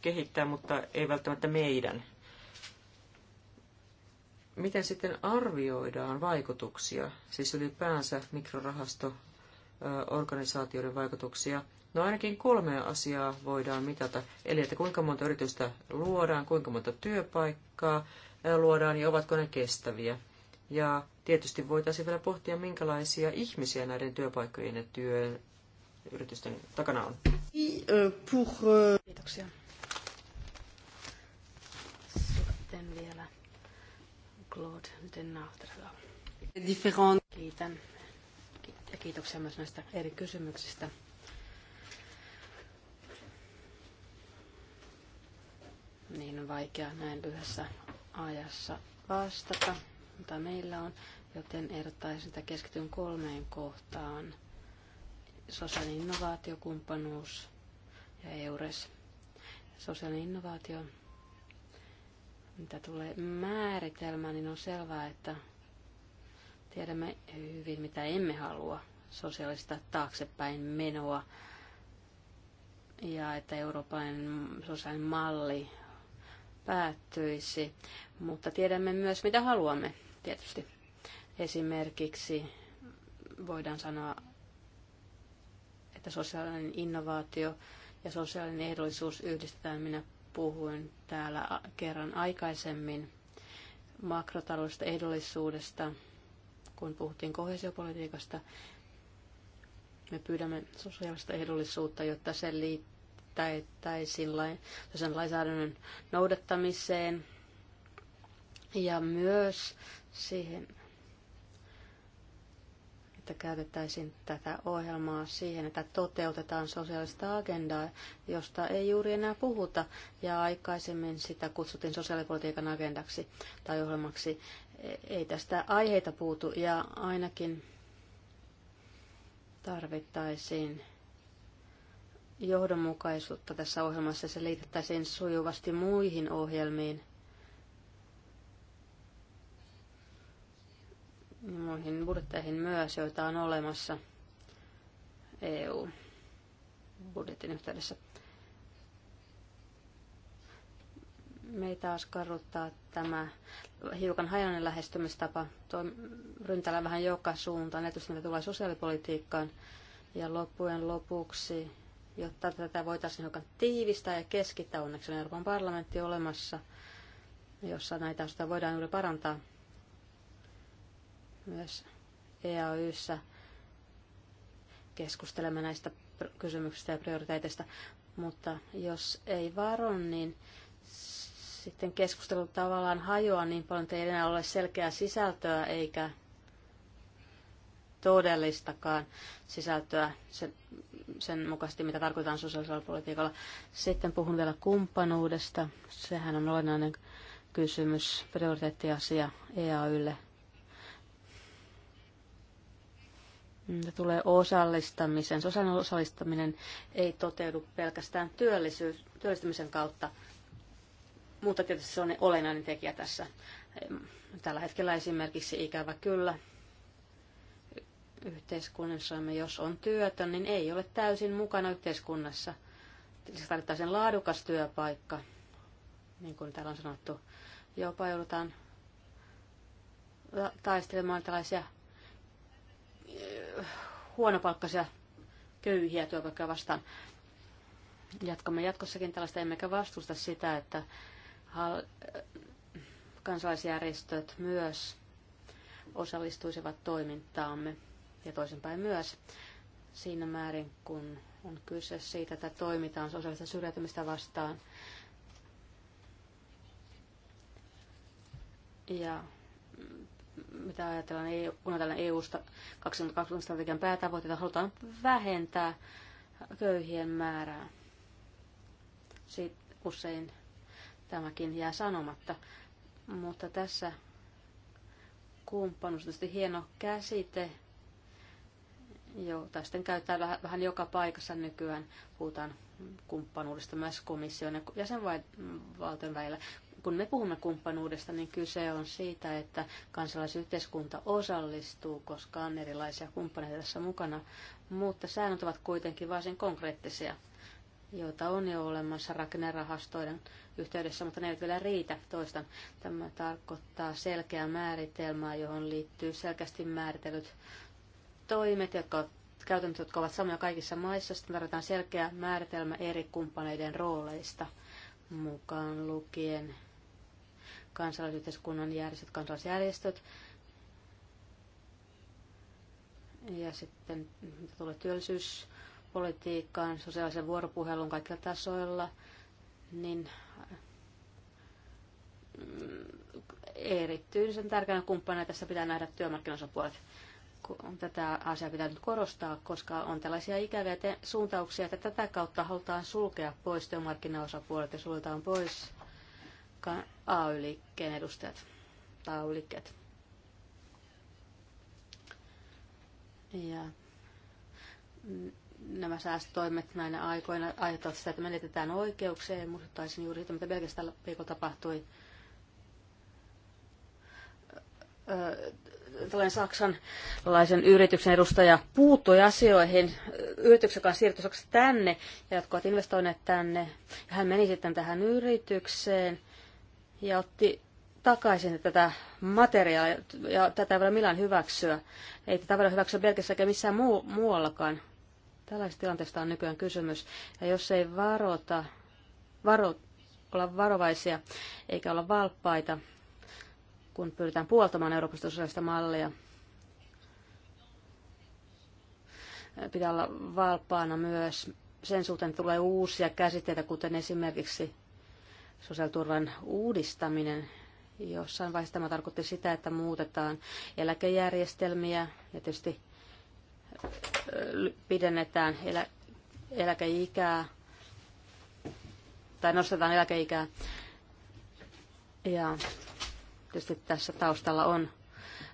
Speaker 4: kehittää, mutta ei välttämättä meidän. Miten sitten arvioidaan vaikutuksia, siis ylipäänsä mikrorahastoorganisaatioiden vaikutuksia? No ainakin kolme asiaa voidaan mitata. Eli että kuinka monta yritystä luodaan, kuinka monta työpaikkaa luodaan ja ovatko ne kestäviä. Ja tietysti voitaisiin vielä pohtia, minkälaisia ihmisiä näiden työpaikkojen ja työn
Speaker 2: yritysten takana
Speaker 4: on.
Speaker 1: Kiitoksia.
Speaker 2: Sitten vielä Claude Denautrella. Kiitän ja kiitoksia myös näistä eri kysymyksistä. Niin on vaikea näin lyhyessä ajassa vastata mitä meillä on, joten ehdottaisin, että keskityn kolmeen kohtaan. Sosiaalinen innovaatiokumppanuus ja EURES. Sosiaalinen innovaatio. Mitä tulee määritelmään, niin on selvää, että tiedämme hyvin, mitä emme halua sosiaalista taaksepäin menoa. Ja että Euroopan sosiaalinen malli päättyisi, mutta tiedämme myös, mitä haluamme tietysti. Esimerkiksi voidaan sanoa, että sosiaalinen innovaatio ja sosiaalinen ehdollisuus yhdistetään. Minä puhuin täällä kerran aikaisemmin makrotaloudesta ehdollisuudesta, kun puhuttiin kohesiopolitiikasta. Me pyydämme sosiaalista ehdollisuutta, jotta se liittäisiin lain, sen lainsäädännön noudattamiseen. Ja myös siihen, että käytettäisiin tätä ohjelmaa siihen, että toteutetaan sosiaalista agendaa, josta ei juuri enää puhuta, ja aikaisemmin sitä kutsuttiin sosiaalipolitiikan agendaksi tai ohjelmaksi. Ei tästä aiheita puutu, ja ainakin tarvittaisiin johdonmukaisuutta tässä ohjelmassa, se liitettäisiin sujuvasti muihin ohjelmiin – muihin budjetteihin myös, joita on olemassa EU-budjetin yhteydessä. Meitä askarruttaa tämä hiukan hajainen lähestymistapa. Tuo ryntällä vähän joka suuntaan, etusti mitä tulee sosiaalipolitiikkaan. Ja loppujen lopuksi, jotta tätä voitaisiin hiukan tiivistää ja keskittää, onneksi on Euroopan parlamentti olemassa, jossa näitä asioita voidaan juuri parantaa – myös EAYssä keskustelemme näistä kysymyksistä ja prioriteeteista, mutta jos ei varon, niin sitten keskustelu tavallaan hajoaa niin paljon, että ei enää ole selkeää sisältöä eikä todellistakaan sisältöä sen, sen mukaisesti, mitä tarkoitetaan sosiaalisella politiikalla. Sitten puhun vielä kumppanuudesta. Sehän on olennainen kysymys, prioriteettiasia EAYlle. mitä tulee osallistamisen, Sosiaalinen osallistaminen ei toteudu pelkästään työllisyys, työllistymisen kautta, mutta tietysti se on olennainen tekijä tässä. Tällä hetkellä esimerkiksi ikävä kyllä yhteiskunnassamme, jos on työtön, niin ei ole täysin mukana yhteiskunnassa. Se tarvitaan sen laadukas työpaikka, niin kuin täällä on sanottu. Jopa joudutaan taistelemaan tällaisia huonopalkkaisia köyhiä työpaikkoja vastaan. Jatkamme jatkossakin tällaista, emmekä vastusta sitä, että kansalaisjärjestöt myös osallistuisivat toimintaamme ja toisinpäin myös siinä määrin, kun on kyse siitä, että toimitaan sosiaalista syrjäytymistä vastaan. Ja mitä ajatellaan, e kun ajatellaan EU-sta 2020 strategian päätavoitteita, halutaan vähentää köyhien määrää. Sitten usein tämäkin jää sanomatta. Mutta tässä kumppanuus on tietysti hieno käsite, jota sitten käytetään vähän joka paikassa nykyään. Puhutaan kumppanuudesta myös komission ja jäsenvaltion välillä kun me puhumme kumppanuudesta, niin kyse on siitä, että kansalaisyhteiskunta osallistuu, koska on erilaisia kumppaneita tässä mukana, mutta säännöt ovat kuitenkin varsin konkreettisia joita on jo olemassa rakennerahastoiden yhteydessä, mutta ne eivät vielä riitä. Toistan, tämä tarkoittaa selkeää määritelmää, johon liittyy selkeästi määritellyt toimet, jotka käytännöt, jotka ovat samoja kaikissa maissa. Sitten tarvitaan selkeä määritelmä eri kumppaneiden rooleista, mukaan lukien kansalaisyhteiskunnan järjestöt, kansalaisjärjestöt. Ja sitten mitä tulee työllisyyspolitiikkaan, sosiaalisen vuoropuhelun kaikilla tasoilla, niin mm, erityisen tärkeänä kumppana tässä pitää nähdä työmarkkinaosapuolet. Tätä asiaa pitää nyt korostaa, koska on tällaisia ikäviä suuntauksia, että tätä kautta halutaan sulkea pois työmarkkinaosapuolet ja suljetaan pois jotka AY-liikkeen edustajat tai AY-liikkeet. Ja nämä säästötoimet näinä aikoina aiheuttavat sitä, että menetetään oikeuksia ja muistuttaisin juuri sitä, mitä pelkästään viikolla tapahtui. Tällainen saksanlaisen yrityksen edustaja puuttui asioihin yrityksen kanssa siirtyi tänne ja jotka ovat investoineet tänne. Ja hän meni sitten tähän yritykseen ja otti takaisin tätä materiaalia, ja tätä ei voida millään hyväksyä. Ei tätä voida hyväksyä Belgiassa eikä missään muu, muuallakaan. Tällaisesta tilanteesta on nykyään kysymys. Ja jos ei varota, varo, olla varovaisia eikä olla valppaita, kun pyritään puoltamaan Euroopasta sosiaalista mallia, pitää olla valppaana myös sen suhteen, että tulee uusia käsitteitä, kuten esimerkiksi sosiaaliturvan uudistaminen. Jossain vaiheessa tämä tarkoitti sitä, että muutetaan eläkejärjestelmiä ja tietysti äh, pidennetään elä, eläkeikää tai nostetaan eläkeikää. Ja tietysti tässä taustalla on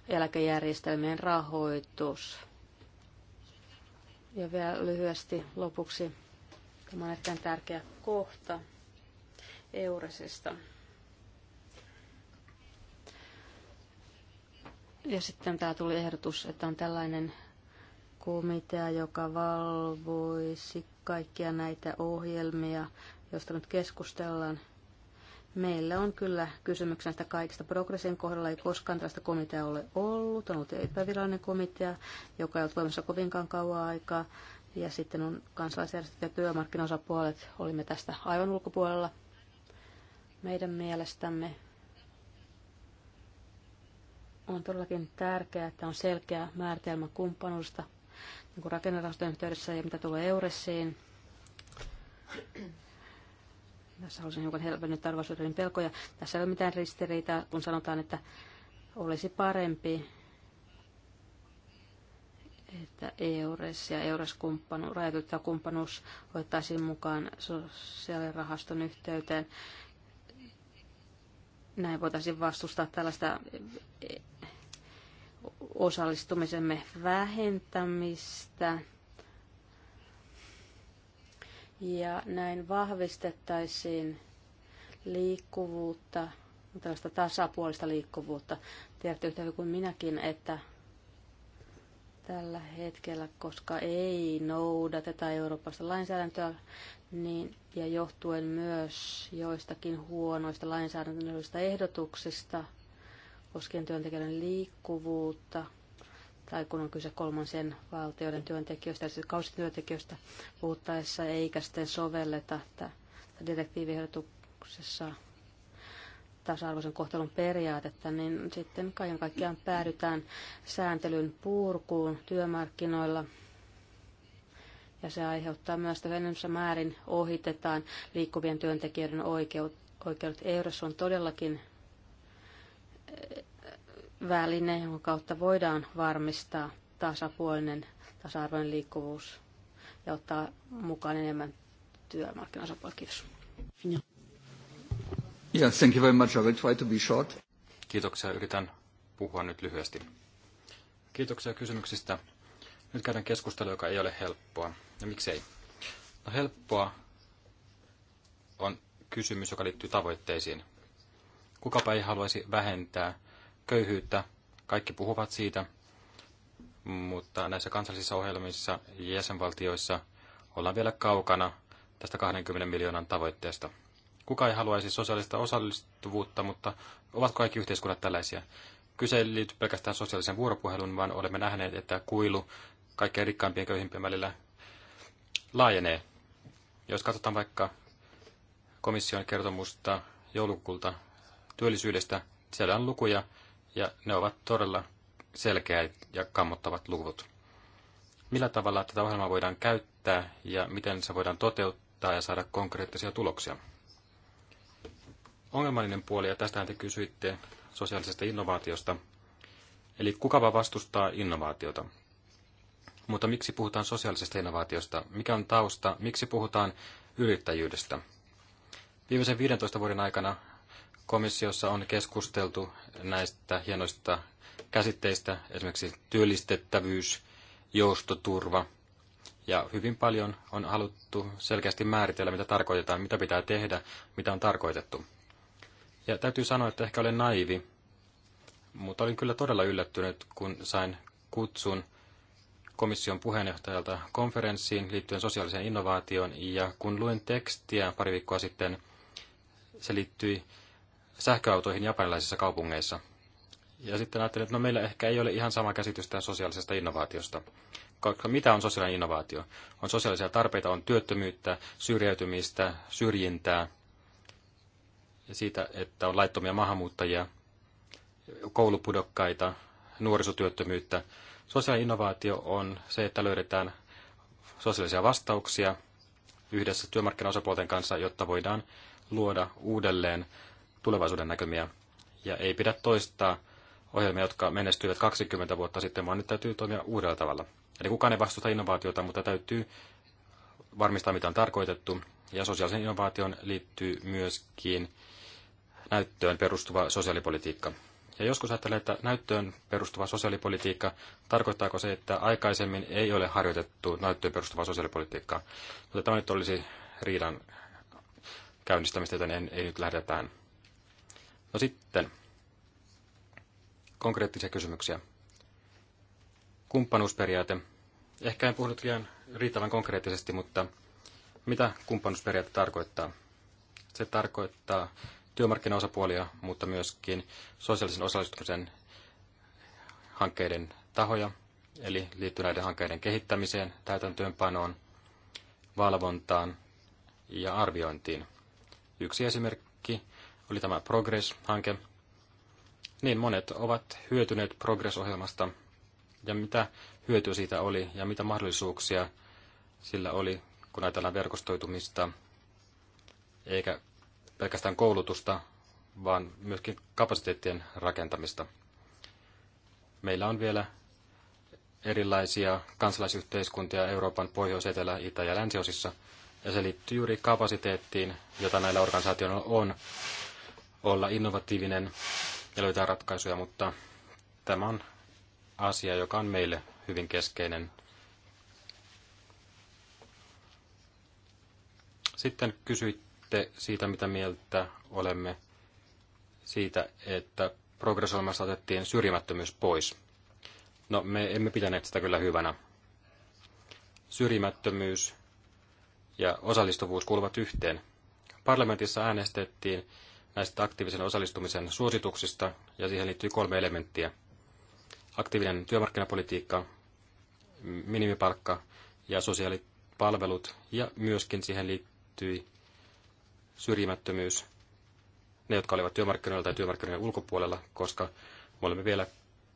Speaker 2: eläkejärjestelmien rahoitus. Ja vielä lyhyesti lopuksi. Tämä on erittäin tärkeä kohta. Euresista. Ja sitten tämä tuli ehdotus, että on tällainen komitea, joka valvoisi kaikkia näitä ohjelmia, joista nyt keskustellaan. Meillä on kyllä kysymyksen näistä kaikista. Progressin kohdalla ei koskaan tällaista komitea ole ollut. On ollut epävirallinen komitea, joka ei ollut voimassa kovinkaan kauan aikaa. Ja sitten on kansalaisjärjestöt ja työmarkkinaosapuolet. Olimme tästä aivan ulkopuolella. Meidän mielestämme on todellakin tärkeää, että on selkeä määritelmä kumppanuudesta niin kuin rakennerahastojen yhteydessä ja mitä tulee Euressiin. Tässä haluaisin hiukan helpennyt arvoisuuden pelkoja. Tässä ei ole mitään ristiriitaa, kun sanotaan, että olisi parempi, että EURES ja EURES-kumppanuus, rajoitettu kumppanuus hoitaisiin mukaan sosiaalirahaston yhteyteen näin voitaisiin vastustaa tällaista osallistumisemme vähentämistä. Ja näin vahvistettaisiin liikkuvuutta, tällaista tasapuolista liikkuvuutta. Tiedätte yhtä hyvin kuin minäkin, että tällä hetkellä, koska ei noudateta Euroopassa lainsäädäntöä, niin, ja johtuen myös joistakin huonoista lainsäädännöllisistä ehdotuksista koskien työntekijöiden liikkuvuutta, tai kun on kyse kolmansien valtioiden työntekijöistä, eli siis kausityöntekijöistä puhuttaessa, eikä sitten sovelleta tätä direktiiviehdotuksessa tasa-arvoisen kohtelun periaatetta, niin sitten kaiken kaikkiaan päädytään sääntelyn purkuun työmarkkinoilla. Ja se aiheuttaa myös, että enemmän määrin ohitetaan liikkuvien työntekijöiden oikeut. oikeudet. Eurossa on todellakin eh, väline, jonka kautta voidaan varmistaa tasapuolinen tasa-arvoinen liikkuvuus ja ottaa mukaan enemmän työmarkkinaosapuolia. Kiitos.
Speaker 3: Yes, thank you very much. I will try to be short. Kiitoksia. Yritän puhua nyt lyhyesti. Kiitoksia kysymyksistä. Nyt käydään keskustelu, joka ei ole helppoa. Ja miksei? No helppoa on kysymys, joka liittyy tavoitteisiin. Kukapa ei haluaisi vähentää köyhyyttä. Kaikki puhuvat siitä, mutta näissä kansallisissa ohjelmissa ja jäsenvaltioissa ollaan vielä kaukana tästä 20 miljoonan tavoitteesta – Kuka ei haluaisi sosiaalista osallistuvuutta, mutta ovat kaikki yhteiskunnat tällaisia? Kyse ei liity pelkästään sosiaalisen vuoropuhelun, vaan olemme nähneet, että kuilu kaikkein rikkaimpien köyhimpien välillä laajenee. Jos katsotaan vaikka komission kertomusta joulukulta työllisyydestä, siellä on lukuja ja ne ovat todella selkeät ja kammottavat luvut. Millä tavalla tätä ohjelmaa voidaan käyttää ja miten se voidaan toteuttaa ja saada konkreettisia tuloksia? ongelmallinen puoli, ja tästähän te kysyitte sosiaalisesta innovaatiosta. Eli kukava vastustaa innovaatiota? Mutta miksi puhutaan sosiaalisesta innovaatiosta? Mikä on tausta? Miksi puhutaan yrittäjyydestä? Viimeisen 15 vuoden aikana komissiossa on keskusteltu näistä hienoista käsitteistä, esimerkiksi työllistettävyys, joustoturva, ja hyvin paljon on haluttu selkeästi määritellä, mitä tarkoitetaan, mitä pitää tehdä, mitä on tarkoitettu. Ja täytyy sanoa, että ehkä olen naivi, mutta olin kyllä todella yllättynyt, kun sain kutsun komission puheenjohtajalta konferenssiin liittyen sosiaaliseen innovaatioon, ja kun luin tekstiä pari viikkoa sitten, se liittyi sähköautoihin japanilaisissa kaupungeissa. Ja sitten ajattelin, että no meillä ehkä ei ole ihan sama käsitys tästä sosiaalisesta innovaatiosta. Koska mitä on sosiaalinen innovaatio? On sosiaalisia tarpeita, on työttömyyttä, syrjäytymistä, syrjintää – siitä, että on laittomia maahanmuuttajia, koulupudokkaita, nuorisotyöttömyyttä. Sosiaalinen innovaatio on se, että löydetään sosiaalisia vastauksia yhdessä työmarkkinaosapuolten kanssa, jotta voidaan luoda uudelleen tulevaisuuden näkymiä. Ja ei pidä toistaa ohjelmia, jotka menestyivät 20 vuotta sitten, vaan nyt täytyy toimia uudella tavalla. Eli kukaan ei vastusta innovaatiota, mutta täytyy varmistaa, mitä on tarkoitettu. Ja sosiaalisen innovaation liittyy myöskin näyttöön perustuva sosiaalipolitiikka. Ja joskus ajattelee, että näyttöön perustuva sosiaalipolitiikka, tarkoittaako se, että aikaisemmin ei ole harjoitettu näyttöön perustuvaa sosiaalipolitiikkaa. Mutta tämä nyt olisi riidan käynnistämistä, joten en, ei nyt lähde tähän. No sitten, konkreettisia kysymyksiä. Kumppanuusperiaate. Ehkä en puhunut liian riittävän konkreettisesti, mutta mitä kumppanuusperiaate tarkoittaa? Se tarkoittaa työmarkkinaosapuolia, mutta myöskin sosiaalisen osallistumisen hankkeiden tahoja, eli liittyy näiden hankkeiden kehittämiseen, täytäntöönpanoon, valvontaan ja arviointiin. Yksi esimerkki oli tämä Progress-hanke. Niin monet ovat hyötyneet Progress-ohjelmasta ja mitä hyötyä siitä oli ja mitä mahdollisuuksia sillä oli, kun ajatellaan verkostoitumista, eikä pelkästään koulutusta, vaan myöskin kapasiteettien rakentamista. Meillä on vielä erilaisia kansalaisyhteiskuntia Euroopan pohjois-, etelä-, itä- ja länsiosissa, ja se liittyy juuri kapasiteettiin, jota näillä organisaatioilla on, olla innovatiivinen ja löytää ratkaisuja, mutta tämä on asia, joka on meille hyvin keskeinen. Sitten kysyit sitten siitä, mitä mieltä olemme siitä, että progressoimassa otettiin syrjimättömyys pois. No, me emme pitäneet sitä kyllä hyvänä. Syrjimättömyys ja osallistuvuus kuuluvat yhteen. Parlamentissa äänestettiin näistä aktiivisen osallistumisen suosituksista, ja siihen liittyy kolme elementtiä. Aktiivinen työmarkkinapolitiikka, minimipalkka ja sosiaalipalvelut, ja myöskin siihen liittyi syrjimättömyys, ne, jotka olivat työmarkkinoilla tai työmarkkinoiden ulkopuolella, koska me olemme vielä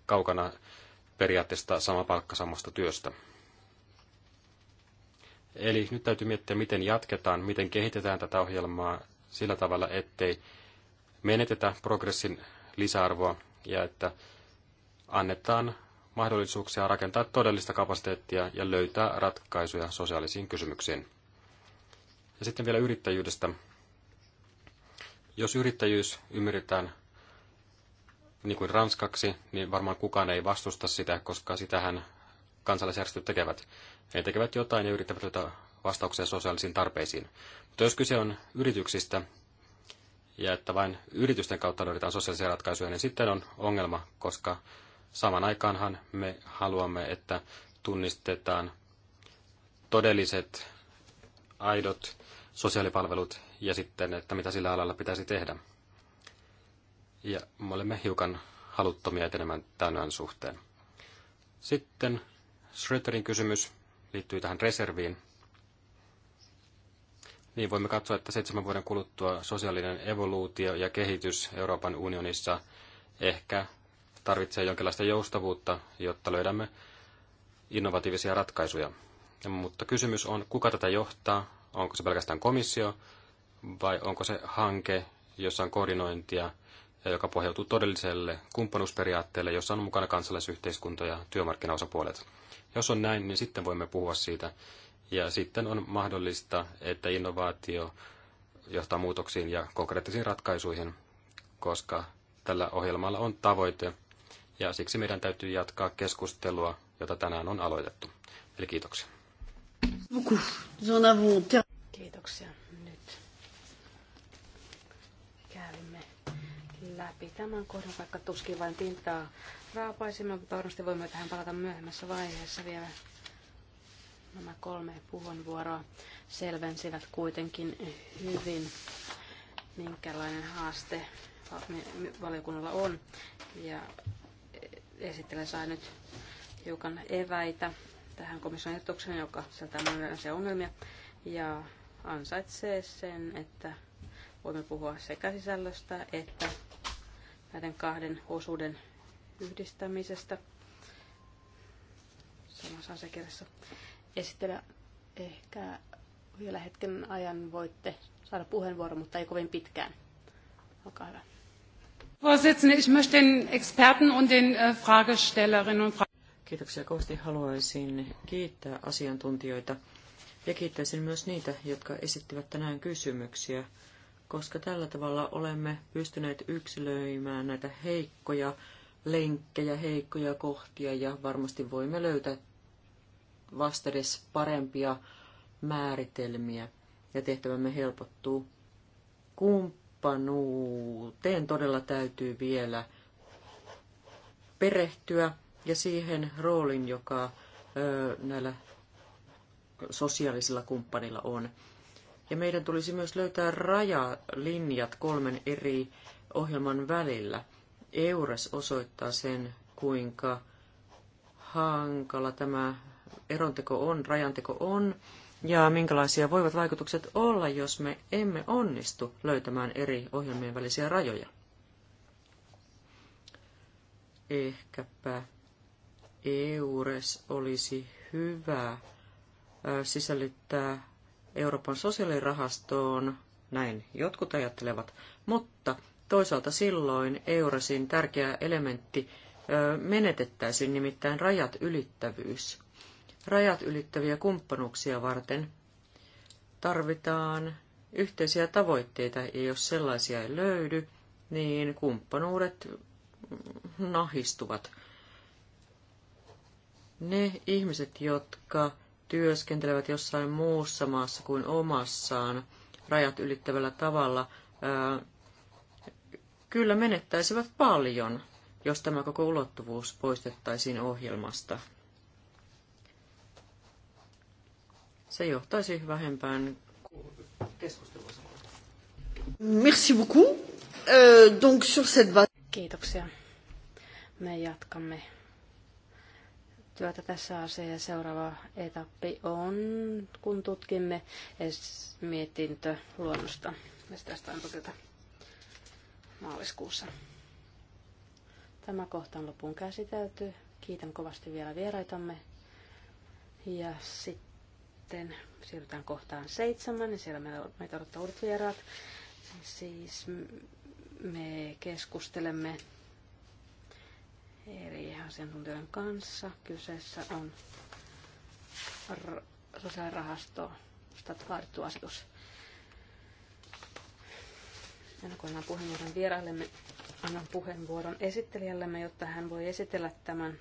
Speaker 3: kaukana periaatteesta sama palkka samasta työstä. Eli nyt täytyy miettiä, miten jatketaan, miten kehitetään tätä ohjelmaa sillä tavalla, ettei menetetä progressin lisäarvoa ja että annetaan mahdollisuuksia rakentaa todellista kapasiteettia ja löytää ratkaisuja sosiaalisiin kysymyksiin. Ja sitten vielä yrittäjyydestä. Jos yrittäjyys ymmärretään niin kuin ranskaksi, niin varmaan kukaan ei vastusta sitä, koska sitähän kansalaisjärjestöt tekevät. He tekevät jotain ja yrittävät löytää vastauksia sosiaalisiin tarpeisiin. Mutta jos kyse on yrityksistä, ja että vain yritysten kautta löydetään sosiaalisia ratkaisuja, niin sitten on ongelma, koska saman aikaanhan me haluamme, että tunnistetaan todelliset, aidot sosiaalipalvelut ja sitten, että mitä sillä alalla pitäisi tehdä. Ja me olemme hiukan haluttomia etenemään tänään suhteen. Sitten Schröterin kysymys liittyy tähän reserviin. Niin voimme katsoa, että seitsemän vuoden kuluttua sosiaalinen evoluutio ja kehitys Euroopan unionissa ehkä tarvitsee jonkinlaista joustavuutta, jotta löydämme innovatiivisia ratkaisuja. Mutta kysymys on, kuka tätä johtaa, Onko se pelkästään komissio vai onko se hanke, jossa on koordinointia ja joka pohjautuu todelliselle kumppanuusperiaatteelle, jossa on mukana kansalaisyhteiskunta ja työmarkkinaosapuolet. Jos on näin, niin sitten voimme puhua siitä. Ja sitten on mahdollista, että innovaatio johtaa muutoksiin ja konkreettisiin ratkaisuihin, koska tällä ohjelmalla on tavoite, ja siksi meidän täytyy jatkaa keskustelua, jota tänään on aloitettu. Eli kiitoksia.
Speaker 1: Kiitoksia. Nyt
Speaker 2: käymme läpi tämän kohdan, vaikka tuskin vain tintaa raapaisimme, mutta varmasti voimme tähän palata myöhemmässä vaiheessa vielä. Nämä kolme puheenvuoroa selvensivät kuitenkin hyvin, minkälainen haaste valiokunnalla on. Ja eh, esittelen sai nyt hiukan eväitä tähän komission ehdotukseen, joka sisältää monenlaisia ongelmia ja ansaitsee sen, että voimme puhua sekä sisällöstä että näiden kahden osuuden yhdistämisestä samassa asiakirjassa. Esitellä
Speaker 1: ehkä
Speaker 2: vielä hetken ajan voitte saada puheenvuoron, mutta ei kovin pitkään. Olkaa hyvä.
Speaker 1: Vorsitzende, ich möchte den Experten und den äh, Fragestellerinnen
Speaker 4: und Kiitoksia kovasti. Haluaisin kiittää asiantuntijoita ja kiittäisin myös niitä, jotka esittivät tänään kysymyksiä, koska tällä tavalla olemme pystyneet yksilöimään näitä heikkoja lenkkejä, heikkoja kohtia ja varmasti voimme löytää vastedes parempia määritelmiä ja tehtävämme helpottuu. Kumppanuuteen todella täytyy vielä perehtyä ja siihen roolin, joka näillä sosiaalisilla kumppanilla on. Ja meidän tulisi myös löytää rajalinjat kolmen eri ohjelman välillä. EURES osoittaa sen, kuinka hankala tämä eronteko on, rajanteko on, ja minkälaisia voivat vaikutukset olla, jos me emme onnistu löytämään eri ohjelmien välisiä rajoja. Ehkäpä EURES olisi hyvä sisällyttää Euroopan sosiaalirahastoon, näin jotkut ajattelevat, mutta toisaalta silloin EURESin tärkeä elementti menetettäisiin nimittäin rajat ylittävyys. Rajat ylittäviä kumppanuuksia varten tarvitaan yhteisiä tavoitteita, ja jos sellaisia ei löydy, niin kumppanuudet nahistuvat – ne ihmiset, jotka työskentelevät jossain muussa maassa kuin omassaan rajat ylittävällä tavalla, ää, kyllä menettäisivät paljon, jos tämä koko ulottuvuus poistettaisiin ohjelmasta. Se
Speaker 2: johtaisi vähempään
Speaker 4: keskustelua. Merci beaucoup.
Speaker 2: Euh, donc sur cette base... Kiitoksia. Me jatkamme työtä tässä asiassa. Seuraava etappi on, kun tutkimme mietintö luonnosta.
Speaker 1: Tästä on tätä maaliskuussa.
Speaker 2: Tämä kohta on lopun käsitelty. Kiitän kovasti vielä vieraitamme. Ja sitten siirrytään kohtaan seitsemän, niin siellä meitä odottaa uudet vieraat. Siis me keskustelemme eri asiantuntijoiden kanssa. Kyseessä on r- sosiaalirahastosta vaadittu asetus. Ennen kuin annan puheenvuoron vieraillemme, annan puheenvuoron esittelijällemme, jotta hän voi esitellä tämän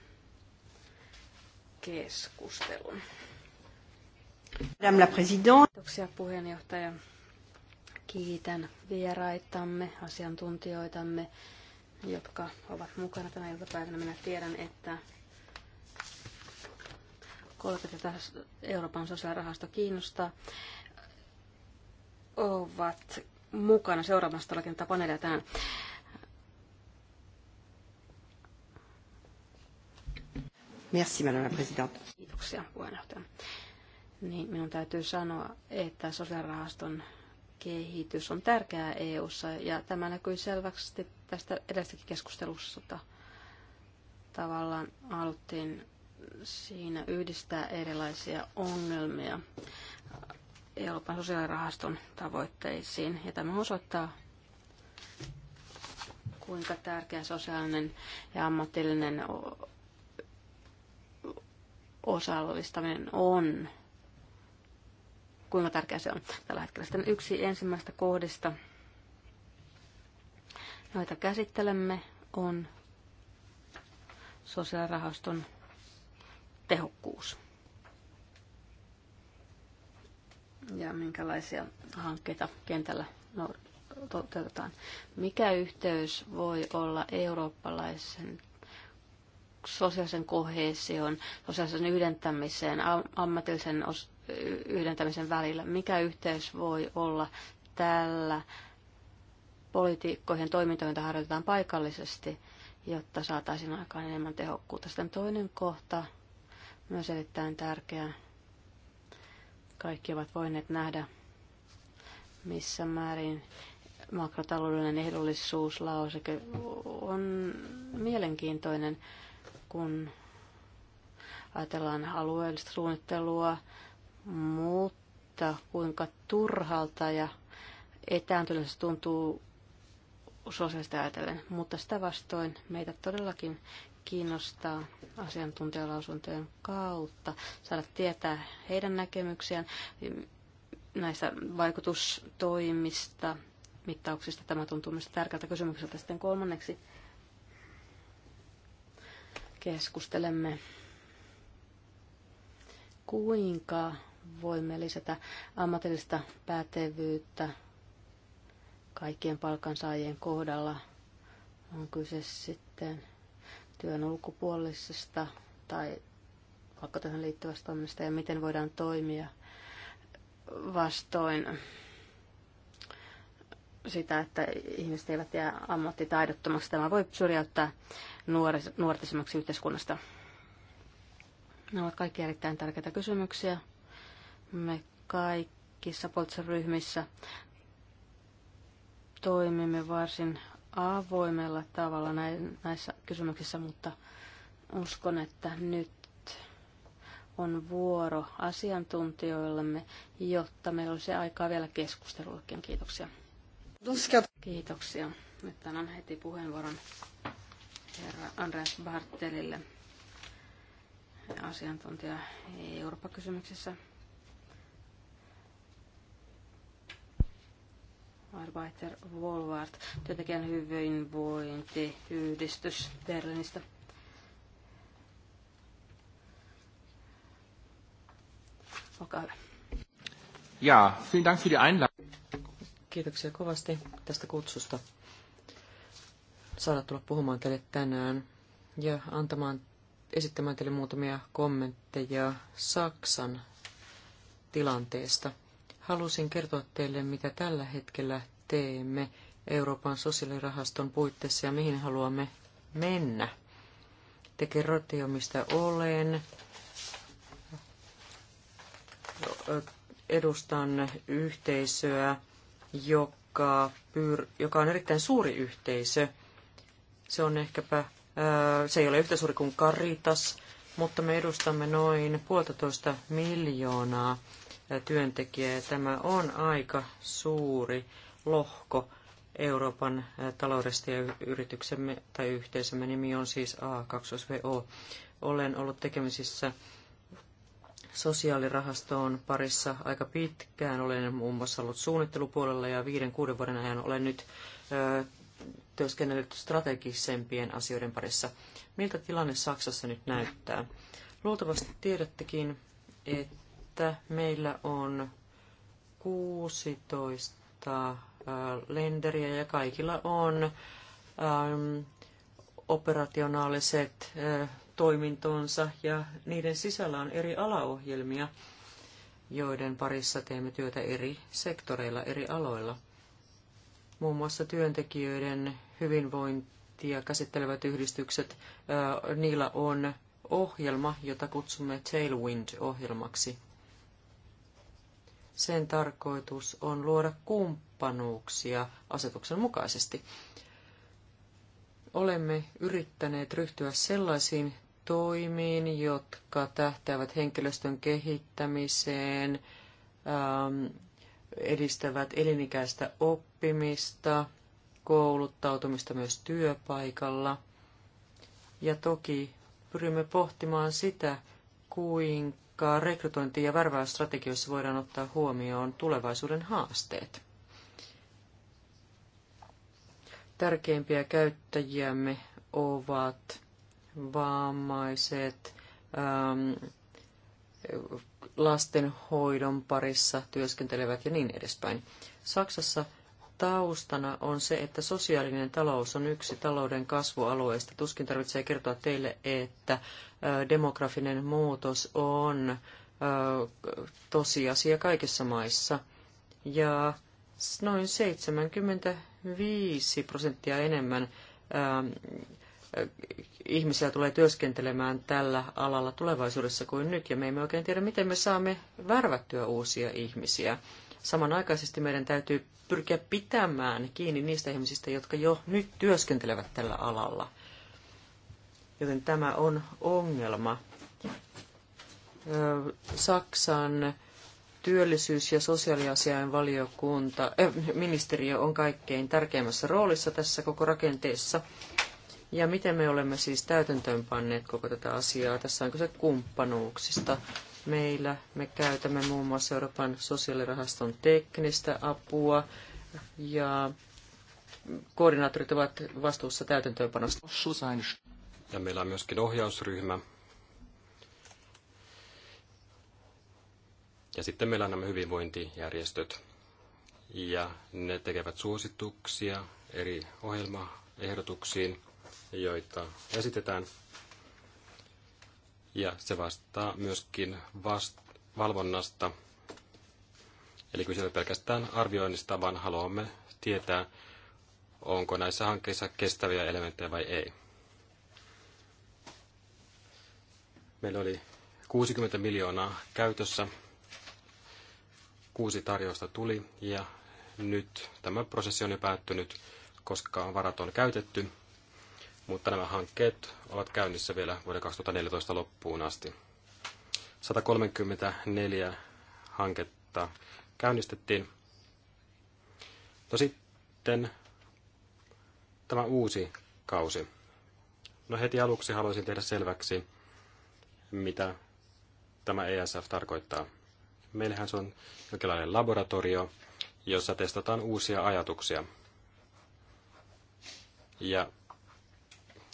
Speaker 2: keskustelun. Madame la Présidente. Kiitoksia puheenjohtaja. Kiitän vieraitamme, asiantuntijoitamme jotka ovat mukana tänä iltapäivänä. Minä tiedän, että kollegat, Euroopan sosiaalirahasto kiinnostaa, ovat mukana seuraamassa tälläkin paneelia tänään.
Speaker 4: Merci, madame la présidente.
Speaker 2: Kiitoksia, puheenjohtaja. Niin, minun täytyy sanoa, että sosiaalirahaston kehitys on tärkeää EU:ssa ja tämä näkyy selvästi tästä edestäkin keskustelusta. Tavallaan haluttiin siinä yhdistää erilaisia ongelmia Euroopan sosiaalirahaston tavoitteisiin. Ja tämä osoittaa, kuinka tärkeä sosiaalinen ja ammatillinen osallistaminen on kuinka tärkeä se on tällä hetkellä. Sitten yksi ensimmäistä kohdista, joita käsittelemme, on sosiaalirahaston tehokkuus. Ja minkälaisia hankkeita kentällä toteutetaan. Mikä yhteys voi olla eurooppalaisen sosiaalisen kohesion, sosiaalisen yhdentämiseen, ammatillisen os- yhdentämisen välillä. Mikä yhteys voi olla tällä poliitikkojen toimintoihin, joita harjoitetaan paikallisesti, jotta saataisiin aikaan enemmän tehokkuutta. Sitten toinen kohta, myös erittäin tärkeä. Kaikki ovat voineet nähdä, missä määrin makrotaloudellinen ehdollisuuslauseke on mielenkiintoinen, kun ajatellaan alueellista suunnittelua, mutta kuinka turhalta ja etääntyneeltä tuntuu sosiaalista ajatellen. Mutta sitä vastoin meitä todellakin kiinnostaa asiantuntijalausuntojen kautta saada tietää heidän näkemyksiään näistä vaikutustoimista, mittauksista. Tämä tuntuu myös tärkeältä kysymykseltä. Sitten kolmanneksi keskustelemme, kuinka voimme lisätä ammatillista pätevyyttä kaikkien palkansaajien kohdalla. On kyse sitten työn ulkopuolisesta tai vaikka tähän liittyvästä toiminnasta ja miten voidaan toimia vastoin sitä, että ihmiset eivät jää ammattitaidottomaksi. Tämä voi syrjäyttää nuorisemmaksi yhteiskunnasta. Nämä ovat kaikki erittäin tärkeitä kysymyksiä. Me kaikissa poliittisissa ryhmissä toimimme varsin avoimella tavalla näissä kysymyksissä, mutta uskon, että nyt on vuoro asiantuntijoillemme, jotta meillä olisi aikaa vielä keskustelullekin. Kiitoksia. Kiitoksia. Nyt annan heti puheenvuoron herra Andreas Bartelille, asiantuntija Eurooppa-kysymyksessä. Arbeiter Wolvart, työntekijän hyvinvointiyhdistys Berlinistä. Olkaa hyvä.
Speaker 3: Ja, vielen Dank für die Einladung.
Speaker 4: Kiitoksia kovasti tästä kutsusta saada tulla puhumaan teille tänään ja antamaan, esittämään teille muutamia kommentteja Saksan tilanteesta – Halusin kertoa teille, mitä tällä hetkellä teemme Euroopan sosiaalirahaston puitteissa ja mihin haluamme mennä. Te kerroitte jo, mistä olen. Edustan yhteisöä, joka, pyr- joka on erittäin suuri yhteisö. Se on ehkäpä, äh, se ei ole yhtä suuri kuin Caritas, mutta me edustamme noin puolitoista miljoonaa ja Tämä on aika suuri lohko Euroopan taloudesta ja yrityksemme tai yhteisömme nimi on siis A2VO. Olen ollut tekemisissä sosiaalirahastoon parissa aika pitkään. Olen muun muassa ollut suunnittelupuolella ja viiden, kuuden vuoden ajan olen nyt ö, työskennellyt strategisempien asioiden parissa. Miltä tilanne Saksassa nyt näyttää? Luultavasti tiedättekin, että että meillä on 16 lenderiä ja kaikilla on ähm, operationaaliset äh, toimintonsa ja niiden sisällä on eri alaohjelmia, joiden parissa teemme työtä eri sektoreilla, eri aloilla. Muun muassa työntekijöiden hyvinvointia käsittelevät yhdistykset, äh, niillä on ohjelma, jota kutsumme Tailwind-ohjelmaksi – sen tarkoitus on luoda kumppanuuksia asetuksen mukaisesti. Olemme yrittäneet ryhtyä sellaisiin toimiin, jotka tähtäävät henkilöstön kehittämiseen, ähm, edistävät elinikäistä oppimista, kouluttautumista myös työpaikalla. Ja toki pyrimme pohtimaan sitä, kuinka vaikka rekrytointi- ja värväysstrategioissa voidaan ottaa huomioon tulevaisuuden haasteet. Tärkeimpiä käyttäjiämme ovat vammaiset, ähm, lastenhoidon parissa työskentelevät ja niin edespäin. Saksassa taustana on se, että sosiaalinen talous on yksi talouden kasvualueista. Tuskin tarvitsee kertoa teille, että demografinen muutos on tosiasia kaikissa maissa. Ja noin 75 prosenttia enemmän ihmisiä tulee työskentelemään tällä alalla tulevaisuudessa kuin nyt, ja me emme oikein tiedä, miten me saamme värvättyä uusia ihmisiä. Samanaikaisesti meidän täytyy pyrkiä pitämään kiinni niistä ihmisistä, jotka jo nyt työskentelevät tällä alalla. Joten tämä on ongelma. Saksan työllisyys- ja sosiaaliasiain valiokunta, äh, ministeriö on kaikkein tärkeimmässä roolissa tässä koko rakenteessa. Ja miten me olemme siis täytäntöönpanneet koko tätä asiaa? Tässä on kyse kumppanuuksista. Meillä me käytämme muun muassa Euroopan sosiaalirahaston teknistä apua ja koordinaattorit ovat vastuussa täytäntöönpanosta.
Speaker 3: Ja meillä on myöskin ohjausryhmä. Ja sitten meillä on nämä hyvinvointijärjestöt. Ja ne tekevät suosituksia eri ohjelmaehdotuksiin, joita esitetään – ja se vastaa myöskin vast- valvonnasta. Eli kyse ei pelkästään arvioinnista, vaan haluamme tietää, onko näissä hankkeissa kestäviä elementtejä vai ei. Meillä oli 60 miljoonaa käytössä. Kuusi tarjousta tuli ja nyt tämä prosessi on jo päättynyt, koska varat on käytetty mutta nämä hankkeet ovat käynnissä vielä vuoden 2014 loppuun asti. 134 hanketta käynnistettiin. No sitten tämä uusi kausi. No heti aluksi haluaisin tehdä selväksi, mitä tämä ESF tarkoittaa. Meillähän se on jonkinlainen laboratorio, jossa testataan uusia ajatuksia. Ja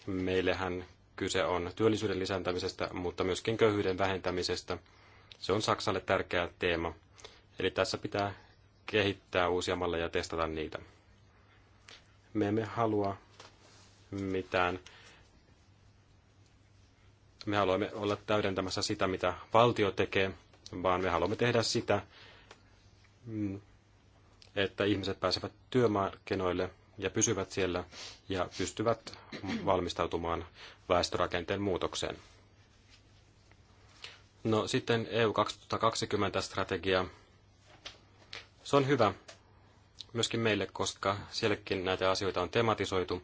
Speaker 3: Meillähän kyse on työllisyyden lisääntämisestä, mutta myöskin köyhyyden vähentämisestä. Se on Saksalle tärkeä teema. Eli tässä pitää kehittää uusia malleja ja testata niitä. Me emme halua mitään. Me haluamme olla täydentämässä sitä, mitä valtio tekee, vaan me haluamme tehdä sitä, mm, että ihmiset pääsevät työmarkkinoille ja pysyvät siellä ja pystyvät valmistautumaan väestörakenteen muutokseen. No sitten EU 2020-strategia. Se on hyvä myöskin meille, koska sielläkin näitä asioita on tematisoitu,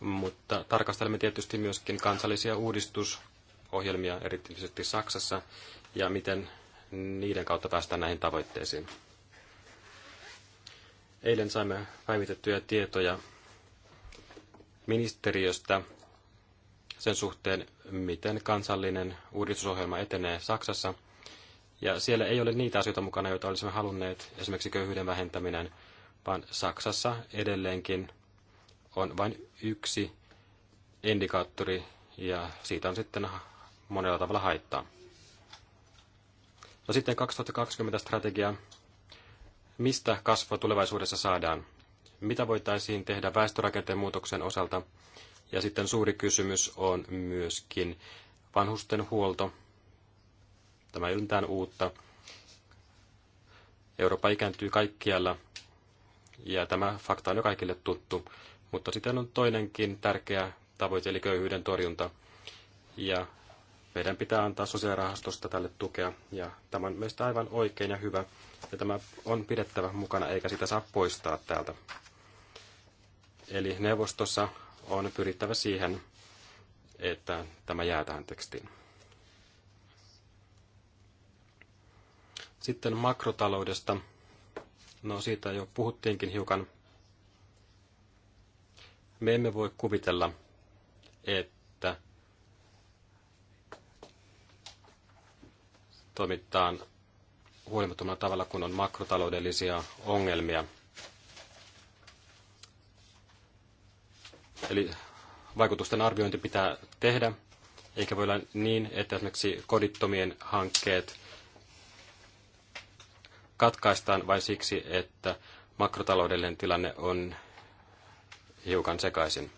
Speaker 3: mutta tarkastelemme tietysti myöskin kansallisia uudistusohjelmia, erityisesti Saksassa, ja miten niiden kautta päästään näihin tavoitteisiin. Eilen saimme päivitettyjä tietoja ministeriöstä sen suhteen, miten kansallinen uudistusohjelma etenee Saksassa. Ja siellä ei ole niitä asioita mukana, joita olisimme halunneet, esimerkiksi köyhyyden vähentäminen, vaan Saksassa edelleenkin on vain yksi indikaattori ja siitä on sitten monella tavalla haittaa. No sitten 2020 strategia mistä kasvua tulevaisuudessa saadaan. Mitä voitaisiin tehdä väestörakenteen muutoksen osalta? Ja sitten suuri kysymys on myöskin vanhusten huolto. Tämä ei ole uutta. Eurooppa ikääntyy kaikkialla ja tämä fakta on jo kaikille tuttu. Mutta sitten on toinenkin tärkeä tavoite, eli köyhyyden torjunta. Ja meidän pitää antaa sosiaalirahastosta tälle tukea, ja tämä on myös aivan oikein ja hyvä, ja tämä on pidettävä mukana, eikä sitä saa poistaa täältä. Eli neuvostossa on pyrittävä siihen, että tämä jää tähän tekstiin. Sitten makrotaloudesta. No siitä jo puhuttiinkin hiukan. Me emme voi kuvitella, että toimitaan huolimattomalla tavalla, kun on makrotaloudellisia ongelmia. Eli vaikutusten arviointi pitää tehdä, eikä voi olla niin, että esimerkiksi kodittomien hankkeet katkaistaan vain siksi, että makrotaloudellinen tilanne on hiukan sekaisin.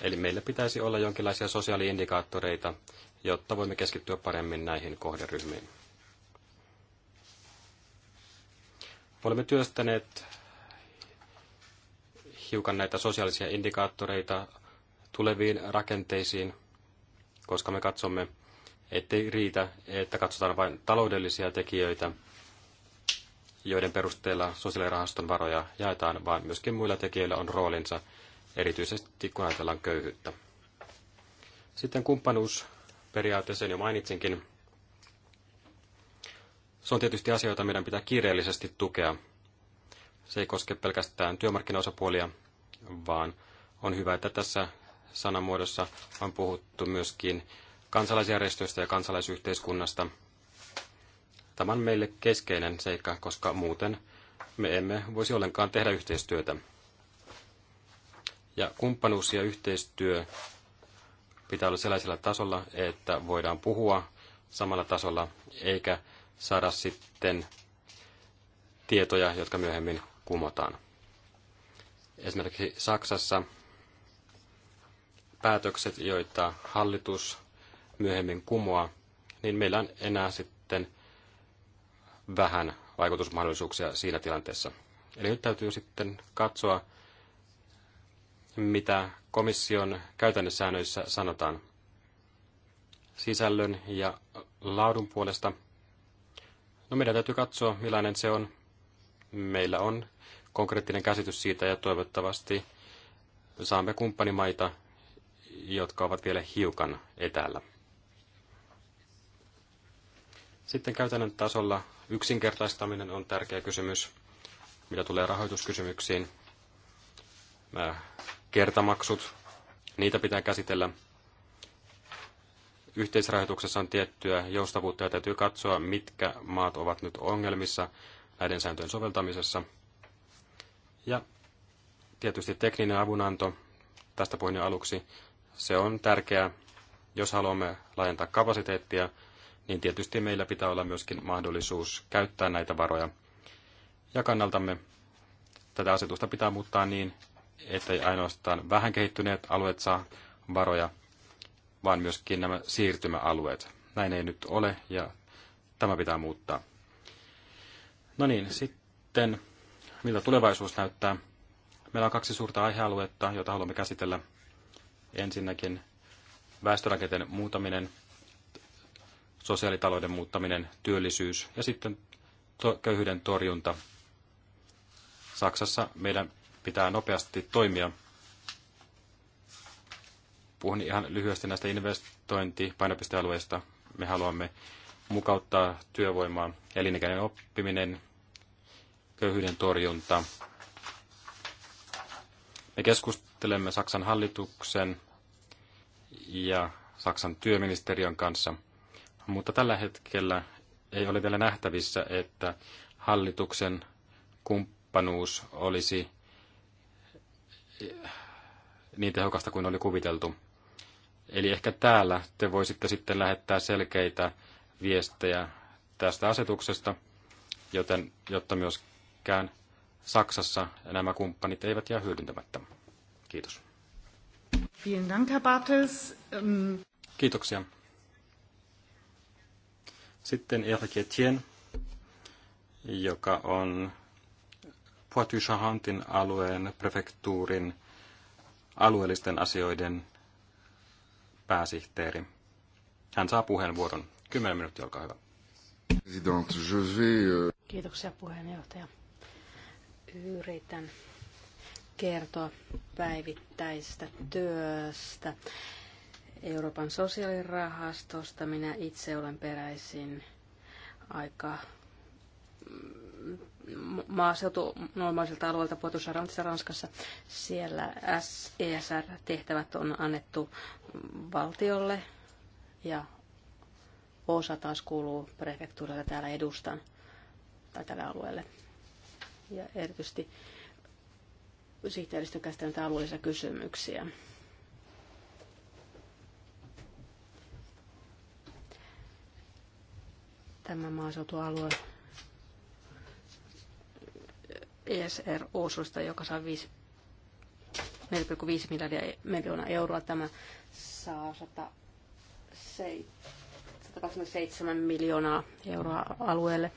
Speaker 3: Eli meillä pitäisi olla jonkinlaisia sosiaaliindikaattoreita, jotta voimme keskittyä paremmin näihin kohderyhmiin. Olemme työstäneet hiukan näitä sosiaalisia indikaattoreita tuleviin rakenteisiin, koska me katsomme, ettei riitä, että katsotaan vain taloudellisia tekijöitä, joiden perusteella sosiaalirahaston varoja jaetaan, vaan myöskin muilla tekijöillä on roolinsa, erityisesti kun ajatellaan köyhyyttä. Sitten kumppanuus periaatteeseen jo mainitsinkin. Se on tietysti asia, jota meidän pitää kiireellisesti tukea. Se ei koske pelkästään työmarkkinaosapuolia, vaan on hyvä, että tässä sanamuodossa on puhuttu myöskin kansalaisjärjestöistä ja kansalaisyhteiskunnasta. Tämä on meille keskeinen seikka, koska muuten me emme voisi ollenkaan tehdä yhteistyötä. Ja kumppanuus ja yhteistyö pitää olla sellaisella tasolla, että voidaan puhua samalla tasolla, eikä saada sitten tietoja, jotka myöhemmin kumotaan. Esimerkiksi Saksassa päätökset, joita hallitus myöhemmin kumoaa, niin meillä on enää sitten vähän vaikutusmahdollisuuksia siinä tilanteessa. Eli nyt täytyy sitten katsoa, mitä komission käytännössäännöissä sanotaan sisällön ja laadun puolesta. No meidän täytyy katsoa, millainen se on. Meillä on konkreettinen käsitys siitä ja toivottavasti saamme kumppanimaita, jotka ovat vielä hiukan etäällä. Sitten käytännön tasolla yksinkertaistaminen on tärkeä kysymys, mitä tulee rahoituskysymyksiin. Mä kertamaksut, niitä pitää käsitellä. Yhteisrahoituksessa on tiettyä joustavuutta ja täytyy katsoa, mitkä maat ovat nyt ongelmissa näiden sääntöjen soveltamisessa. Ja tietysti tekninen avunanto, tästä puhuin jo aluksi, se on tärkeää. Jos haluamme laajentaa kapasiteettia, niin tietysti meillä pitää olla myöskin mahdollisuus käyttää näitä varoja. Ja kannaltamme tätä asetusta pitää muuttaa niin, ettei ainoastaan vähän kehittyneet alueet saa varoja, vaan myöskin nämä siirtymäalueet. Näin ei nyt ole ja tämä pitää muuttaa. No niin, sitten miltä tulevaisuus näyttää? Meillä on kaksi suurta aihealuetta, joita haluamme käsitellä. Ensinnäkin väestörakenteen muutaminen, sosiaalitalouden muuttaminen, työllisyys ja sitten to- köyhyyden torjunta. Saksassa meidän pitää nopeasti toimia. Puhun ihan lyhyesti näistä investointipainopistealueista. Me haluamme mukauttaa työvoimaa, elinikäinen oppiminen, köyhyyden torjunta. Me keskustelemme Saksan hallituksen ja Saksan työministeriön kanssa, mutta tällä hetkellä ei ole vielä nähtävissä, että hallituksen kumppanuus olisi niin tehokasta kuin oli kuviteltu. Eli ehkä täällä te voisitte sitten lähettää selkeitä viestejä tästä asetuksesta, joten, jotta myöskään Saksassa nämä kumppanit eivät jää hyödyntämättä. Kiitos.
Speaker 1: Vielen Dank, Herr Bartels. Ähm,
Speaker 3: Kiitoksia. Sitten Erik Etienne, joka on poitou charentin alueen prefektuurin alueellisten asioiden pääsihteeri. Hän saa puheenvuoron. Kymmenen minuuttia, olkaa hyvä.
Speaker 5: Euh-
Speaker 2: Kiitoksia puheenjohtaja. Yritän kertoa päivittäisestä työstä Euroopan sosiaalirahastosta. Minä itse olen peräisin aika maaseutu normaisilta alueilta Potusarantissa Ranskassa. Siellä ESR-tehtävät on annettu valtiolle ja osa taas kuuluu prefektuurille täällä edustan tai tälle alueelle. Ja erityisesti sihteeristö käsittelee alueellisia kysymyksiä. Tämä maaseutualue ESR Osusta, joka saa 4,5 miljardia e- miljoonaa euroa. Tämä saa 127 miljoonaa euroa alueelle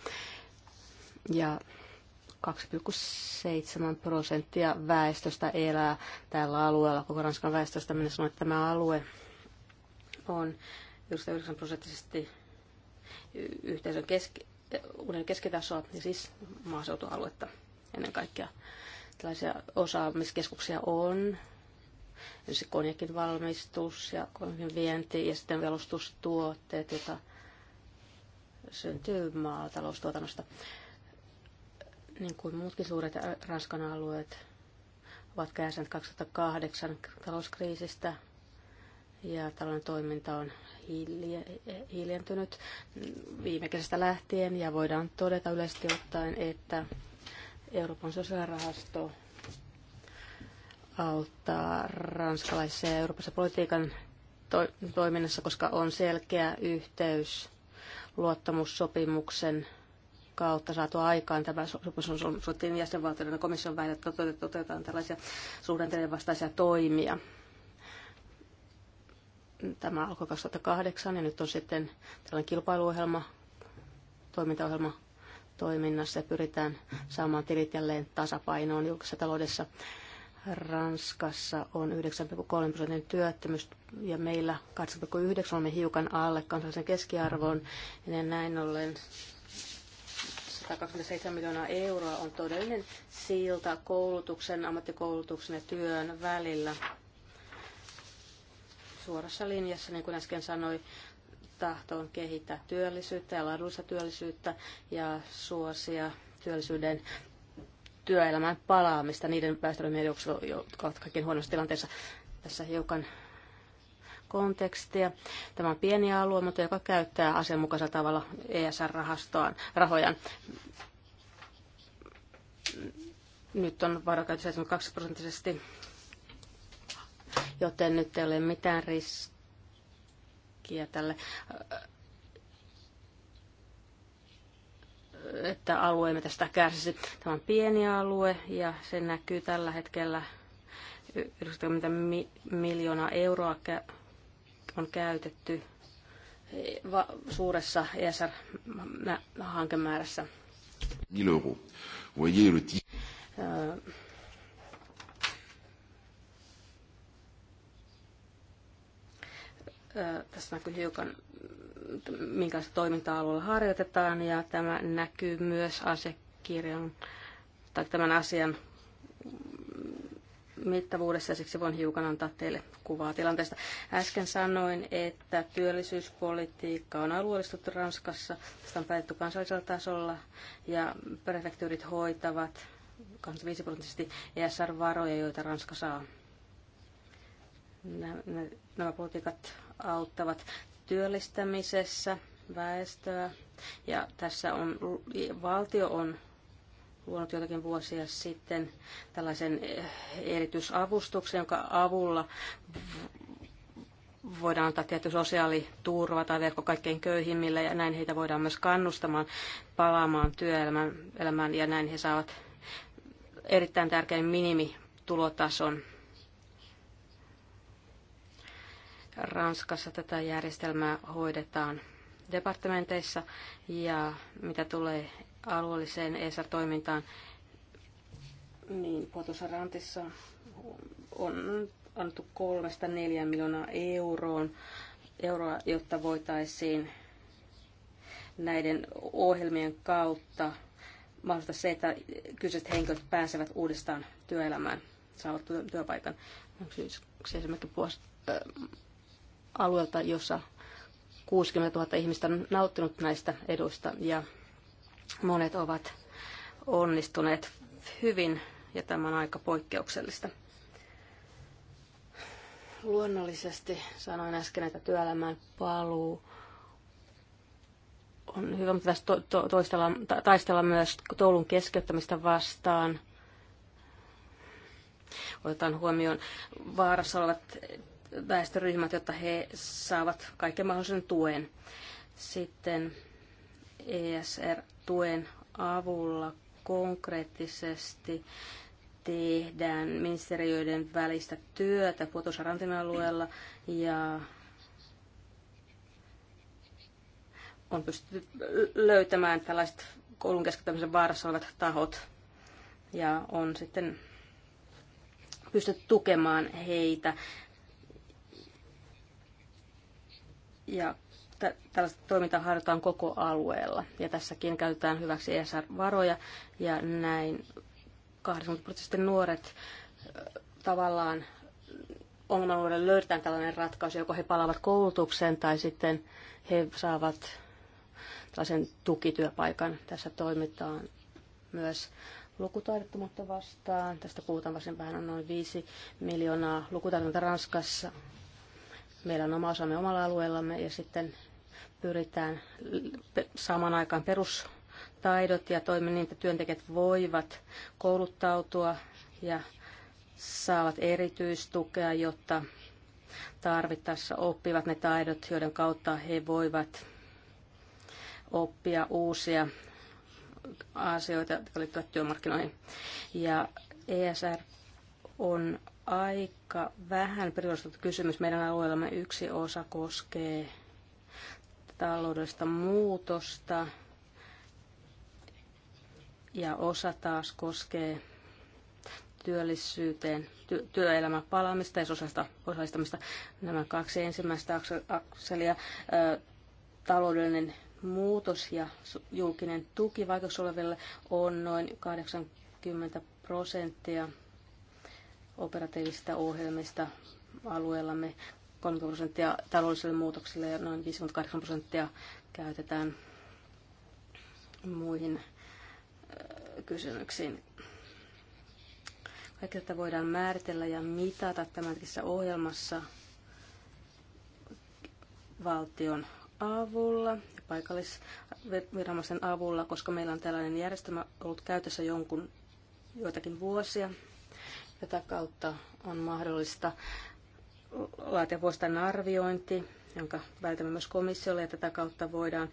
Speaker 2: ja 2,7 prosenttia väestöstä elää tällä alueella. Koko Ranskan väestöstä minä sanoin, että tämä alue on 99 prosenttisesti yhteisön keski, uuden keskitasoa ja siis maaseutualuetta ennen kaikkea. Tällaisia osaamiskeskuksia on, esimerkiksi konjakin valmistus ja konjakin vienti ja sitten velustustuotteet, joita syntyy maataloustuotannosta. Niin kuin muutkin suuret Ranskan alueet ovat kärsineet 2008 talouskriisistä ja talouden toiminta on hiljentynyt viime kesästä lähtien ja voidaan todeta yleisesti ottaen, että Euroopan sosiaalirahasto auttaa ranskalaisessa ja Euroopassa politiikan to- toiminnassa, koska on selkeä yhteys luottamussopimuksen kautta saatu aikaan. Tämä sopimus on sovittiin jäsenvaltioiden ja komission välillä, että toteutetaan tällaisia suhdanteiden vastaisia toimia. Tämä alkoi 2008 ja nyt on sitten tällainen kilpailuohjelma, toimintaohjelma toiminnassa ja pyritään saamaan tilit jälleen tasapainoon julkisessa taloudessa. Ranskassa on 9,3 prosentin työttömyys ja meillä 8,9 on hiukan alle kansallisen keskiarvoon. Ja näin ollen 127 miljoonaa euroa on todellinen silta koulutuksen, ammattikoulutuksen ja työn välillä suorassa linjassa, niin kuin äsken sanoi, tahtoon kehittää työllisyyttä ja laadullista työllisyyttä ja suosia työllisyyden työelämään palaamista niiden väestöryhmien jotka ovat kaikkein huonossa tilanteessa. Tässä hiukan kontekstia. Tämä on pieni alue, mutta joka käyttää asianmukaisella tavalla ESR-rahastoaan rahojaan. Nyt on varokäyttö 72 prosenttisesti, joten nyt ei ole mitään riskiä takia tälle, että alueemme tästä kärsisi. Tämä on pieni alue ja se näkyy tällä hetkellä 90 miljoonaa euroa on käytetty suuressa ESR-hankemäärässä.
Speaker 1: 1000 euroa. Voyez le
Speaker 2: Tässä näkyy hiukan, minkälaista toiminta alueella harjoitetaan, ja tämä näkyy myös asiakirjan tai tämän asian mittavuudessa ja siksi voin hiukan antaa teille kuvaa tilanteesta. Äsken sanoin, että työllisyyspolitiikka on alueellistettu Ranskassa, sitä on päätetty kansallisella tasolla ja prefektyyrit hoitavat 25 prosenttisesti ESR-varoja, joita Ranska saa. Nämä, nämä politiikat auttavat työllistämisessä väestöä ja tässä on, valtio on luonut jotakin vuosia sitten tällaisen erityisavustuksen, jonka avulla voidaan antaa tietty sosiaaliturva tai verkko kaikkein köyhimmille ja näin heitä voidaan myös kannustamaan palaamaan työelämään ja näin he saavat erittäin tärkeän minimitulotason Ranskassa tätä järjestelmää hoidetaan departementeissa ja mitä tulee alueelliseen ESA-toimintaan, niin Potosarantissa on annettu kolmesta neljään miljoonaa euroon, euroa, jotta voitaisiin näiden ohjelmien kautta mahdollistaa se, että kyseiset henkilöt pääsevät uudestaan työelämään, saavat työpaikan. Onko siis esimerkiksi alueelta, jossa 60 000 ihmistä on nauttinut näistä eduista ja monet ovat onnistuneet hyvin ja tämä on aika poikkeuksellista. Luonnollisesti sanoin äsken, että työelämään paluu on hyvä, mutta tässä to, to, toistella, taistella myös koulun keskeyttämistä vastaan. Otetaan huomioon vaarassa olevat väestöryhmät, jotta he saavat kaiken mahdollisen tuen. Sitten ESR-tuen avulla konkreettisesti tehdään ministeriöiden välistä työtä Puotosarantin alueella ja on pystytty löytämään tällaiset koulun keskittämisen vaarassa olevat tahot ja on sitten pystytty tukemaan heitä ja tällaista toimintaa harjoitetaan koko alueella. Ja tässäkin käytetään hyväksi ESR-varoja ja näin 80 prosenttisesti nuoret tavallaan ongelmanuorille löydetään tällainen ratkaisu, joko he palaavat koulutukseen tai sitten he saavat tällaisen tukityöpaikan. Tässä toimitaan myös lukutaidottomuutta vastaan. Tästä puhutaan varsin vähän, on noin 5 miljoonaa lukutaidonta Ranskassa Meillä on oma osamme omalla alueellamme ja sitten pyritään saamaan aikaan perustaidot ja toimia niin, että työntekijät voivat kouluttautua ja saavat erityistukea, jotta tarvittaessa oppivat ne taidot, joiden kautta he voivat oppia uusia asioita, jotka liittyvät työmarkkinoihin. Ja ESR on aika vähän perustettu kysymys meidän alueellamme. Yksi osa koskee taloudellista muutosta ja osa taas koskee työllisyyteen, ty- työelämän palaamista ja sosiaalista osallistamista. Nämä kaksi ensimmäistä akselia, ö, taloudellinen muutos ja julkinen tuki vaikeus oleville on noin 80 prosenttia operatiivisista ohjelmista alueellamme. 30 prosenttia taloudelliselle muutoksille ja noin 58 prosenttia käytetään muihin kysymyksiin. Kaikki tätä voidaan määritellä ja mitata tämänhetkisessä ohjelmassa valtion avulla ja paikallisviranomaisten avulla, koska meillä on tällainen järjestelmä ollut käytössä jonkun joitakin vuosia. Tätä kautta on mahdollista laatia vuosittainen arviointi, jonka välitämme myös komissiolle, ja tätä kautta voidaan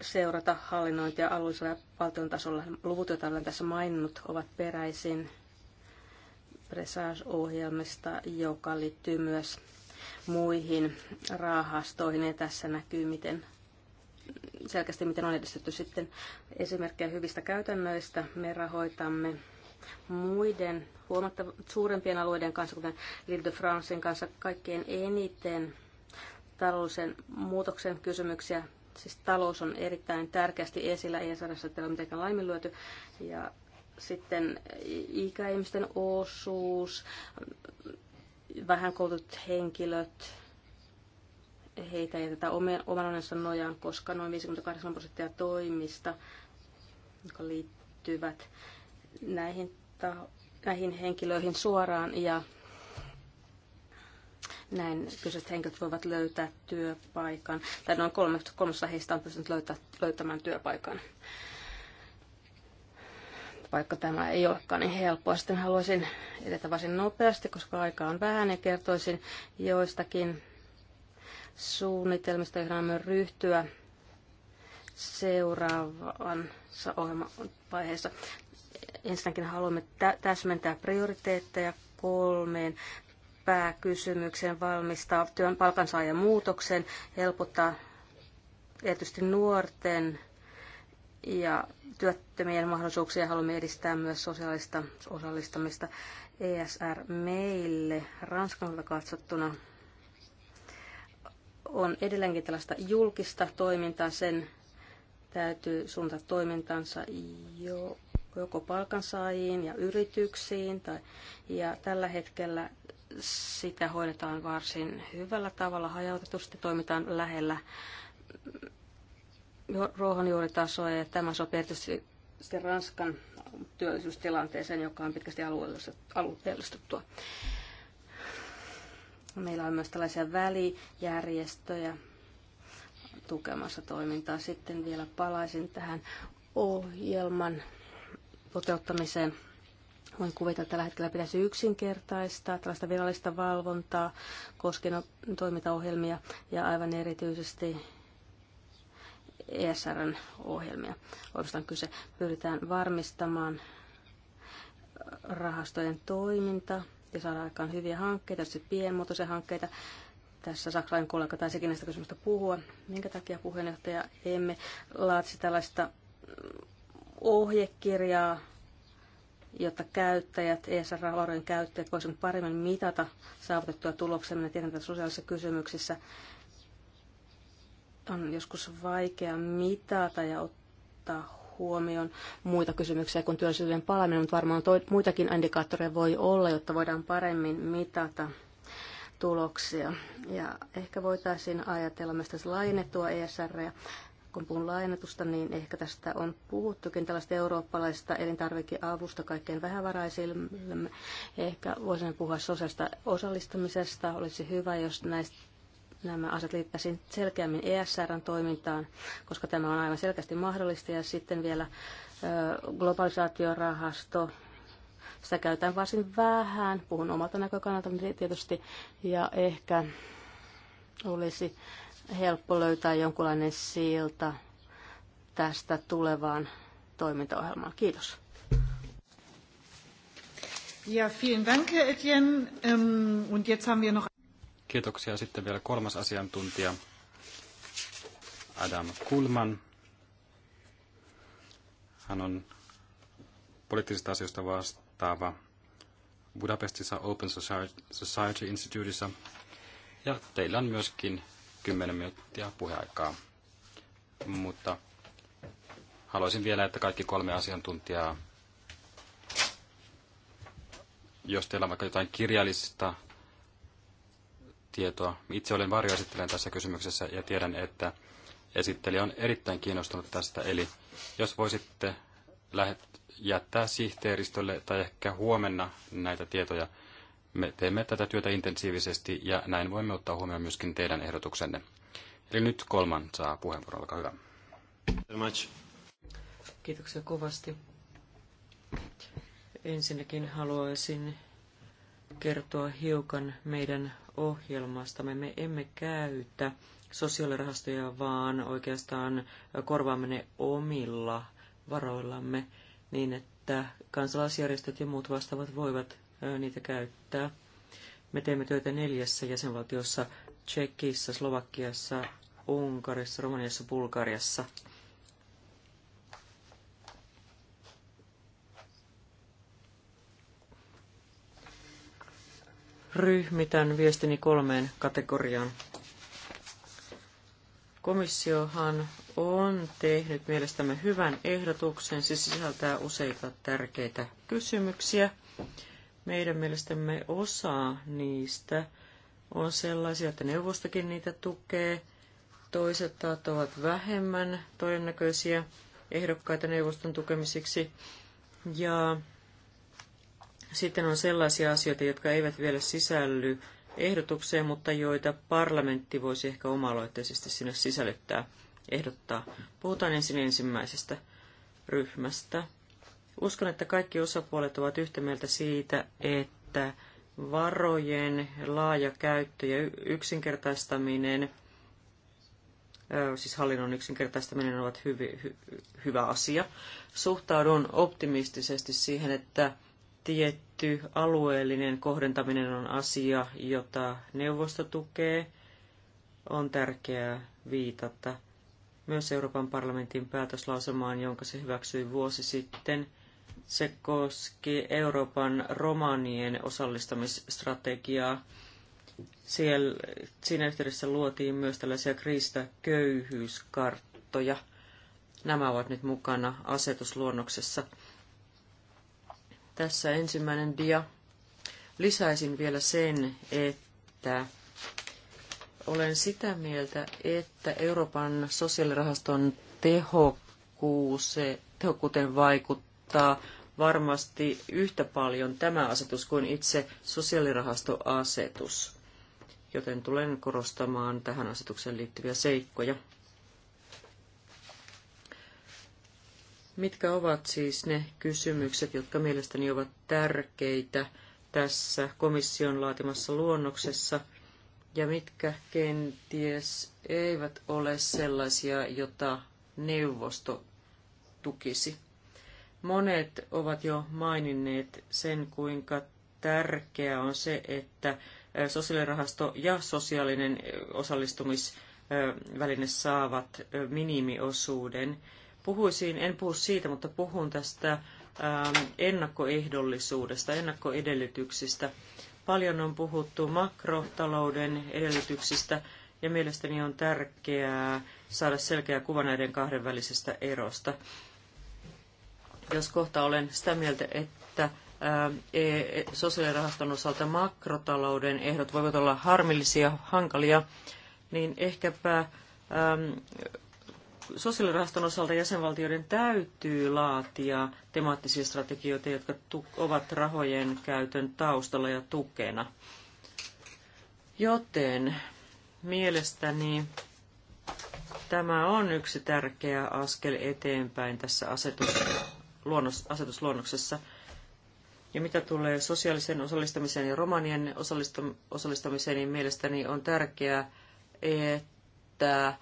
Speaker 2: seurata hallinnointia alueellisella ja valtion tasolla. Luvut, joita olen tässä maininnut, ovat peräisin Presage-ohjelmista, joka liittyy myös muihin rahastoihin. Ja tässä näkyy, miten selkeästi miten on edistetty sitten esimerkkejä hyvistä käytännöistä. Me rahoitamme muiden huomattavasti suurempien alueiden kanssa, kuten Lille de Francein kanssa, kaikkein eniten taloudellisen muutoksen kysymyksiä. Siis talous on erittäin tärkeästi esillä, e ei saada sitä ole mitenkään laiminlyöty. Ja sitten ikäihmisten osuus, vähän koulutut henkilöt, heitä tätä oman onnensa nojaan, koska noin 58 prosenttia toimista, jotka liittyvät näihin, taho, näihin henkilöihin suoraan ja näin kyseiset henkilöt voivat löytää työpaikan, tai noin kolmessa heistä on pystynyt löytää, löytämään työpaikan. Vaikka tämä ei olekaan niin helppoa, sitten haluaisin edetä varsin nopeasti, koska aika on vähän ja kertoisin joistakin suunnitelmista, joihin on ryhtyä seuraavan ohjelmavaiheessa. Ensinnäkin haluamme täsmentää prioriteetteja kolmeen pääkysymykseen valmistaa työn palkansaajan muutoksen, helpottaa tietysti nuorten ja työttömien mahdollisuuksia. Haluamme edistää myös sosiaalista osallistamista ESR meille Ranskalta katsottuna on edelleenkin tällaista julkista toimintaa, sen täytyy suuntaa toimintansa, jo, joko palkansaajiin ja yrityksiin. Tai, ja tällä hetkellä sitä hoidetaan varsin hyvällä tavalla hajautetusti, toimitaan lähellä ruohonjuuritasoa ja tämä sopii tietysti Ranskan työllisyystilanteeseen, joka on pitkästi alueellistettua. Meillä on myös tällaisia välijärjestöjä tukemassa toimintaa. Sitten vielä palaisin tähän ohjelman toteuttamiseen. Voin kuvitella, että tällä hetkellä pitäisi yksinkertaistaa tällaista virallista valvontaa koskien toimintaohjelmia ja aivan erityisesti ESRn ohjelmia. Oikeastaan kyse pyritään varmistamaan rahastojen toiminta ja saada aikaan hyviä hankkeita, tietysti pienmuotoisia hankkeita. Tässä saksalainen kollega taisikin näistä kysymystä puhua. Minkä takia puheenjohtaja emme laatisi tällaista ohjekirjaa, jotta käyttäjät, ESR-varojen käyttäjät voisivat paremmin mitata saavutettua tuloksia. ja tietenkin sosiaalisissa kysymyksissä on joskus vaikea mitata ja ottaa huomioon muita kysymyksiä kuin työllisyyden palaminen, mutta varmaan toi, muitakin indikaattoreja voi olla, jotta voidaan paremmin mitata tuloksia. Ja ehkä voitaisiin ajatella myös tässä laajennettua ESR, kun puhun lainatusta, niin ehkä tästä on puhuttukin tällaista eurooppalaista elintarvikeavusta kaikkein vähävaraisille. Ehkä voisimme puhua sosiaalista osallistumisesta Olisi hyvä, jos näistä nämä asiat liittäisiin selkeämmin ESRn toimintaan, koska tämä on aivan selkeästi mahdollista. Ja sitten vielä globalisaatiorahasto, sitä käytän varsin vähän, puhun omalta näkökannalta tietysti, ja ehkä olisi helppo löytää jonkunlainen silta tästä tulevaan
Speaker 1: toimintaohjelmaan. Kiitos. Ja, vielen dank, Etienne. Um, und jetzt haben wir noch...
Speaker 3: Kiitoksia. Sitten vielä kolmas asiantuntija, Adam Kulman. Hän on poliittisista asioista vastaava Budapestissa Open Society Instituteissa. Ja teillä on myöskin 10 minuuttia puheaikaa. Mutta haluaisin vielä, että kaikki kolme asiantuntijaa, jos teillä on vaikka jotain kirjallista tietoa. Itse olen varjoesittelijän tässä kysymyksessä ja tiedän, että esittelijä on erittäin kiinnostunut tästä. Eli jos voisitte lähet, jättää sihteeristölle tai ehkä huomenna näitä tietoja, me teemme tätä työtä intensiivisesti ja näin voimme ottaa huomioon myöskin teidän ehdotuksenne. Eli nyt kolman saa puheenvuoron, olkaa hyvä.
Speaker 4: Kiitoksia kovasti. Ensinnäkin haluaisin kertoa hiukan meidän ohjelmastamme. Me emme käytä sosiaalirahastoja, vaan oikeastaan korvaamme ne omilla varoillamme niin, että kansalaisjärjestöt ja muut vastaavat voivat niitä käyttää. Me teemme työtä neljässä jäsenvaltiossa, Tsekissä, Slovakiassa, Unkarissa, Romaniassa, Bulgariassa. Ryhmitän viestini kolmeen kategoriaan. Komissiohan on tehnyt mielestämme hyvän ehdotuksen. Se sisältää useita tärkeitä kysymyksiä. Meidän mielestämme osa niistä on sellaisia, että neuvostokin niitä tukee. Toiset taat ovat vähemmän todennäköisiä ehdokkaita neuvoston tukemiseksi. Ja sitten on sellaisia asioita, jotka eivät vielä sisälly ehdotukseen, mutta joita parlamentti voisi ehkä oma-aloitteisesti sinne sisällyttää, ehdottaa. Puhutaan ensin ensimmäisestä ryhmästä. Uskon, että kaikki osapuolet ovat yhtä mieltä siitä, että varojen laaja käyttö ja yksinkertaistaminen, siis hallinnon yksinkertaistaminen ovat hyvi, hy, hyvä asia. Suhtaudun optimistisesti siihen, että tietty alueellinen kohdentaminen on asia, jota neuvosto tukee. On tärkeää viitata myös Euroopan parlamentin päätöslausemaan, jonka se hyväksyi vuosi sitten – se koski Euroopan romanien osallistamisstrategiaa. Siellä, siinä yhteydessä luotiin myös tällaisia kriistä köyhyyskarttoja. Nämä ovat nyt mukana asetusluonnoksessa. Tässä ensimmäinen dia. Lisäisin vielä sen, että olen sitä mieltä, että Euroopan sosiaalirahaston tehokkuus, tehokkuuteen vaikuttaa varmasti yhtä paljon tämä asetus kuin itse sosiaalirahastoasetus, joten tulen korostamaan tähän asetukseen liittyviä seikkoja. Mitkä ovat siis ne kysymykset, jotka mielestäni ovat tärkeitä tässä komission laatimassa luonnoksessa, ja mitkä kenties eivät ole sellaisia, jota neuvosto tukisi? Monet ovat jo maininneet sen, kuinka tärkeää on se, että sosiaalirahasto ja sosiaalinen osallistumisväline saavat minimiosuuden. Puhuisin, en puhu siitä, mutta puhun tästä ennakkoehdollisuudesta, ennakkoedellytyksistä. Paljon on puhuttu makrotalouden edellytyksistä ja mielestäni on tärkeää saada selkeä kuva näiden kahden välisestä erosta jos kohta olen sitä mieltä, että e, e, sosiaalirahaston osalta makrotalouden ehdot voivat olla harmillisia, hankalia, niin ehkäpä sosiaalirahaston osalta jäsenvaltioiden täytyy laatia temaattisia strategioita, jotka ovat rahojen käytön taustalla ja tukena. Joten mielestäni tämä on yksi tärkeä askel eteenpäin tässä asetuksessa luonnos, asetusluonnoksessa. Ja mitä tulee sosiaaliseen osallistamiseen ja romanien osallistamiseen, niin mielestäni on tärkeää, että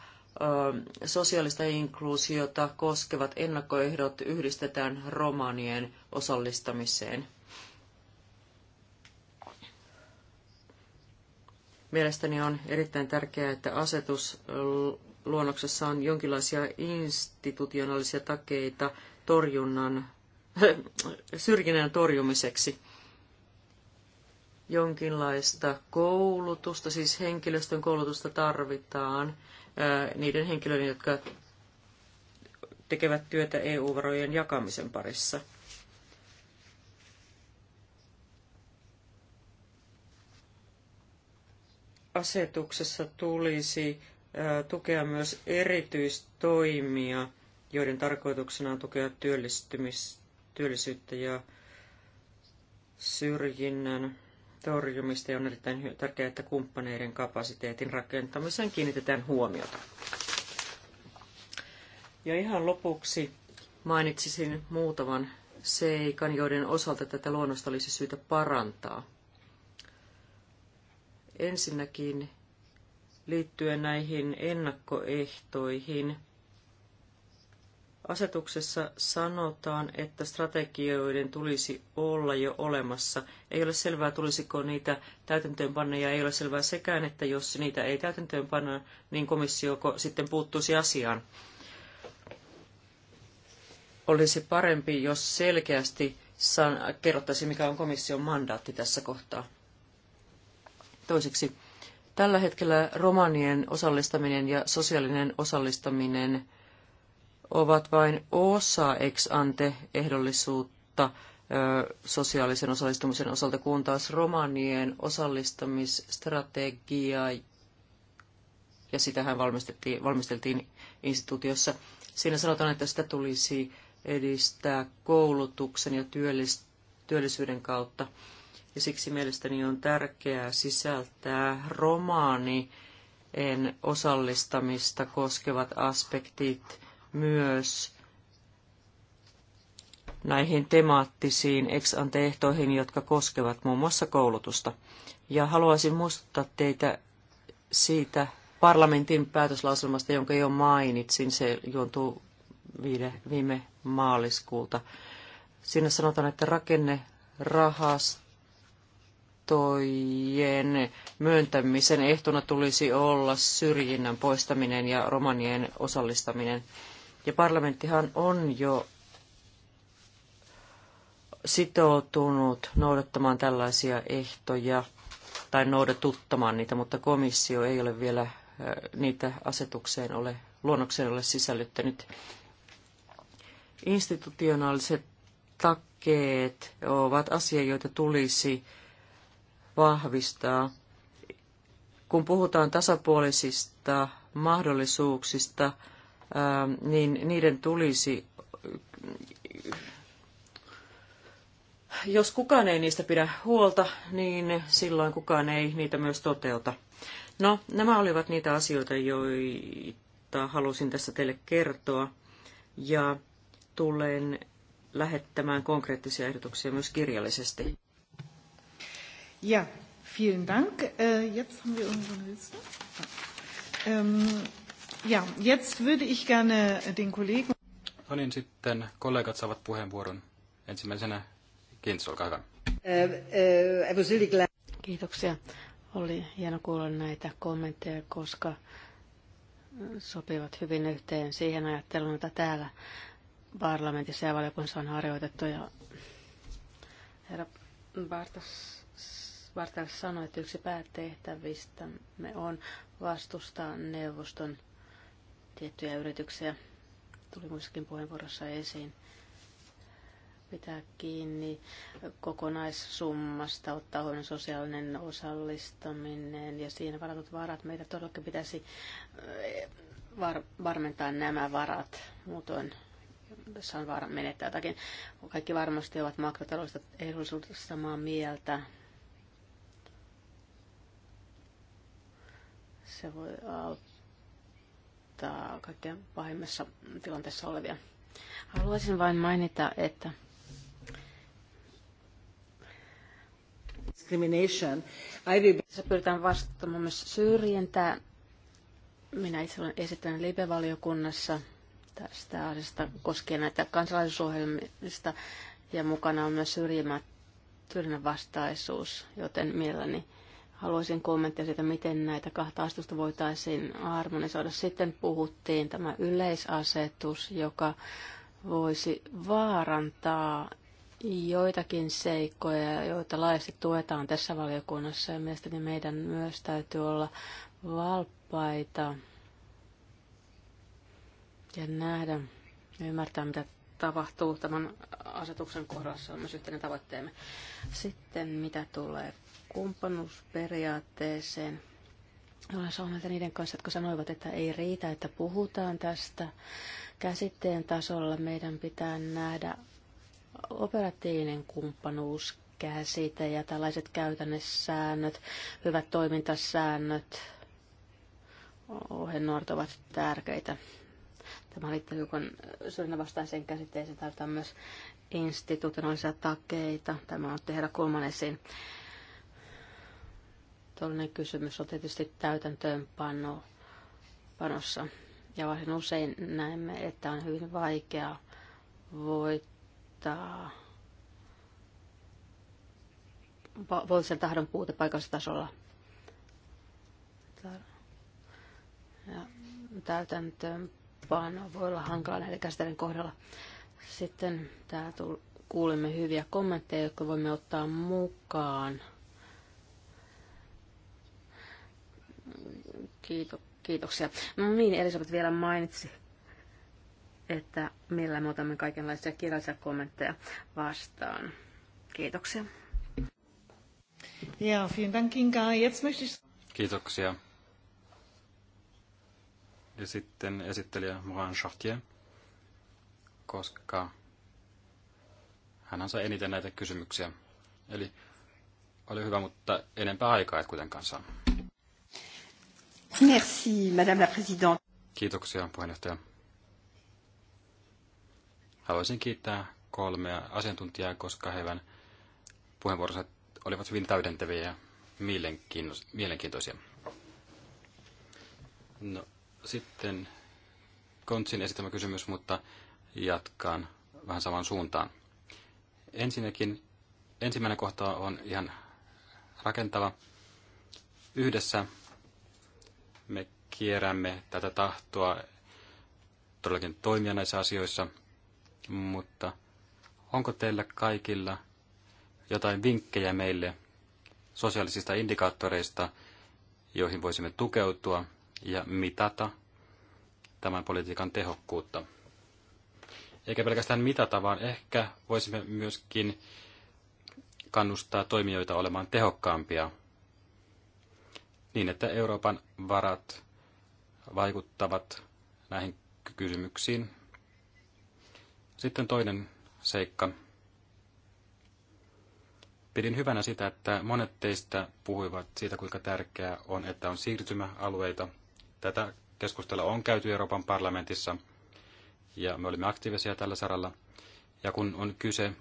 Speaker 4: sosiaalista inkluusiota koskevat ennakkoehdot yhdistetään romanien osallistamiseen. Mielestäni on erittäin tärkeää, että asetusluonnoksessa on jonkinlaisia institutionaalisia takeita torjunnan, syrjinnän torjumiseksi jonkinlaista koulutusta, siis henkilöstön koulutusta tarvitaan niiden henkilöiden, jotka tekevät työtä EU-varojen jakamisen parissa. Asetuksessa tulisi tukea myös erityistoimia joiden tarkoituksena on tukea työllisyyttä ja syrjinnän torjumista ja on erittäin tärkeää, että kumppaneiden kapasiteetin rakentamiseen kiinnitetään huomiota. Ja ihan lopuksi mainitsisin muutaman seikan, joiden osalta tätä luonnosta olisi syytä parantaa. Ensinnäkin liittyen näihin ennakkoehtoihin – Asetuksessa sanotaan, että strategioiden tulisi olla jo olemassa. Ei ole selvää, tulisiko niitä täytäntöönpanna, ja ei ole selvää sekään, että jos niitä ei täytäntöönpanna, niin komissio sitten puuttuisi asiaan. Olisi parempi, jos selkeästi kerrottaisiin, mikä on komission mandaatti tässä kohtaa. Toiseksi, tällä hetkellä romanien osallistaminen ja sosiaalinen osallistaminen – ovat vain osa ex ante ehdollisuutta sosiaalisen osallistumisen osalta, kun taas romanien osallistumisstrategia ja sitähän valmisteltiin, valmisteltiin instituutiossa, siinä sanotaan, että sitä tulisi edistää koulutuksen ja työllisyyden kautta. Ja siksi mielestäni on tärkeää sisältää romaanien osallistamista koskevat aspektit myös näihin temaattisiin ex-anteehtoihin, jotka koskevat muun muassa koulutusta. Ja haluaisin muistuttaa teitä siitä parlamentin päätöslauselmasta, jonka jo mainitsin. Se juontuu viime maaliskuulta. Siinä sanotaan, että rakenne, rahastojen, myöntämisen ehtona tulisi olla syrjinnän poistaminen ja romanien osallistaminen ja parlamenttihan on jo sitoutunut noudattamaan tällaisia ehtoja tai noudatuttamaan niitä, mutta komissio ei ole vielä äh, niitä asetukseen ole, luonnokseen ole sisällyttänyt. Institutionaaliset takkeet ovat asia, joita tulisi vahvistaa. Kun puhutaan tasapuolisista mahdollisuuksista, Ähm, niin niiden tulisi jos kukaan ei niistä pidä huolta, niin silloin kukaan ei niitä myös toteuta. No, nämä olivat niitä asioita, joita halusin tässä teille kertoa. Ja tulen lähettämään konkreettisia ehdotuksia myös kirjallisesti.
Speaker 1: Ja, vielen Dank. Äh, jetzt haben wir unseren Liste. Ähm, ja, jetzt würde ich gerne den Kollegen...
Speaker 3: No niin, sitten kollegat saavat puheenvuoron. Ensimmäisenä Kiitos, olkaa hyvä.
Speaker 2: Kiitoksia. Oli hieno kuulla näitä kommentteja, koska sopivat hyvin yhteen siihen ajatteluun, jota täällä parlamentissa ja valiokunnassa on harjoitettu. Ja herra Bartas, Bartas sanoi, että yksi päätehtävistä me on vastustaa neuvoston tiettyjä yrityksiä. Tuli muissakin puheenvuorossa esiin. Pitää kiinni kokonaissummasta, ottaa huomioon sosiaalinen osallistaminen ja siinä varatut varat. Meitä todellakin pitäisi eh, var- varmentaa nämä varat. Muutoin tässä on vaara menettää jotakin. Kaikki varmasti ovat makrotaloudesta ehdollisuudesta samaa mieltä. Se voi auttaa auttaa kaikkein pahimmassa tilanteessa olevia. Haluaisin vain mainita, että discrimination. Tässä pyritään vastaamaan myös syrjintää. Minä itse olen esittänyt live-valiokunnassa tästä asiasta koskien näitä kansalaisuusohjelmista ja mukana on myös syrjimät, vastaisuus, joten mielelläni Haluaisin kommenttia siitä, miten näitä kahta astusta voitaisiin harmonisoida. Sitten puhuttiin tämä yleisasetus, joka voisi vaarantaa joitakin seikkoja, joita laajasti tuetaan tässä valiokunnassa ja mielestäni meidän myös täytyy olla valppaita ja nähdä ja ymmärtää, mitä tapahtuu tämän asetuksen kohdassa. Se on myös yhteinen tavoitteemme. Sitten mitä tulee kumppanuusperiaatteeseen. Olen samaa mieltä niiden kanssa, jotka sanoivat, että ei riitä, että puhutaan tästä. Käsitteen tasolla meidän pitää nähdä operatiivinen kumppanuus, käsite ja tällaiset käytännössäännöt, hyvät toimintasäännöt, ohjenuoret ovat tärkeitä. Tämä liittyy hiukan syrjinnänvastaiseen käsitteeseen, tarvitaan myös instituutionaalisia takeita. Tämä on tehdä Kulman esiin tuollainen kysymys on tietysti täytäntöönpano panossa. Ja varsin usein näemme, että on hyvin vaikea voittaa voitsen tahdon puute paikallisella tasolla. Ja täytäntöönpano voi olla hankala näiden käsitteiden kohdalla. Sitten täällä kuulimme hyviä kommentteja, jotka voimme ottaa mukaan – Kiito, kiitoksia. No niin, Elisabeth vielä mainitsi, että millä me otamme kaikenlaisia kirjallisia kommentteja vastaan. Kiitoksia.
Speaker 1: Ja, vielen Dank Inga. Jetzt möchte ich...
Speaker 3: Kiitoksia. Ja sitten esittelijä Moran Chartier, koska hän saa eniten näitä kysymyksiä. Eli oli hyvä, mutta enempää aikaa ei kuitenkaan saa.
Speaker 1: Merci, Madame la Présidente.
Speaker 3: Kiitoksia, puheenjohtaja. Haluaisin kiittää kolmea asiantuntijaa, koska heidän puheenvuoronsa olivat hyvin täydentäviä ja mielenkiintoisia. No, sitten Kontsin esittämä kysymys, mutta jatkaan vähän samaan suuntaan. Ensinnäkin ensimmäinen kohta on ihan rakentava. Yhdessä me kierrämme tätä tahtoa todellakin toimia näissä asioissa, mutta onko teillä kaikilla jotain vinkkejä meille sosiaalisista indikaattoreista, joihin voisimme tukeutua ja mitata tämän politiikan tehokkuutta? Eikä pelkästään mitata, vaan ehkä voisimme myöskin kannustaa toimijoita olemaan tehokkaampia niin, että Euroopan varat vaikuttavat näihin kysymyksiin. Sitten toinen seikka. Pidin hyvänä sitä, että monet teistä puhuivat siitä, kuinka tärkeää on, että on siirtymäalueita. Tätä keskustelua on käyty Euroopan parlamentissa ja me olimme aktiivisia tällä saralla. Ja kun on kyse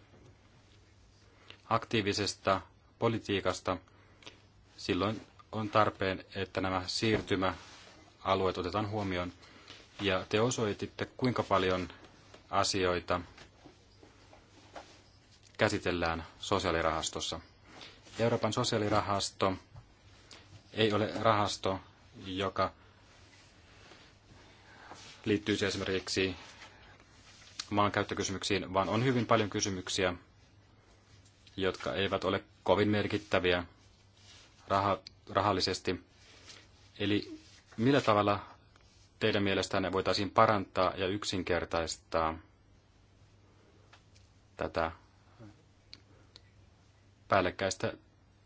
Speaker 3: aktiivisesta politiikasta, silloin on tarpeen, että nämä siirtymäalueet otetaan huomioon. Ja te osoititte, kuinka paljon asioita käsitellään sosiaalirahastossa. Euroopan sosiaalirahasto ei ole rahasto, joka liittyy esimerkiksi maankäyttökysymyksiin, vaan on hyvin paljon kysymyksiä, jotka eivät ole kovin merkittäviä raha, rahallisesti. Eli millä tavalla teidän mielestänne voitaisiin parantaa ja yksinkertaistaa tätä päällekkäistä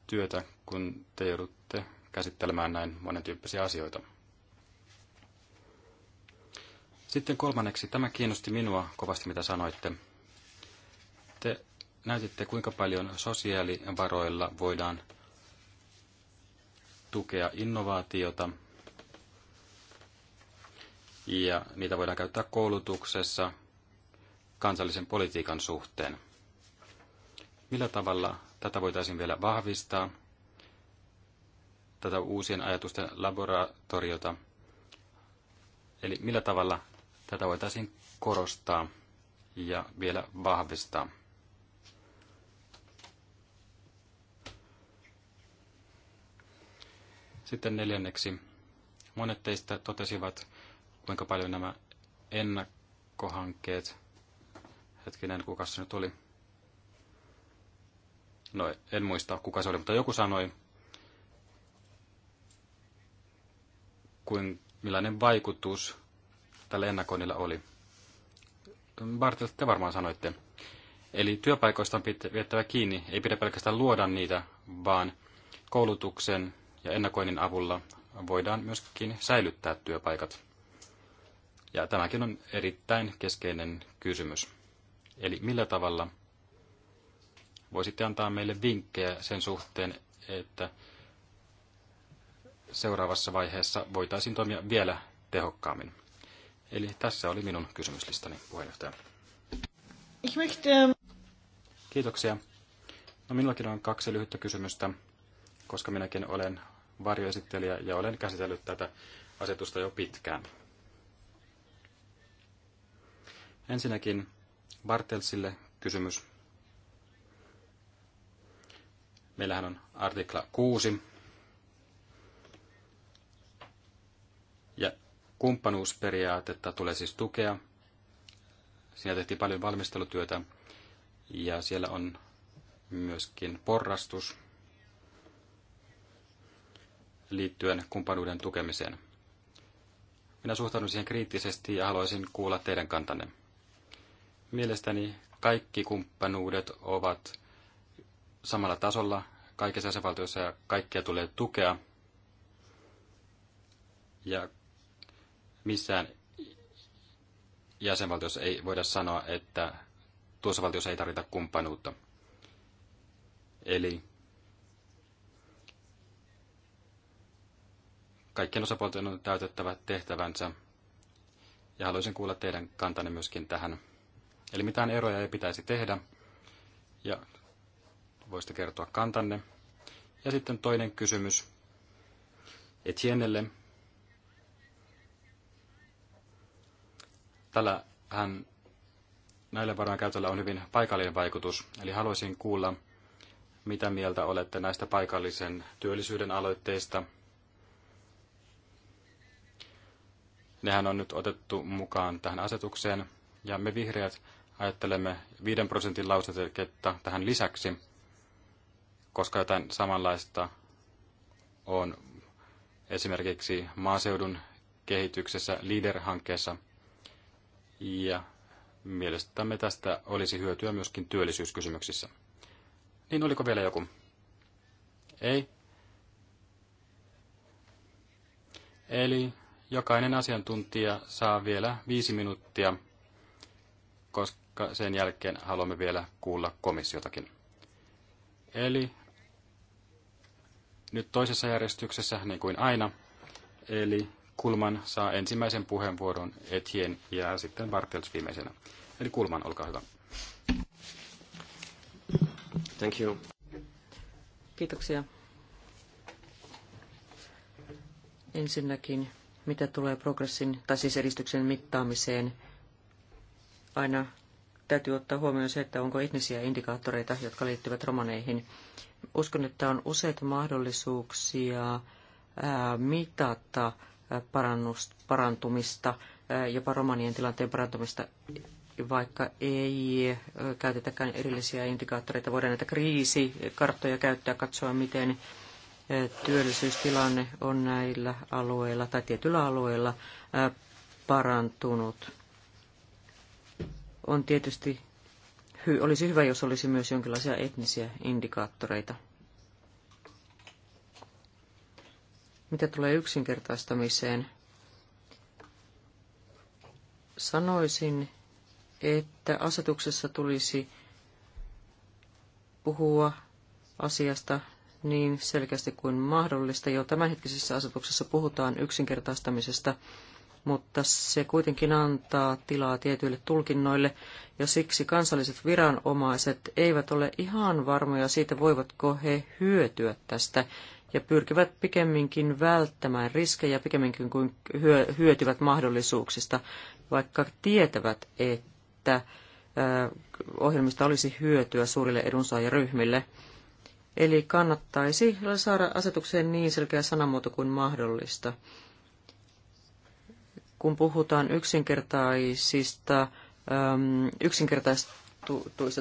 Speaker 3: työtä, kun te joudutte käsittelemään näin monen tyyppisiä asioita. Sitten kolmanneksi, tämä kiinnosti minua kovasti, mitä sanoitte. Te näytitte, kuinka paljon sosiaalivaroilla voidaan tukea innovaatiota ja niitä voidaan käyttää koulutuksessa kansallisen politiikan suhteen. Millä tavalla tätä voitaisiin vielä vahvistaa, tätä uusien ajatusten laboratoriota, eli millä tavalla tätä voitaisiin korostaa ja vielä vahvistaa. Sitten neljänneksi, monet teistä totesivat, kuinka paljon nämä ennakkohankkeet, hetkinen, kuka se nyt oli, no en muista kuka se oli, mutta joku sanoi, kuin, millainen vaikutus tällä ennakoinnilla oli. Bartelt, te varmaan sanoitte. Eli työpaikoista on viettävä kiinni, ei pidä pelkästään luoda niitä, vaan koulutuksen ja ennakoinnin avulla voidaan myöskin säilyttää työpaikat. Ja tämäkin on erittäin keskeinen kysymys. Eli millä tavalla voisitte antaa meille vinkkejä sen suhteen, että seuraavassa vaiheessa voitaisiin toimia vielä tehokkaammin. Eli tässä oli minun kysymyslistani, puheenjohtaja. Kiitoksia. No minullakin on kaksi lyhyttä kysymystä, koska minäkin olen varjoesittelijä ja olen käsitellyt tätä asetusta jo pitkään. Ensinnäkin Bartelsille kysymys. Meillähän on artikla 6. Ja kumppanuusperiaatetta tulee siis tukea. Siinä tehtiin paljon valmistelutyötä ja siellä on myöskin porrastus liittyen kumppanuuden tukemiseen. Minä suhtaudun siihen kriittisesti ja haluaisin kuulla teidän kantanne. Mielestäni kaikki kumppanuudet ovat samalla tasolla kaikissa jäsenvaltioissa ja kaikkia tulee tukea. Ja missään jäsenvaltiossa ei voida sanoa, että tuossa valtiossa ei tarvita kumppanuutta. Eli kaikkien osapuolten on täytettävä tehtävänsä. Ja haluaisin kuulla teidän kantanne myöskin tähän. Eli mitään eroja ei pitäisi tehdä. Ja voisitte kertoa kantanne. Ja sitten toinen kysymys Etienelle. Tällä hän näille varojen käytöllä on hyvin paikallinen vaikutus, eli haluaisin kuulla, mitä mieltä olette näistä paikallisen työllisyyden aloitteista – Nehän on nyt otettu mukaan tähän asetukseen, ja me vihreät ajattelemme 5 prosentin lauseketta tähän lisäksi, koska jotain samanlaista on esimerkiksi maaseudun kehityksessä LEADER-hankkeessa. Ja mielestämme tästä olisi hyötyä myöskin työllisyyskysymyksissä. Niin oliko vielä joku? Ei? Eli jokainen asiantuntija saa vielä viisi minuuttia, koska sen jälkeen haluamme vielä kuulla komissiotakin. Eli nyt toisessa järjestyksessä, niin kuin aina, eli Kulman saa ensimmäisen puheenvuoron, Etien ja sitten Bartels viimeisenä. Eli Kulman, olkaa hyvä. Thank you.
Speaker 4: Kiitoksia. Ensinnäkin mitä tulee progressin, tai siis edistyksen mittaamiseen, aina täytyy ottaa huomioon se, että onko etnisiä indikaattoreita, jotka liittyvät romaneihin. Uskon, että on useita mahdollisuuksia mitata parantumista, jopa romanien tilanteen parantumista, vaikka ei käytetäkään erillisiä indikaattoreita. Voidaan näitä kriisikarttoja käyttää, katsoa miten työllisyystilanne on näillä alueilla tai tietyillä alueilla parantunut. On tietysti, olisi hyvä, jos olisi myös jonkinlaisia etnisiä indikaattoreita. Mitä tulee yksinkertaistamiseen, sanoisin, että asetuksessa tulisi puhua asiasta niin selkeästi kuin mahdollista. Jo tämänhetkisessä asetuksessa puhutaan yksinkertaistamisesta, mutta se kuitenkin antaa tilaa tietyille tulkinnoille, ja siksi kansalliset viranomaiset eivät ole ihan varmoja siitä, voivatko he hyötyä tästä, ja pyrkivät pikemminkin välttämään riskejä pikemminkin kuin hyötyvät mahdollisuuksista, vaikka tietävät, että ohjelmista olisi hyötyä suurille edunsaajaryhmille. Eli kannattaisi saada asetukseen niin selkeä sanamuoto kuin mahdollista. Kun puhutaan yksinkertaisista,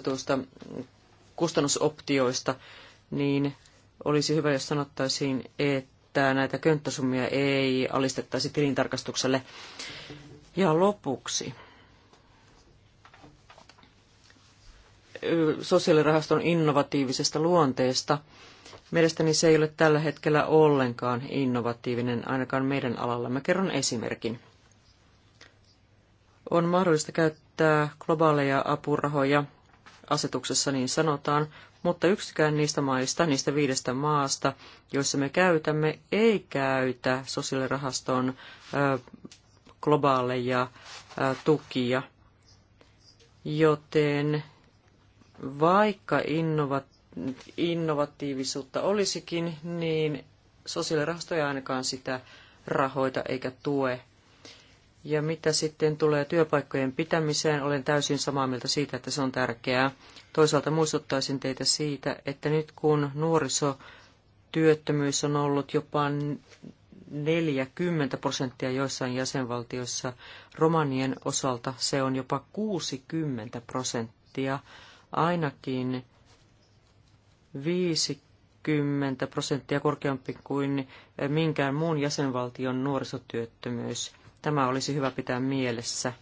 Speaker 4: tuosta kustannusoptioista, niin olisi hyvä, jos sanottaisiin, että näitä könttäsummia ei alistettaisi tilintarkastukselle. Ja lopuksi sosiaalirahaston innovatiivisesta luonteesta. Mielestäni se ei ole tällä hetkellä ollenkaan innovatiivinen, ainakaan meidän alallamme. Kerron esimerkin. On mahdollista käyttää globaaleja apurahoja, asetuksessa niin sanotaan, mutta yksikään niistä maista, niistä viidestä maasta, joissa me käytämme, ei käytä sosiaalirahaston globaaleja tukia, joten vaikka innovatiivisuutta olisikin, niin sosiaalirahasto ei ainakaan sitä rahoita eikä tue. Ja mitä sitten tulee työpaikkojen pitämiseen, olen täysin samaa mieltä siitä, että se on tärkeää. Toisaalta muistuttaisin teitä siitä, että nyt kun nuorisotyöttömyys on ollut jopa 40 prosenttia joissain jäsenvaltioissa, romanien osalta se on jopa 60 prosenttia ainakin 50 prosenttia korkeampi kuin minkään muun jäsenvaltion nuorisotyöttömyys. Tämä olisi hyvä pitää mielessä.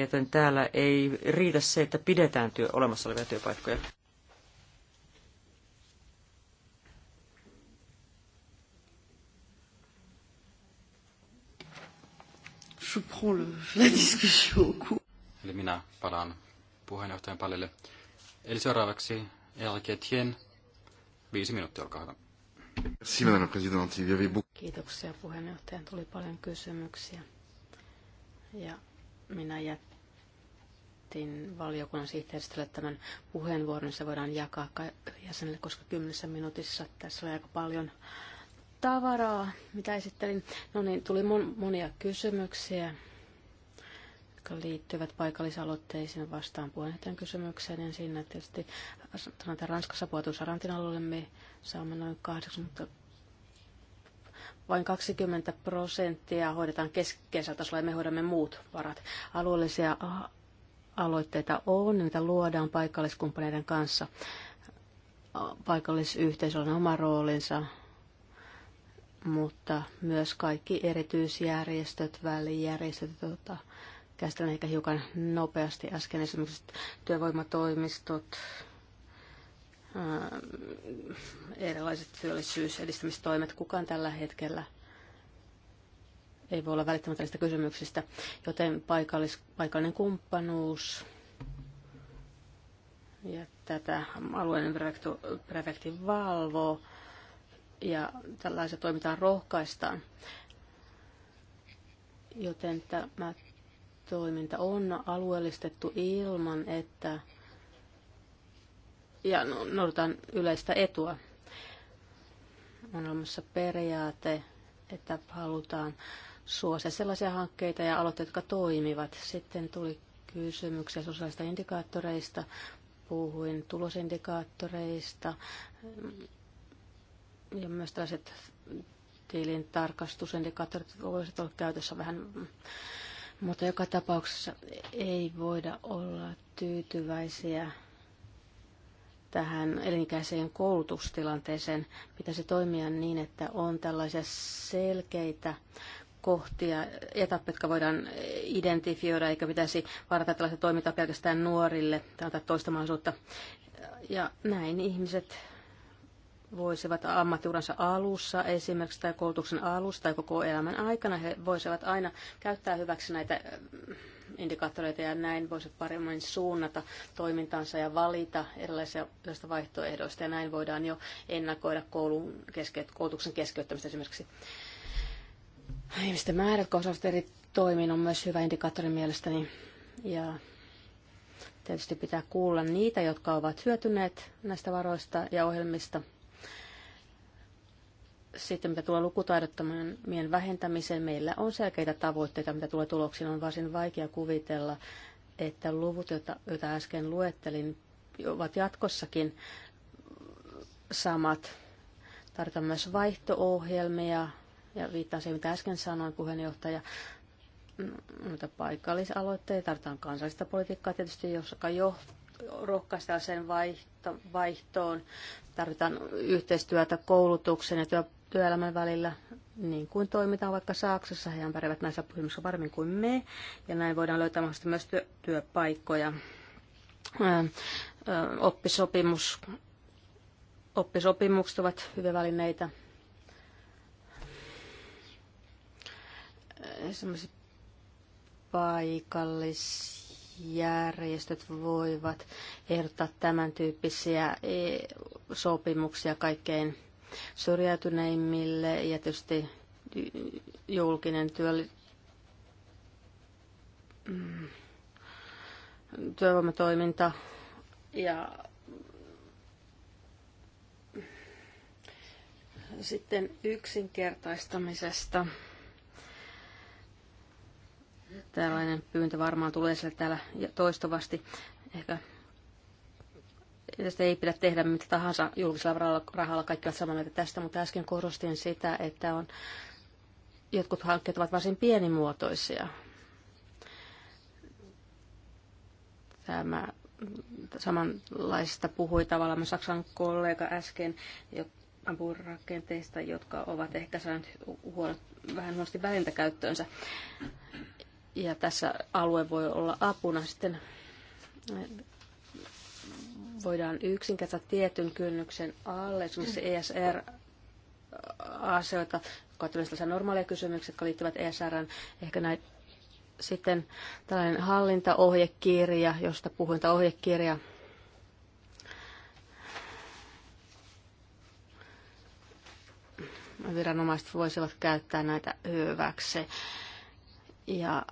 Speaker 4: Joten täällä ei riitä se, että pidetään työ, olemassa olevia työpaikkoja.
Speaker 3: Eli minä palaan puheenjohtajan palille. Eli seuraavaksi Elke Tien. Viisi minuuttia, olkaa hyvä.
Speaker 2: Kiitoksia puheenjohtajan. Tuli paljon kysymyksiä. Ja minä jätin valiokunnan sihteeristölle tämän puheenvuoron. Se voidaan jakaa jäsenille, koska kymmenessä minuutissa tässä oli aika paljon tavaraa, mitä esittelin. No niin, tuli monia kysymyksiä jotka liittyvät paikallisaloitteisiin vastaan puheenjohtajan kysymykseen. Ensin tietysti sanotaan, että Ranskassa Puotusarantin alueelle me saamme noin 80 vain 20 prosenttia hoidetaan keskeisellä tasolla ja me hoidamme muut varat. Alueellisia aloitteita on, niitä luodaan paikalliskumppaneiden kanssa. Paikallisyhteisöllä on oma roolinsa, mutta myös kaikki erityisjärjestöt, välijärjestöt, joita Käsitellään ehkä hiukan nopeasti äsken esimerkiksi työvoimatoimistot, erilaiset työllisyysedistämistoimet. Kukaan tällä hetkellä ei voi olla välittämättä näistä kysymyksistä, joten paikallis, paikallinen kumppanuus ja tätä alueen prefekti valvoo ja tällaisia toimintaan rohkaistaan. Joten tämä toiminta on alueellistettu ilman, että ja noudataan yleistä etua. On olemassa periaate, että halutaan suosia sellaisia hankkeita ja aloitteita, jotka toimivat. Sitten tuli kysymyksiä sosiaalista indikaattoreista, puhuin tulosindikaattoreista ja myös tällaiset tilintarkastusindikaattorit voisivat olla käytössä vähän mutta joka tapauksessa ei voida olla tyytyväisiä tähän elinikäiseen koulutustilanteeseen. Pitäisi toimia niin, että on tällaisia selkeitä kohtia, etappeja, jotka voidaan identifioida, eikä pitäisi varata tällaista toimintaa pelkästään nuorille tai toista mahdollisuutta. Ja näin ihmiset voisivat ammattiuransa alussa esimerkiksi tai koulutuksen alussa tai koko elämän aikana, he voisivat aina käyttää hyväksi näitä äh, indikaattoreita ja näin voisivat paremmin suunnata toimintansa ja valita erilaisista vaihtoehdoista ja näin voidaan jo ennakoida koulun keske- koulutuksen keskeyttämistä esimerkiksi. Ihmisten määrät, jotka eri toimiin, on myös hyvä indikaattori mielestäni ja tietysti pitää kuulla niitä, jotka ovat hyötyneet näistä varoista ja ohjelmista – sitten mitä tulee lukutaidottomien vähentämiseen, meillä on selkeitä tavoitteita, mitä tulee tuloksiin. On varsin vaikea kuvitella, että luvut, joita, joita äsken luettelin, ovat jatkossakin samat. Tarvitaan myös vaihtoohjelmia, ja viittaan siihen, mitä äsken sanoin puheenjohtaja, noita paikallisaloitteita, tarvitaan kansallista politiikkaa tietysti, joka jo rohkaistaan sen vaihto, vaihtoon. Tarvitaan yhteistyötä koulutuksen ja työ, työelämän välillä, niin kuin toimitaan vaikka Saksassa. He pärjäävät näissä puhumissa varmin kuin me, ja näin voidaan löytää mahdollisesti myös työ, työpaikkoja. Ö, ö, oppisopimus, oppisopimukset ovat hyviä välineitä. Sellaiset paikallisjärjestöt voivat ehdottaa tämän tyyppisiä e, sopimuksia kaikkein syrjäytyneimmille ja tietysti julkinen työ, työvoimatoiminta ja sitten yksinkertaistamisesta. Tällainen pyyntö varmaan tulee sieltä täällä toistuvasti. Ehkä Tästä ei pidä tehdä mitä tahansa julkisella rahalla, kaikki ovat samaa mieltä tästä, mutta äsken korostin sitä, että on, jotkut hankkeet ovat varsin pienimuotoisia. Tämä samanlaista puhui tavallaan myös Saksan kollega äsken, rakenteista, jotka ovat ehkä saaneet huonot, vähän huonosti välintä käyttöönsä. Ja tässä alue voi olla apuna sitten voidaan yksinkertaisesti tietyn kynnyksen alle, esimerkiksi ESR e asioita, jotka ovat tällaisia normaaleja kysymyksiä, jotka liittyvät ESRn, ehkä näitä sitten tällainen hallintaohjekirja, josta puhuin, tämä ohjekirja, viranomaiset voisivat käyttää näitä hyväksi. Ja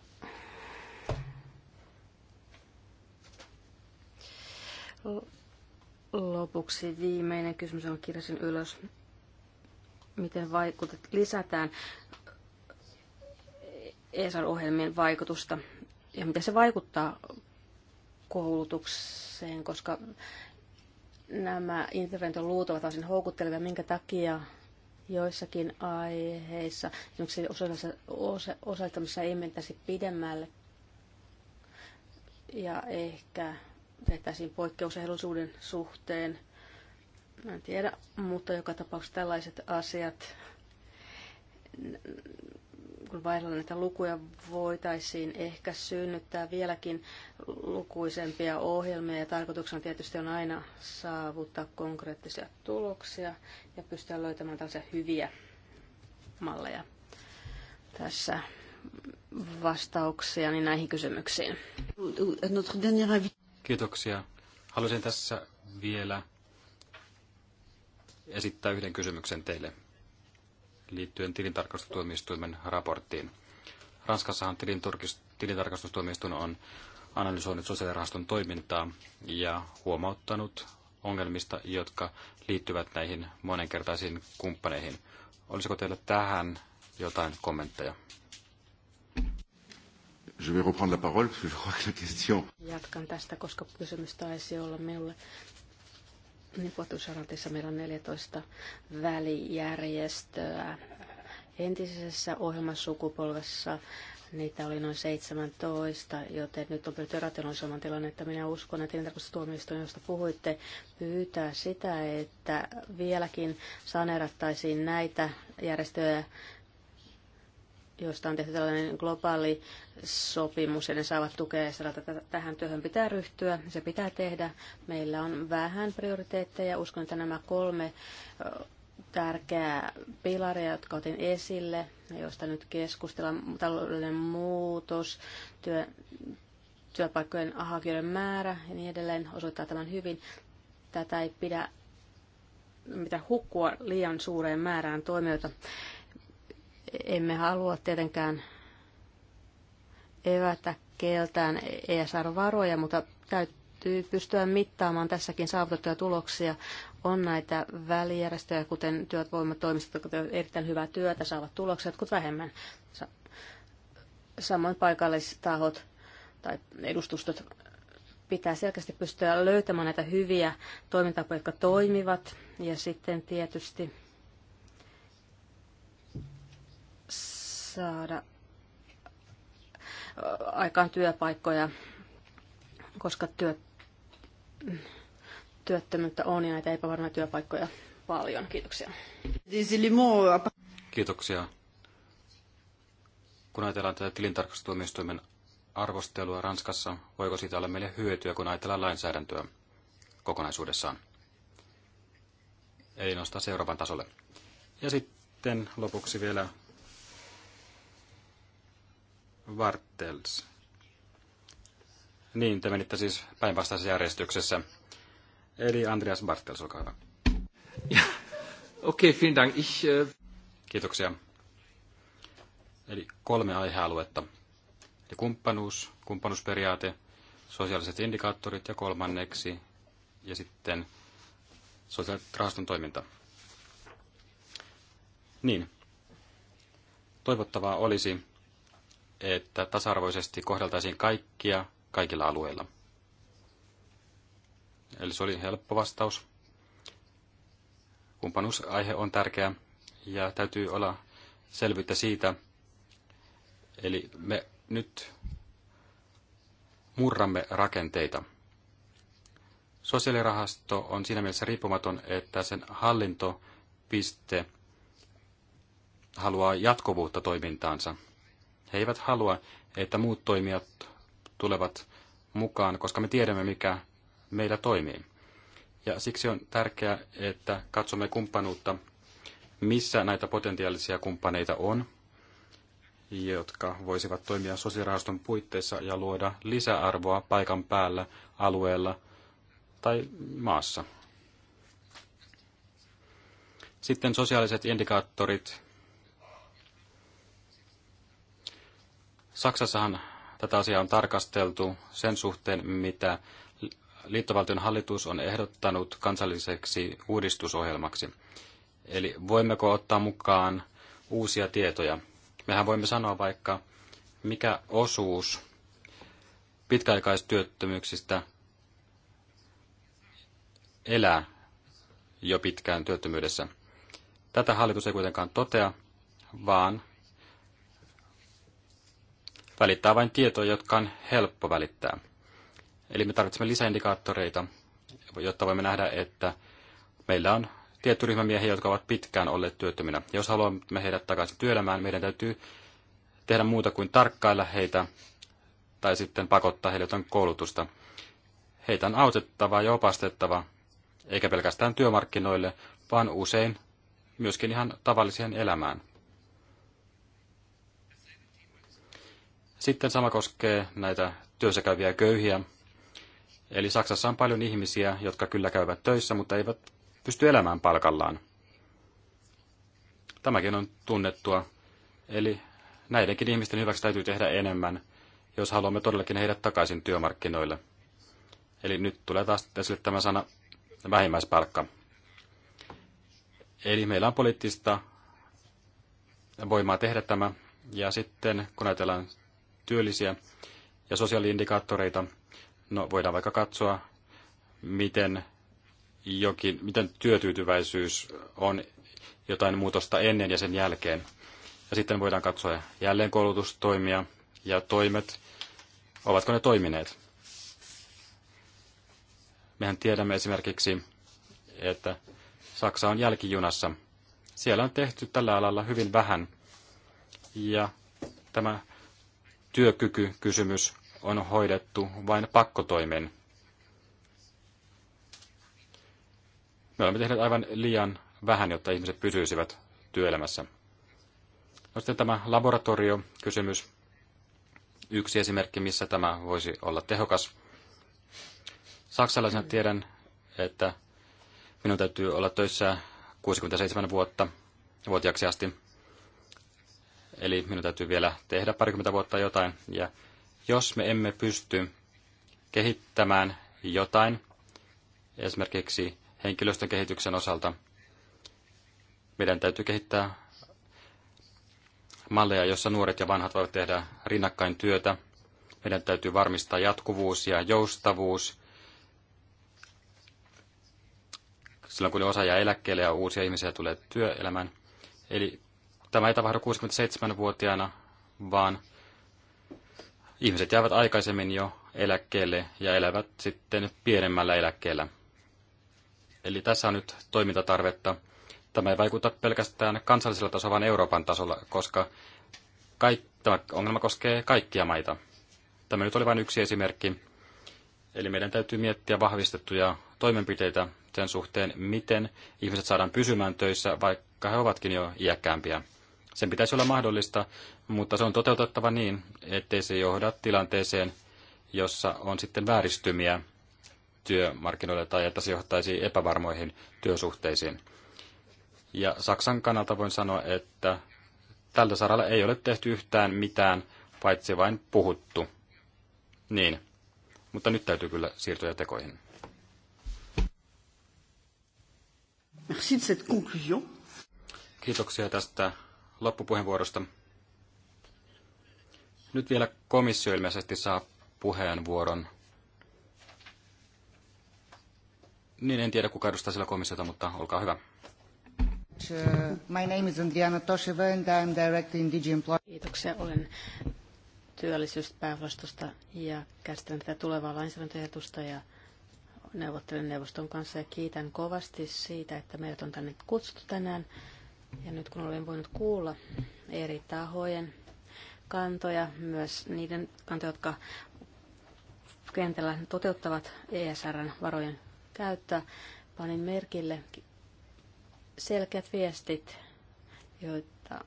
Speaker 2: Lopuksi viimeinen kysymys, on kirjasin ylös. Miten vaikutet, lisätään ESAn ohjelmien vaikutusta ja miten se vaikuttaa koulutukseen, koska nämä interventioluut ovat varsin houkuttelevia, minkä takia joissakin aiheissa, esimerkiksi osallistamisessa ei mentäisi pidemmälle ja ehkä tehtäisiin poikkeusehdollisuuden suhteen. Mä en tiedä, mutta joka tapauksessa tällaiset asiat, kun vaihdella näitä lukuja, voitaisiin ehkä synnyttää vieläkin lukuisempia ohjelmia. Ja tarkoituksena tietysti on aina saavuttaa konkreettisia tuloksia ja pystyä löytämään tällaisia hyviä malleja tässä vastauksia niin näihin kysymyksiin. Notre
Speaker 3: Kiitoksia. Haluaisin tässä vielä esittää yhden kysymyksen teille liittyen tilintarkastustuomioistuimen raporttiin. Ranskassahan tilintarkastustuomioistuin on analysoinut sosiaalirahaston toimintaa ja huomauttanut ongelmista, jotka liittyvät näihin monenkertaisiin kumppaneihin. Olisiko teillä tähän jotain kommentteja?
Speaker 5: Je vais reprendre la parole, parce que je crois que la question...
Speaker 2: Jatkan tästä, koska kysymys taisi olla minulle. Niin Potusarantissa meillä on 14 välijärjestöä. Entisessä ohjelmasukupolvessa niitä oli noin 17, joten nyt on pyritty tilanne, tilannetta. Minä uskon, että interkustustuomioistuin, josta puhuitte, pyytää sitä, että vieläkin saneerattaisiin näitä järjestöjä, josta on tehty tällainen globaali sopimus ja ne saavat tukea ja että tähän työhön pitää ryhtyä, se pitää tehdä. Meillä on vähän prioriteetteja, uskon, että nämä kolme tärkeää pilaria, jotka otin esille, joista nyt keskustellaan, taloudellinen muutos, työ, työpaikkojen hakijoiden määrä ja niin edelleen osoittaa tämän hyvin. Tätä ei pidä mitä hukkua liian suureen määrään toimijoita emme halua tietenkään evätä keltään ESR-varoja, mutta täytyy pystyä mittaamaan tässäkin saavutettuja tuloksia. On näitä välijärjestöjä, kuten työvoimatoimistot, jotka tekevät erittäin hyvää työtä, saavat tuloksia, jotkut vähemmän. Samoin paikallistahot tai edustustot pitää selkeästi pystyä löytämään näitä hyviä toimintapoja, jotka toimivat. Ja sitten tietysti saada äh, aikaan työpaikkoja, koska työ, työttömyyttä on ja näitä epävarmoja työpaikkoja paljon. Kiitoksia.
Speaker 3: Kiitoksia. Kun ajatellaan tätä tilintarkastustuomioistuimen arvostelua Ranskassa, voiko siitä olla meille hyötyä, kun ajatellaan lainsäädäntöä kokonaisuudessaan? Eli nostaa seuraavan tasolle. Ja sitten lopuksi vielä Vartels. Niin, te menitte siis päinvastaisessa järjestyksessä. Eli Andreas Bartels, olkaa hyvä. Ja, okei, okay, vielen dank. Ich, äh... Kiitoksia. Eli kolme aihealuetta. Eli kumppanuus, kumppanuusperiaate, sosiaaliset indikaattorit ja kolmanneksi ja sitten rahaston toiminta. Niin. Toivottavaa olisi, että tasa-arvoisesti kohdeltaisiin kaikkia kaikilla alueilla. Eli se oli helppo vastaus. Kumppanuusaihe on tärkeä ja täytyy olla selvyyttä siitä. Eli me nyt murramme rakenteita. Sosiaalirahasto on siinä mielessä riippumaton, että sen hallintopiste haluaa jatkuvuutta toimintaansa – he eivät halua, että muut toimijat tulevat mukaan, koska me tiedämme, mikä meillä toimii. Ja siksi on tärkeää, että katsomme kumppanuutta, missä näitä potentiaalisia kumppaneita on, jotka voisivat toimia sosiaalirahaston puitteissa ja luoda lisäarvoa paikan päällä, alueella tai maassa. Sitten sosiaaliset indikaattorit Saksassahan tätä asiaa on tarkasteltu sen suhteen, mitä liittovaltion hallitus on ehdottanut kansalliseksi uudistusohjelmaksi. Eli voimmeko ottaa mukaan uusia tietoja? Mehän voimme sanoa vaikka, mikä osuus pitkäaikaistyöttömyyksistä elää jo pitkään työttömyydessä. Tätä hallitus ei kuitenkaan totea, vaan välittää vain tietoja, jotka on helppo välittää. Eli me tarvitsemme lisäindikaattoreita, jotta voimme nähdä, että meillä on tietty ryhmä miehiä, jotka ovat pitkään olleet työttöminä. Jos haluamme heidät takaisin työelämään, meidän täytyy tehdä muuta kuin tarkkailla heitä tai sitten pakottaa heille jotain koulutusta. Heitä on autettava ja opastettava, eikä pelkästään työmarkkinoille, vaan usein myöskin ihan tavalliseen elämään. Sitten sama koskee näitä käyviä köyhiä. Eli Saksassa on paljon ihmisiä, jotka kyllä käyvät töissä, mutta eivät pysty elämään palkallaan. Tämäkin on tunnettua. Eli näidenkin ihmisten hyväksi täytyy tehdä enemmän, jos haluamme todellakin heidät takaisin työmarkkinoille. Eli nyt tulee taas esille tämä sana vähimmäispalkka. Eli meillä on poliittista voimaa tehdä tämä. Ja sitten kun ajatellaan työllisiä ja sosiaaliindikaattoreita. No, voidaan vaikka katsoa, miten, jokin, miten työtyytyväisyys on jotain muutosta ennen ja sen jälkeen. Ja sitten voidaan katsoa jälleen koulutustoimia ja toimet, ovatko ne toimineet. Mehän tiedämme esimerkiksi, että Saksa on jälkijunassa. Siellä on tehty tällä alalla hyvin vähän. Ja tämä työkykykysymys on hoidettu vain pakkotoimen. Me olemme tehneet aivan liian vähän, jotta ihmiset pysyisivät työelämässä. No sitten tämä laboratoriokysymys. Yksi esimerkki, missä tämä voisi olla tehokas. Saksalaisena tiedän, että minun täytyy olla töissä 67 vuotta vuotiaaksi asti. Eli minun täytyy vielä tehdä parikymmentä vuotta jotain. Ja jos me emme pysty kehittämään jotain, esimerkiksi henkilöstön kehityksen osalta, meidän täytyy kehittää malleja, jossa nuoret ja vanhat voivat tehdä rinnakkain työtä. Meidän täytyy varmistaa jatkuvuus ja joustavuus. Silloin kun osa jää eläkkeelle ja uusia ihmisiä tulee työelämään. Eli tämä ei tapahdu 67-vuotiaana, vaan ihmiset jäävät aikaisemmin jo eläkkeelle ja elävät sitten pienemmällä eläkkeellä. Eli tässä on nyt toimintatarvetta. Tämä ei vaikuta pelkästään kansallisella tasolla, vaan Euroopan tasolla, koska kaikki, tämä ongelma koskee kaikkia maita. Tämä nyt oli vain yksi esimerkki. Eli meidän täytyy miettiä vahvistettuja toimenpiteitä sen suhteen, miten ihmiset saadaan pysymään töissä, vaikka he ovatkin jo iäkkäämpiä. Sen pitäisi olla mahdollista, mutta se on toteutettava niin, ettei se johda tilanteeseen, jossa on sitten vääristymiä työmarkkinoille tai että se johtaisi epävarmoihin työsuhteisiin. Ja Saksan kannalta voin sanoa, että tältä saralla ei ole tehty yhtään mitään, paitsi vain puhuttu. Niin, mutta nyt täytyy kyllä siirtyä tekoihin. Kiitoksia tästä loppupuheenvuorosta. Nyt vielä komissio ilmeisesti saa puheenvuoron. Niin, en tiedä kuka edustaa sillä komissiota, mutta olkaa hyvä.
Speaker 1: My name is Andriana Tosheva and I'm director in Employ. Kiitoksia. Olen
Speaker 2: työllisyyspäävastusta ja käsittelen tätä tulevaa lainsäädäntöehdotusta ja neuvottelen neuvoston kanssa ja kiitän kovasti siitä, että meidät on tänne kutsuttu tänään. Ja nyt kun olen voinut kuulla eri tahojen kantoja, myös niiden kantoja, jotka kentällä toteuttavat ESRn varojen käyttöä, panin merkille selkeät viestit, joita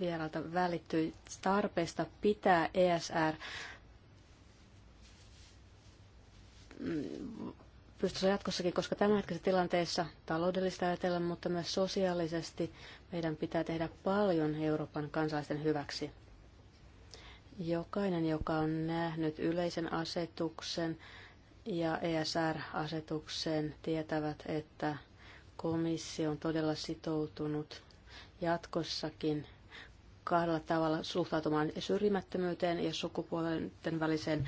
Speaker 2: vieralta välittyi tarpeesta pitää ESR pystyssä jatkossakin, koska tämänhetkisessä tilanteessa taloudellista ajatella, mutta myös sosiaalisesti meidän pitää tehdä paljon Euroopan kansalaisten hyväksi. Jokainen, joka on nähnyt yleisen asetuksen ja ESR-asetuksen, tietävät, että komissio on todella sitoutunut jatkossakin kahdella tavalla suhtautumaan syrjimättömyyteen ja sukupuolten väliseen mm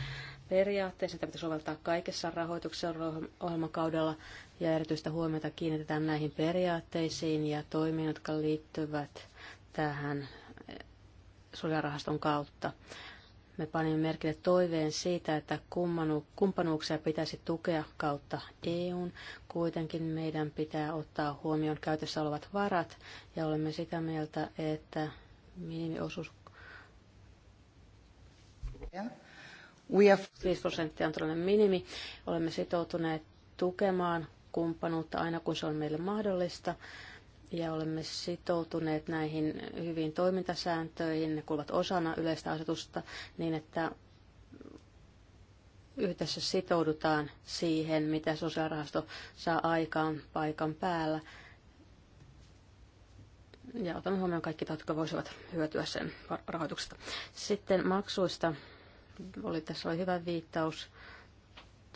Speaker 2: periaatteessa, että pitäisi soveltaa kaikessa rahoituksen ohjelmakaudella ja erityistä huomiota kiinnitetään näihin periaatteisiin ja toimiin, jotka liittyvät tähän eh, suljarahaston kautta. Me panimme merkille toiveen siitä, että kumppanuuksia pitäisi tukea kautta EUn. Kuitenkin meidän pitää ottaa huomioon käytössä olevat varat ja olemme sitä mieltä, että minimiosuus... Yeah. 5 siis prosenttia on tällainen minimi. Olemme sitoutuneet tukemaan kumppanuutta aina kun se on meille mahdollista. Ja olemme sitoutuneet näihin hyviin toimintasääntöihin, ne kuuluvat osana yleistä asetusta, niin että yhdessä sitoudutaan siihen, mitä sosiaalirahasto saa aikaan paikan päällä. Ja otamme huomioon kaikki, jotka voisivat hyötyä sen rahoituksesta. Sitten maksuista oli, tässä oli hyvä viittaus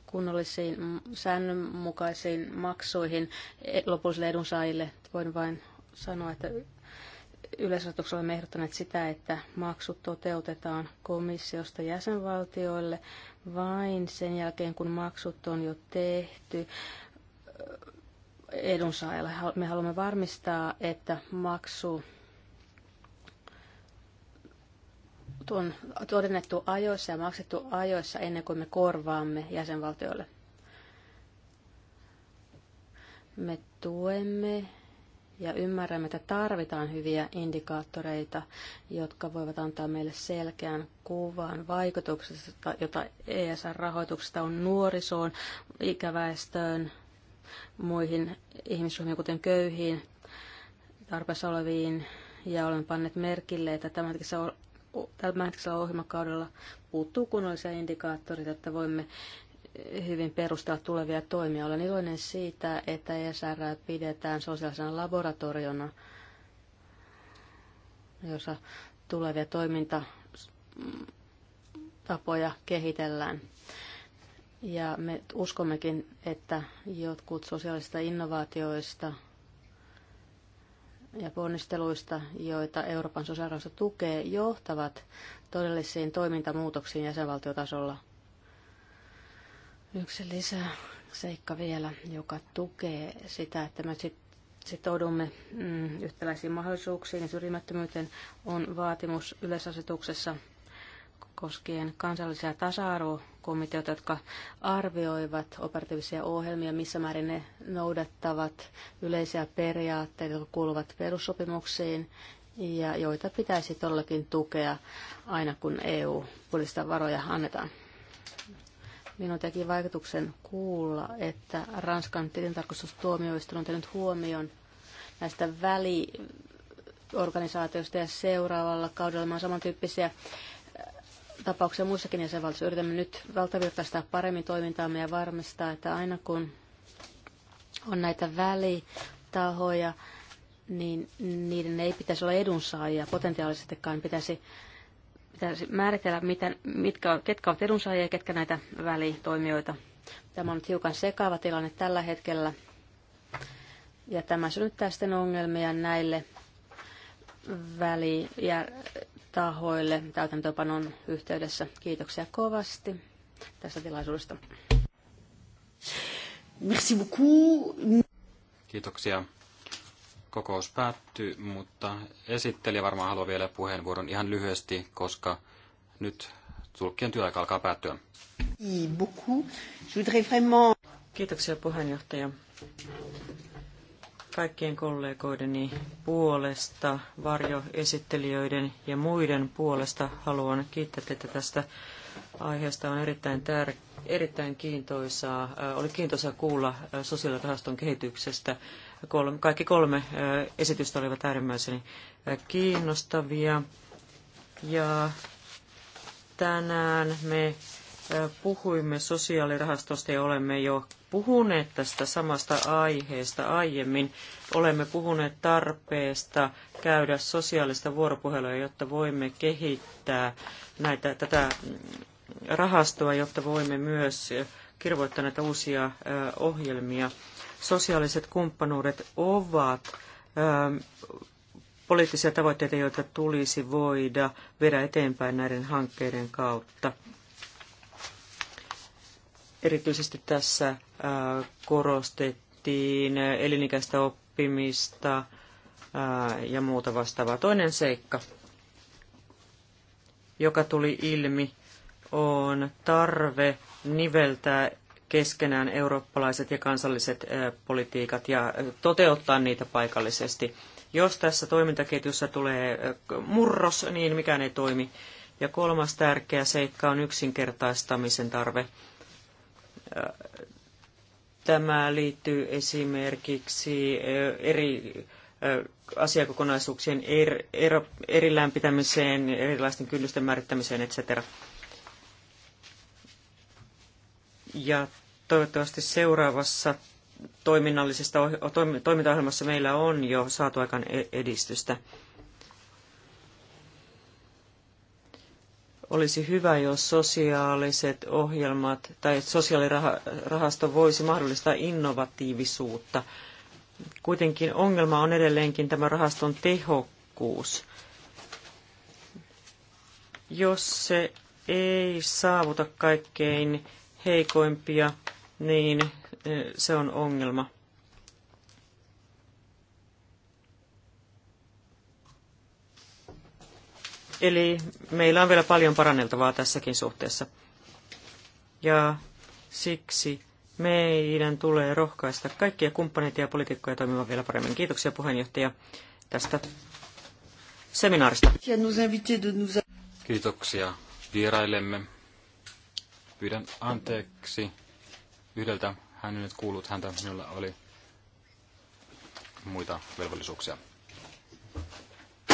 Speaker 2: kunnollisiin säännönmukaisiin maksuihin e, lopullisille edunsaajille. Voin vain sanoa, että yleisrahoituksessa olemme ehdottaneet sitä, että maksut toteutetaan komissiosta jäsenvaltioille vain sen jälkeen, kun maksut on jo tehty edunsaajalle. Me haluamme varmistaa, että maksu on todennettu ajoissa ja maksettu ajoissa ennen kuin me korvaamme jäsenvaltioille. Me tuemme ja ymmärrämme, että tarvitaan hyviä indikaattoreita, jotka voivat antaa meille selkeän kuvan vaikutuksesta, jota ESR-rahoituksesta on nuorisoon, ikäväestöön, muihin ihmisryhmiin, kuten köyhiin, tarpeessa oleviin, ja olen panneet merkille, että tämä tämänhetkisellä ohjelmakaudella puuttuu kunnollisia indikaattoreita, että voimme hyvin perustaa tulevia toimia. Olen iloinen siitä, että ESR pidetään sosiaalisena laboratoriona, jossa tulevia toimintatapoja kehitellään. Ja me uskommekin, että jotkut sosiaalisista innovaatioista – ja ponnisteluista, joita Euroopan sosiaalirahasto tukee, johtavat todellisiin toimintamuutoksiin jäsenvaltiotasolla. Yksi lisää seikka vielä, joka tukee sitä, että me sit sitoudumme mm, yhtäläisiin mahdollisuuksiin ja syrjimättömyyteen on vaatimus yleisasetuksessa koskien kansallisia tasa arvoa komiteoita, jotka arvioivat operatiivisia ohjelmia, missä määrin ne noudattavat yleisiä periaatteita, jotka kuuluvat perussopimuksiin ja joita pitäisi todellakin tukea aina kun EU-budjetista varoja annetaan. Minun teki vaikutuksen kuulla, että Ranskan tilintarkastustuomioistuin on tehnyt huomion näistä väliorganisaatioista ja seuraavalla kaudella on samantyyppisiä tapauksia muissakin jäsenvaltioissa. Yritämme nyt valtavirtaistaa paremmin toimintaamme ja varmistaa, että aina kun on näitä välitahoja, niin niiden ei pitäisi olla edunsaajia. Potentiaalisestikaan pitäisi, pitäisi määritellä, miten, mitkä, ketkä ovat edunsaajia ja ketkä näitä välitoimijoita. Tämä on nyt hiukan sekaava tilanne tällä hetkellä. Ja tämä synnyttää sitten ongelmia näille väli- ja tahoille täytäntöpanon yhteydessä. Kiitoksia kovasti tästä tilaisuudesta.
Speaker 1: Merci
Speaker 3: Kiitoksia. Kokous päättyy, mutta esittelijä varmaan haluaa vielä puheenvuoron ihan lyhyesti, koska nyt tulkkien työaika alkaa päättyä.
Speaker 1: Kiitoksia
Speaker 4: puheenjohtaja kaikkien kollegoideni puolesta, varjoesittelijöiden ja muiden puolesta haluan kiittää teitä tästä aiheesta. On erittäin, tär- erittäin kiintoisaa, oli kiintoisaa kuulla sosiaalirahaston kehityksestä. kaikki kolme esitystä olivat äärimmäisen kiinnostavia. Ja tänään me puhuimme sosiaalirahastosta ja olemme jo puhuneet tästä samasta aiheesta aiemmin. Olemme puhuneet tarpeesta käydä sosiaalista vuoropuhelua, jotta voimme kehittää näitä, tätä rahastoa, jotta voimme myös kirvoittaa näitä uusia ohjelmia. Sosiaaliset kumppanuudet ovat poliittisia tavoitteita, joita tulisi voida viedä eteenpäin näiden hankkeiden kautta. Erityisesti tässä äh, korostettiin elinikäistä oppimista äh, ja muuta vastaavaa. Toinen seikka, joka tuli ilmi, on tarve niveltää keskenään eurooppalaiset ja kansalliset äh, politiikat ja toteuttaa niitä paikallisesti. Jos tässä toimintaketjussa tulee murros, niin mikään ei toimi. Ja kolmas tärkeä seikka on yksinkertaistamisen tarve. Tämä liittyy esimerkiksi eri asiakokonaisuuksien er, er, erillään pitämiseen, erilaisten kynnysten määrittämiseen, etc. Ja toivottavasti seuraavassa toiminnallisesta toimintaohjelmassa meillä on jo saatu aikaan e-, edistystä. olisi hyvä, jos sosiaaliset ohjelmat tai sosiaalirahasto voisi mahdollistaa innovatiivisuutta. Kuitenkin ongelma on edelleenkin tämä rahaston tehokkuus. Jos se ei saavuta kaikkein heikoimpia, niin eh, se on ongelma. Eli meillä on vielä paljon paranneltavaa tässäkin suhteessa. Ja siksi meidän tulee rohkaista kaikkia kumppaneita ja poliitikkoja toimimaan vielä paremmin. Kiitoksia puheenjohtaja tästä
Speaker 3: seminaarista. Kiitoksia vierailemme. Pyydän anteeksi yhdeltä. Hän nyt kuullut häntä. Minulla oli muita velvollisuuksia.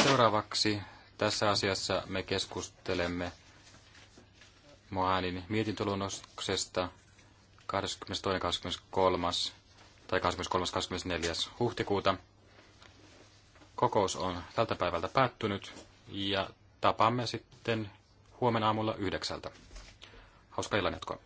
Speaker 3: Seuraavaksi tässä asiassa me keskustelemme Mohanin mietintöluonnoksesta 22.23. tai 23.24. huhtikuuta. Kokous on tältä päivältä päättynyt ja tapaamme sitten huomenna aamulla yhdeksältä. Hauskaa illan jatkoa.